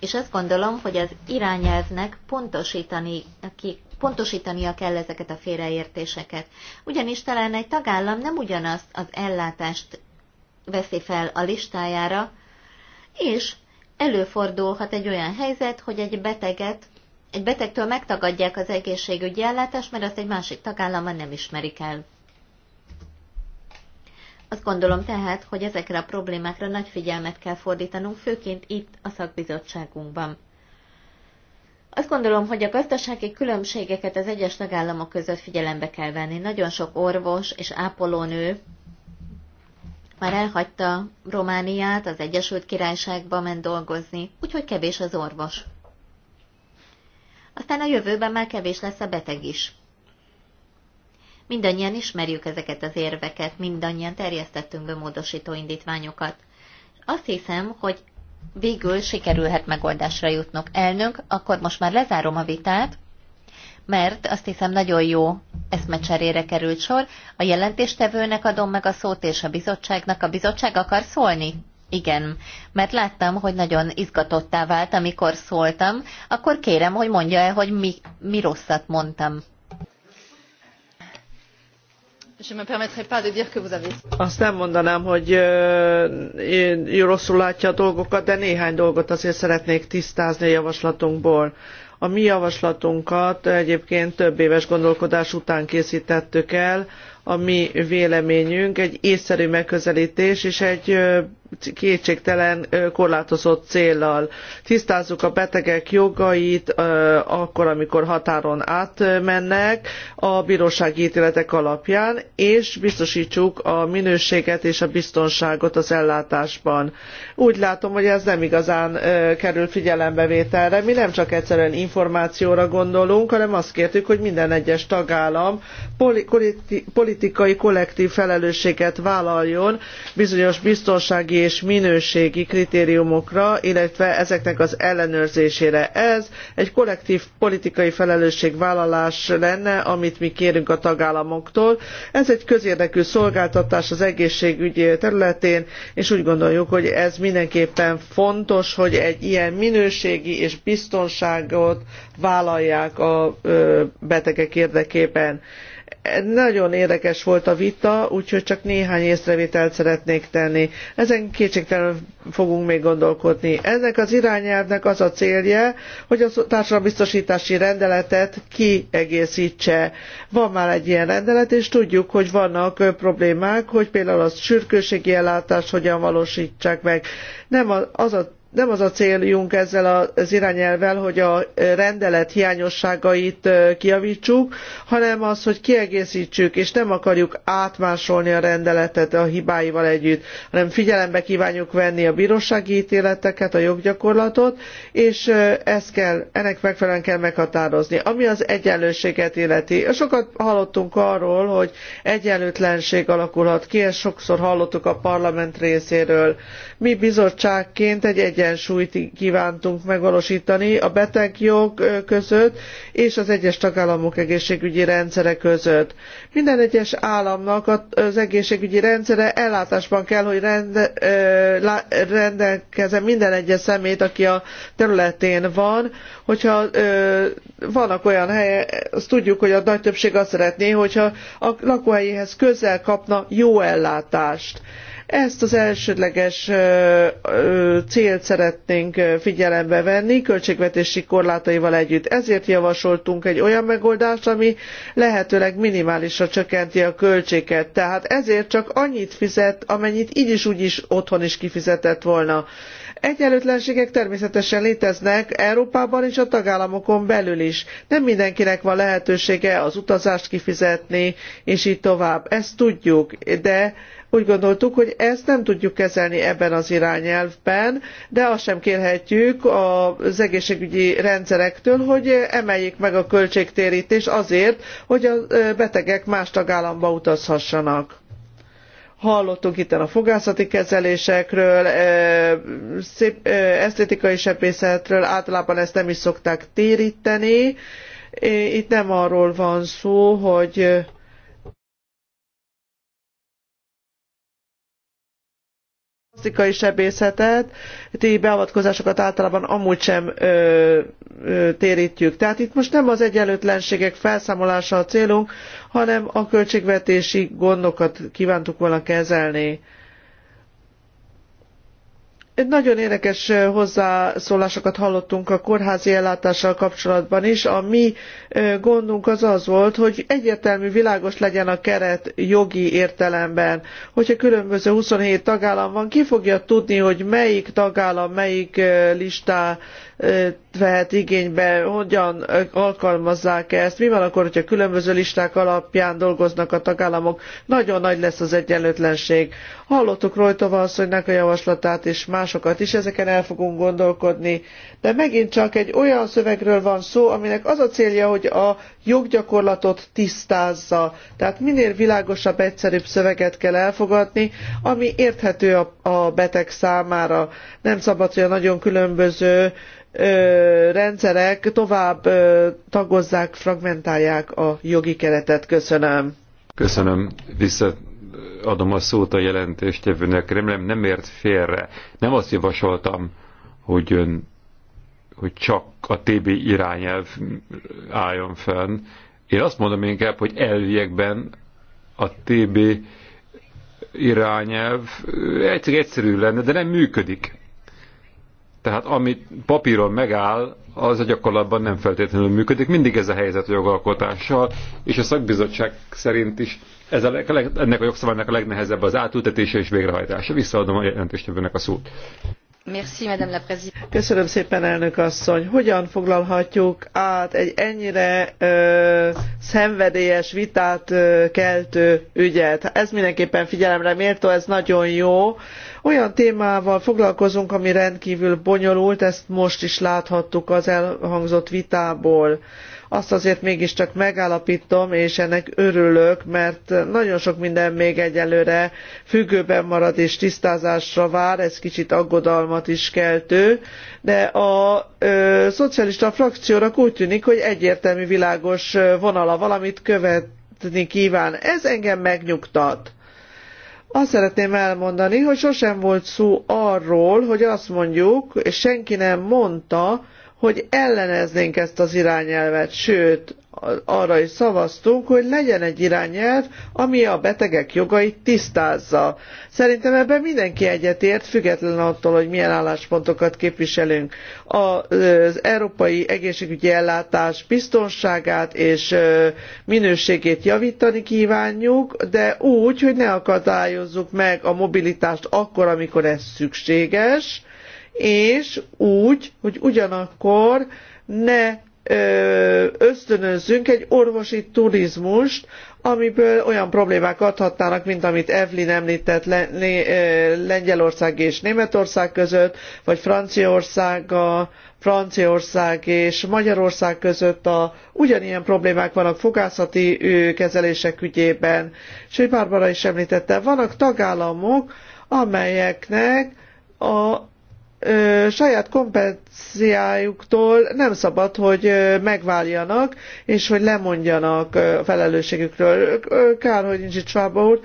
És azt gondolom, hogy az irányelvnek pontosítani, ki, pontosítania kell ezeket a félreértéseket. Ugyanis talán egy tagállam nem ugyanazt az ellátást veszi fel a listájára, és előfordulhat egy olyan helyzet, hogy egy beteget, egy betegtől megtagadják az egészségügyi ellátást, mert azt egy másik tagállamban nem ismerik el. Azt gondolom tehát, hogy ezekre a problémákra nagy figyelmet kell fordítanunk, főként itt a szakbizottságunkban. Azt gondolom, hogy a gazdasági különbségeket az egyes tagállamok között figyelembe kell venni. Nagyon sok orvos és ápolónő már elhagyta Romániát, az Egyesült Királyságba ment dolgozni, úgyhogy kevés az orvos. Aztán a jövőben már kevés lesz a beteg is. Mindannyian ismerjük ezeket az érveket, mindannyian terjesztettünk be módosító indítványokat. Azt hiszem, hogy végül sikerülhet megoldásra jutnok. Elnök, akkor most már lezárom a vitát, mert azt hiszem nagyon jó eszmecserére került sor. A jelentéstevőnek adom meg a szót, és a bizottságnak. A bizottság akar szólni? Igen, mert láttam, hogy nagyon izgatottá vált, amikor szóltam, akkor kérem, hogy mondja el, hogy mi, mi rosszat mondtam. Azt nem mondanám, hogy én rosszul látja a dolgokat, de néhány dolgot azért szeretnék tisztázni a javaslatunkból. A mi javaslatunkat egyébként több éves gondolkodás után készítettük el, a mi véleményünk egy észszerű megközelítés és egy kétségtelen korlátozott céllal. Tisztázzuk a betegek jogait akkor, amikor határon átmennek a bírósági ítéletek alapján, és biztosítsuk a minőséget és a biztonságot az ellátásban. Úgy látom, hogy ez nem igazán kerül figyelembevételre. Mi nem csak egyszerűen információra gondolunk, hanem azt kértük, hogy minden egyes tagállam politikai kollektív felelősséget vállaljon bizonyos biztonsági és minőségi kritériumokra, illetve ezeknek az ellenőrzésére. Ez egy kollektív politikai felelősségvállalás lenne, amit mi kérünk a tagállamoktól. Ez egy közérdekű szolgáltatás az egészségügy területén, és úgy gondoljuk, hogy ez mindenképpen fontos, hogy egy ilyen minőségi és biztonságot vállalják a betegek érdekében. Nagyon érdekes volt a vita, úgyhogy csak néhány észrevételt szeretnék tenni. Ezen kétségtelenül fogunk még gondolkodni. Ennek az irányelvnek az a célja, hogy a társadalombiztosítási rendeletet kiegészítse. Van már egy ilyen rendelet, és tudjuk, hogy vannak problémák, hogy például a sürgősségi ellátást hogyan valósítsák meg. Nem az a nem az a céljunk ezzel az irányelvel, hogy a rendelet hiányosságait kiavítsuk, hanem az, hogy kiegészítsük, és nem akarjuk átmásolni a rendeletet a hibáival együtt, hanem figyelembe kívánjuk venni a bírósági ítéleteket, a joggyakorlatot, és ezt kell, ennek megfelelően kell meghatározni. Ami az egyenlőséget illeti. Sokat hallottunk arról, hogy egyenlőtlenség alakulhat ki, ezt sokszor hallottuk a parlament részéről. Mi bizottságként egy egyensúlyt kívántunk megvalóstani a betegjog között és az egyes tagállamok egészségügyi rendszere között. Minden egyes államnak az egészségügyi rendszere ellátásban kell, hogy rendelkezzen minden egyes szemét, aki a területén van, hogyha vannak olyan helye, azt tudjuk, hogy a nagy többség azt szeretné, hogyha a lakóhelyéhez közel kapna jó ellátást. Ezt az elsődleges célt szeretnénk figyelembe venni, költségvetési korlátaival együtt. Ezért javasoltunk egy olyan megoldást, ami lehetőleg minimálisra csökkenti a költséget. Tehát ezért csak annyit fizet, amennyit így is úgy is otthon is kifizetett volna. Egyenlőtlenségek természetesen léteznek Európában és a tagállamokon belül is. Nem mindenkinek van lehetősége az utazást kifizetni, és így tovább. Ezt tudjuk, de úgy gondoltuk, hogy ezt nem tudjuk kezelni ebben az irányelvben, de azt sem kérhetjük az egészségügyi rendszerektől, hogy emeljék meg a költségtérítést azért, hogy a betegek más tagállamba utazhassanak hallottunk itt a fogászati kezelésekről, szép, esztétikai sebészetről, általában ezt nem is szokták téríteni. Itt nem arról van szó, hogy plastikai sebészetet, ti beavatkozásokat általában amúgy sem ö, ö, térítjük. Tehát itt most nem az egyenlőtlenségek felszámolása a célunk, hanem a költségvetési gondokat kívántuk volna kezelni nagyon érdekes hozzászólásokat hallottunk a kórházi ellátással kapcsolatban is. A mi gondunk az az volt, hogy egyértelmű, világos legyen a keret jogi értelemben. Hogyha különböző 27 tagállam van, ki fogja tudni, hogy melyik tagállam melyik listá vehet igénybe, hogyan alkalmazzák ezt, mi van akkor, hogyha különböző listák alapján dolgoznak a tagállamok, nagyon nagy lesz az egyenlőtlenség. Hallottuk Rojtova asszonynak a javaslatát és másokat is, ezeken el fogunk gondolkodni, de megint csak egy olyan szövegről van szó, aminek az a célja, hogy a joggyakorlatot tisztázza. Tehát minél világosabb, egyszerűbb szöveget kell elfogadni, ami érthető a, beteg számára. Nem szabad, hogy a nagyon különböző rendszerek tovább tagozzák, fragmentálják a jogi keretet. Köszönöm. Köszönöm. Visszaadom a szót a jelentéstevőnek. Remélem nem ért félre. Nem azt javasoltam, hogy ön hogy csak a TB irányelv álljon fenn. Én azt mondom inkább, hogy elviekben a TB irányelv egyszerű lenne, de nem működik tehát amit papíron megáll, az a gyakorlatban nem feltétlenül működik. Mindig ez a helyzet a jogalkotással, és a szakbizottság szerint is ez a leg, ennek a jogszabálynak a legnehezebb az átültetése és végrehajtása. Visszaadom a jelentéstevőnek a szót. Köszönöm szépen, elnök asszony. Hogyan foglalhatjuk át egy ennyire ö, szenvedélyes vitát ö, keltő ügyet? Ez mindenképpen figyelemre méltó, ez nagyon jó. Olyan témával foglalkozunk, ami rendkívül bonyolult, ezt most is láthattuk az elhangzott vitából. Ö, azt azért mégiscsak megállapítom, és ennek örülök, mert nagyon sok minden még egyelőre függőben marad és tisztázásra vár, ez kicsit aggodalmat is keltő, de a ö, szocialista frakciónak úgy tűnik, hogy egyértelmű világos vonala valamit követni kíván. Ez engem megnyugtat. Azt szeretném elmondani, hogy sosem volt szó arról, hogy azt mondjuk, és senki nem mondta, hogy elleneznénk ezt az irányelvet, sőt, arra is szavaztunk, hogy legyen egy irányelv, ami a betegek jogait tisztázza. Szerintem ebben mindenki egyetért, független attól, hogy milyen álláspontokat képviselünk. Az európai egészségügyi ellátás biztonságát és minőségét javítani kívánjuk, de úgy, hogy ne akadályozzuk meg a mobilitást akkor, amikor ez szükséges, és úgy, hogy ugyanakkor ne ösztönözzünk egy orvosi turizmust, amiből olyan problémák adhatnának, mint amit Evelyn említett Lengyelország és Németország között, vagy Franciaország, Franciaország és Magyarország között a, ugyanilyen problémák vannak fogászati kezelések ügyében. És hogy Bárbara is említette, vannak tagállamok, amelyeknek a ö, saját kompetenciájuktól nem szabad, hogy megváljanak, és hogy lemondjanak a felelősségükről. Kár, hogy nincs itt Schwab úr.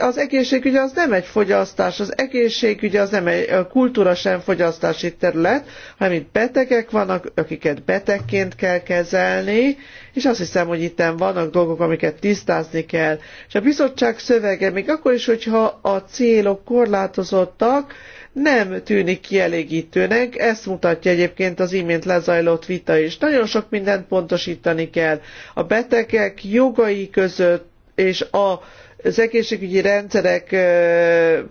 Az egészségügy az nem egy fogyasztás, az egészségügy az nem egy kultúra sem fogyasztási terület, hanem itt betegek vannak, akiket betegként kell kezelni, és azt hiszem, hogy itt vannak dolgok, amiket tisztázni kell. És a bizottság szövege, még akkor is, hogyha a célok korlátozottak, nem tűnik kielégítőnek, ezt mutatja egyébként az imént lezajlott vita is. Nagyon sok mindent pontosítani kell. A betegek jogai között és a az egészségügyi rendszerek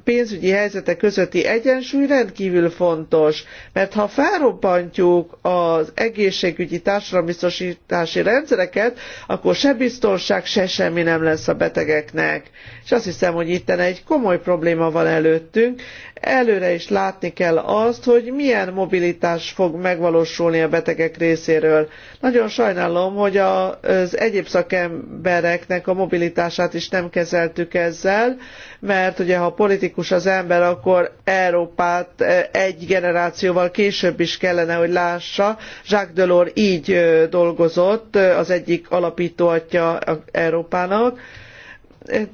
pénzügyi helyzete közötti egyensúly rendkívül fontos, mert ha felrobbantjuk az egészségügyi társadalombiztosítási rendszereket, akkor se biztonság, se semmi nem lesz a betegeknek. És azt hiszem, hogy itten egy komoly probléma van előttünk, előre is látni kell azt, hogy milyen mobilitás fog megvalósulni a betegek részéről. Nagyon sajnálom, hogy az egyéb szakembereknek a mobilitását is nem kezeltük ezzel, mert ugye ha politikus az ember, akkor Európát e, egy generációval később is kellene, hogy lássa. Jacques Delors így dolgozott, az egyik alapítóatja Európának,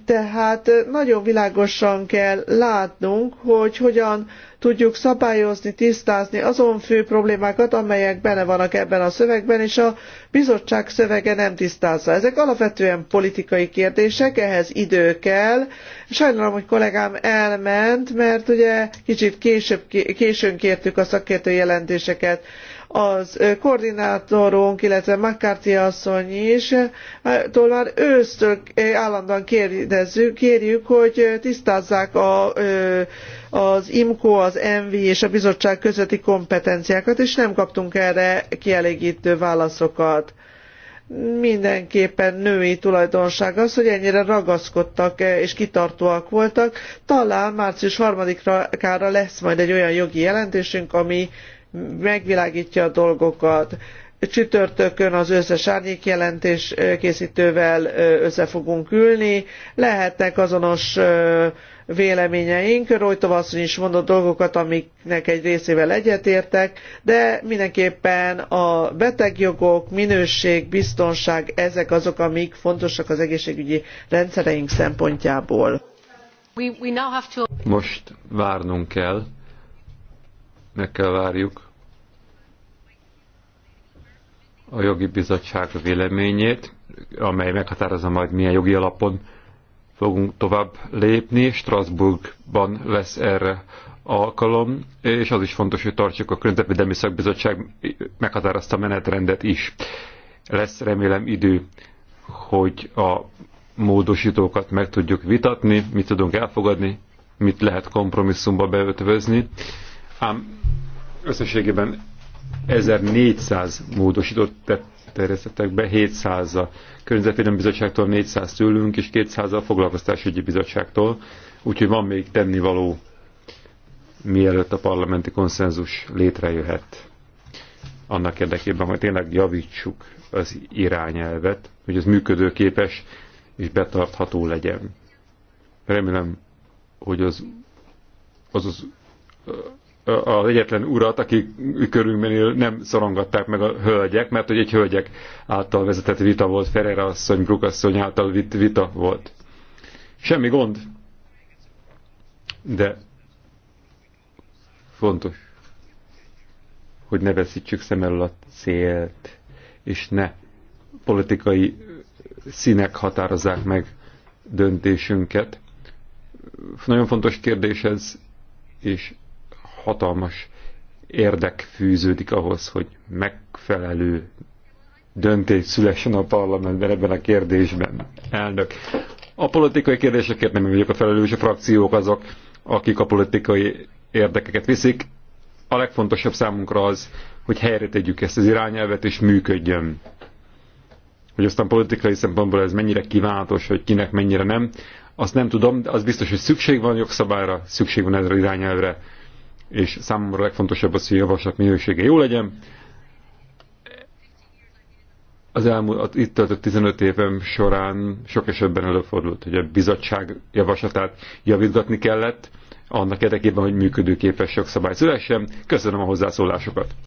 tehát nagyon világosan kell látnunk, hogy hogyan tudjuk szabályozni, tisztázni azon fő problémákat, amelyek benne vannak ebben a szövegben, és a bizottság szövege nem tisztázza. Ezek alapvetően politikai kérdések, ehhez idő kell. Sajnálom, hogy kollégám elment, mert ugye kicsit később, későn kértük a szakértő jelentéseket. Az koordinátorunk, illetve McCarthy asszony is, tól már ősztől állandóan kérdezzük, kérjük, hogy tisztázzák a, az IMCO, az MV és a bizottság közötti kompetenciákat, és nem kaptunk erre kielégítő válaszokat mindenképpen női tulajdonság az, hogy ennyire ragaszkodtak és kitartóak voltak. Talán március 3-ára lesz majd egy olyan jogi jelentésünk, ami megvilágítja a dolgokat. Csütörtökön az összes árnyékjelentés készítővel össze fogunk ülni, lehetnek azonos véleményeink. Rojtov asszony is mondott dolgokat, amiknek egy részével egyetértek, de mindenképpen a betegjogok, minőség, biztonság, ezek azok, amik fontosak az egészségügyi rendszereink szempontjából. Most várnunk kell, meg kell várjuk a jogi bizottság véleményét, amely meghatározza majd milyen jogi alapon fogunk tovább lépni. Strasbourgban lesz erre alkalom, és az is fontos, hogy tartsuk a Környezetvédelmi Szakbizottság meghatározta menetrendet is. Lesz remélem idő, hogy a módosítókat meg tudjuk vitatni, mit tudunk elfogadni, mit lehet kompromisszumba beötvözni, Ám összességében 1400 módosított terjesztettek be, 700 a Környezetvédelmi Bizottságtól, 400 tőlünk, és 200 a Foglalkoztásügyi Bizottságtól, úgyhogy van még tennivaló, mielőtt a parlamenti konszenzus létrejöhet. Annak érdekében, hogy tényleg javítsuk az irányelvet, hogy ez működőképes és betartható legyen. Remélem, hogy az, az, az az egyetlen urat, aki körülben nem szorongatták meg a hölgyek, mert hogy egy hölgyek által vezetett vita volt, Ferreira asszony, Brook asszony által vita volt. Semmi gond. De fontos, hogy ne veszítsük szem elől a célt, és ne politikai színek határozzák meg döntésünket. Nagyon fontos kérdés ez, és hatalmas érdek fűződik ahhoz, hogy megfelelő döntés szülessen a parlamentben ebben a kérdésben. Elnök. A politikai kérdésekért nem vagyok a felelős, a frakciók azok, akik a politikai érdekeket viszik. A legfontosabb számunkra az, hogy helyre tegyük ezt az irányelvet, és működjön. Hogy aztán politikai szempontból ez mennyire kívánatos, hogy kinek mennyire nem, azt nem tudom, de az biztos, hogy szükség van jogszabályra, szükség van ezre irányelvre és számomra legfontosabb az, hogy a javaslat minősége jó legyen. Az elmúlt, itt töltött 15 évem során sok esetben előfordult, hogy a bizottság javaslatát javítgatni kellett, annak érdekében, hogy működőképes jogszabály szülessen. Köszönöm a hozzászólásokat!